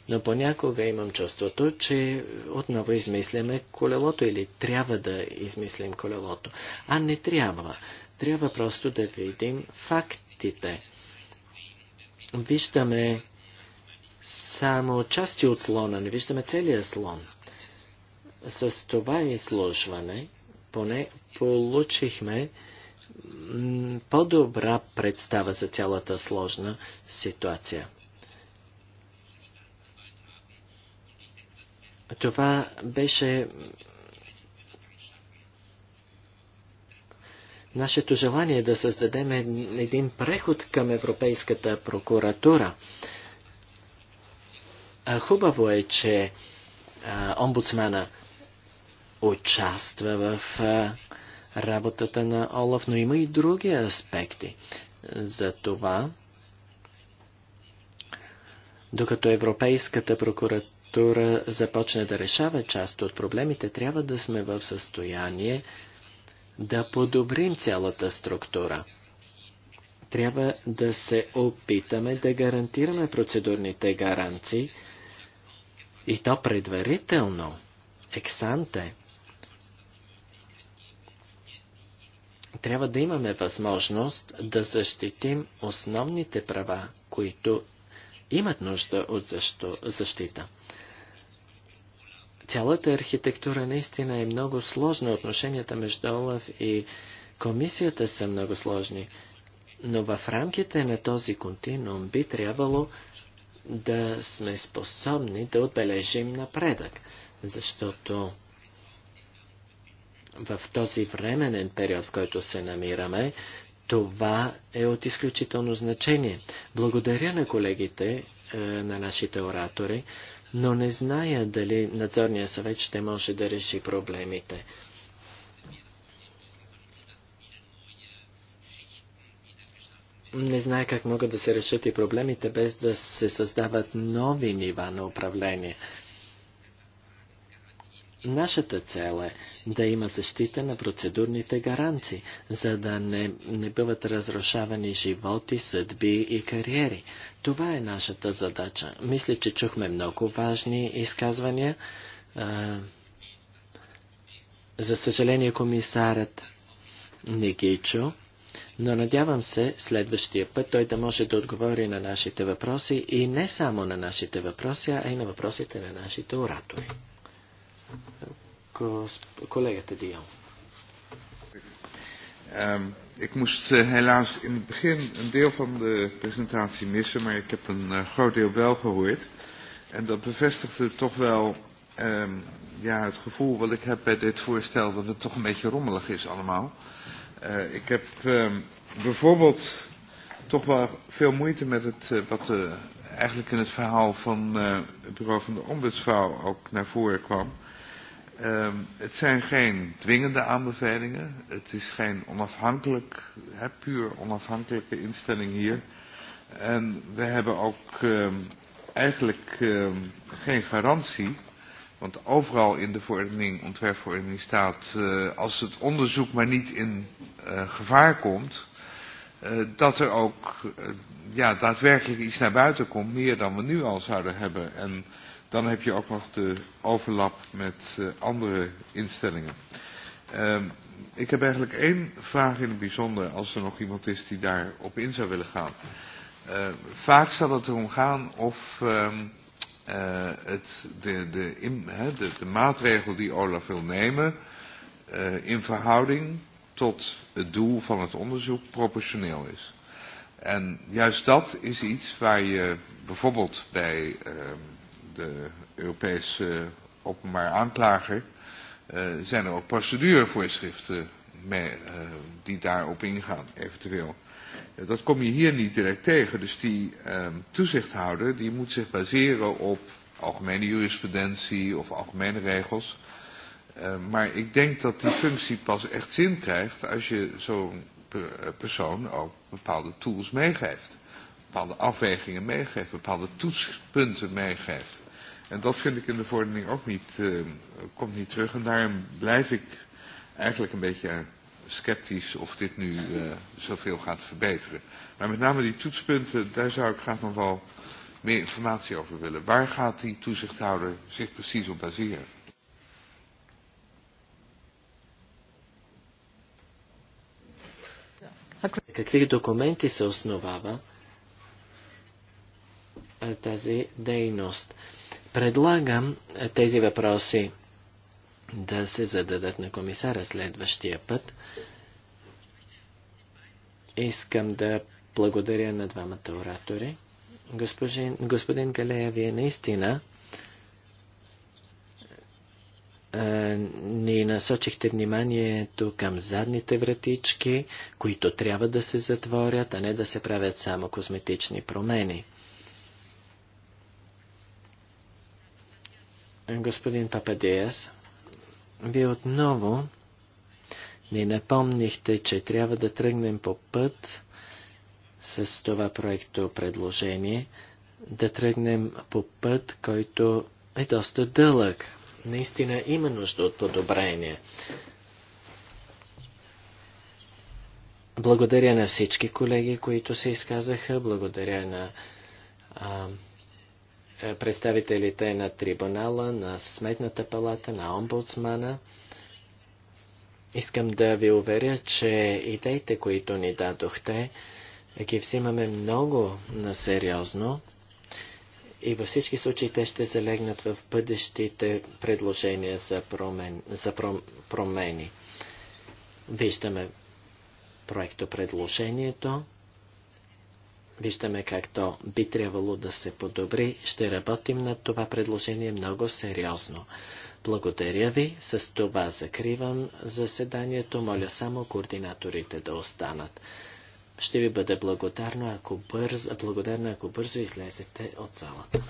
Но понякога имам чувството, че отново измисляме колелото или трябва да измислим колелото. А не трябва. Трябва просто да видим фактите. Виждаме само части от слона, не виждаме целия слон. С това изслушване поне получихме по-добра представа за цялата сложна ситуация. Това беше нашето желание да създадем един преход към Европейската прокуратура. Хубаво е, че а, омбудсмана участва в работата на Олаф, но има и други аспекти. За това, докато Европейската прокуратура започне да решава част от проблемите, трябва да сме в състояние да подобрим цялата структура. Трябва да се опитаме да гарантираме процедурните гаранции и то предварително, ексанте. трябва да имаме възможност да защитим основните права, които имат нужда от защо, защита. Цялата архитектура наистина е много сложна. Отношенията между Олаф и комисията са много сложни. Но в рамките на този континуум би трябвало да сме способни да отбележим напредък, защото в този временен период, в който се намираме, това е от изключително значение. Благодаря на колегите, е, на нашите оратори, но не зная дали надзорния съвет ще може да реши проблемите. Не зная как могат да се решат и проблемите без да се създават нови нива на управление. Нашата цел е да има защита на процедурните гаранции, за да не, не бъдат разрушавани животи, съдби и кариери. Това е нашата задача. Мисля, че чухме много важни изказвания. За съжаление, комисарът не ги е чу, но надявам се следващия път той да може да отговори на нашите въпроси и не само на нашите въпроси, а и на въпросите на нашите оратори collega Tedio. Um, ik moest uh, helaas in het begin een deel van de presentatie missen, maar ik heb een uh, groot deel wel gehoord. En dat bevestigde toch wel um, ja, het gevoel wat ik heb bij dit voorstel dat het toch een beetje rommelig is allemaal. Uh, ik heb um, bijvoorbeeld toch wel veel moeite met het, uh, wat uh, eigenlijk in het verhaal van uh, het bureau van de ombudsvrouw ook naar voren kwam. Uh, Um, het zijn geen dwingende aanbevelingen. Het is geen onafhankelijk, hè, puur onafhankelijke instelling hier. En we hebben ook um, eigenlijk um, geen garantie. Want overal in de verordening, ontwerpverordening staat, uh, als het onderzoek maar niet in uh, gevaar komt, uh, dat er ook uh, ja, daadwerkelijk iets naar buiten komt, meer dan we nu al zouden hebben. En uh, dan heb je ook nog de overlap met uh, andere instellingen. Uh, ik heb eigenlijk één vraag in het bijzonder, als er nog iemand is die daarop in zou willen gaan. Uh, vaak zal het erom gaan of uh, uh, het, de, de, in, he, de, de maatregel die Olaf wil nemen uh, in verhouding tot het doel van het onderzoek proportioneel is. En juist dat is iets waar je bijvoorbeeld bij uh, de Europese openbaar aanklager uh, zijn er ook procedurevoorschriften mee, uh, die daarop ingaan, eventueel. Uh, dat kom je hier niet direct tegen. Dus die uh, toezichthouder die moet zich baseren op algemene jurisprudentie of algemene regels. Uh, maar ik denk dat die functie pas echt zin krijgt als je zo'n persoon ook bepaalde tools meegeeft. Bepaalde afwegingen meegeeft, bepaalde toetspunten meegeeft. En dat vind ik in de verordening ook niet, uh, komt niet terug. En daarom blijf ik eigenlijk een beetje sceptisch of dit nu uh, zoveel gaat verbeteren. Maar met name die toetspunten, daar zou ik graag nog wel meer informatie over willen. Waar gaat die toezichthouder zich precies op baseren? Какви документи се основава тази дейност? Предлагам е, тези въпроси да се зададат на комисара следващия път. Искам да благодаря на двамата оратори. Господин, господин Галея, вие наистина е, ни насочихте вниманието към задните вратички, които трябва да се затворят, а не да се правят само козметични промени. господин Пападеяс, вие отново ни напомнихте, че трябва да тръгнем по път с това проекто предложение, да тръгнем по път, който е доста дълъг. Наистина има нужда от подобрение. Благодаря на всички колеги, които се изказаха. Благодаря на а, представителите на трибунала, на сметната палата, на омбудсмана. Искам да ви уверя, че идеите, които ни дадохте, ги взимаме много насериозно и във всички случаи те ще залегнат в бъдещите предложения за, промен, за пром, промени. Виждаме проекто предложението. Виждаме както би трябвало да се подобри. Ще работим над това предложение много сериозно. Благодаря ви. С това закривам заседанието. Моля само координаторите да останат. Ще ви бъде благодарна, ако бързо, благодарна, ако бързо излезете от залата.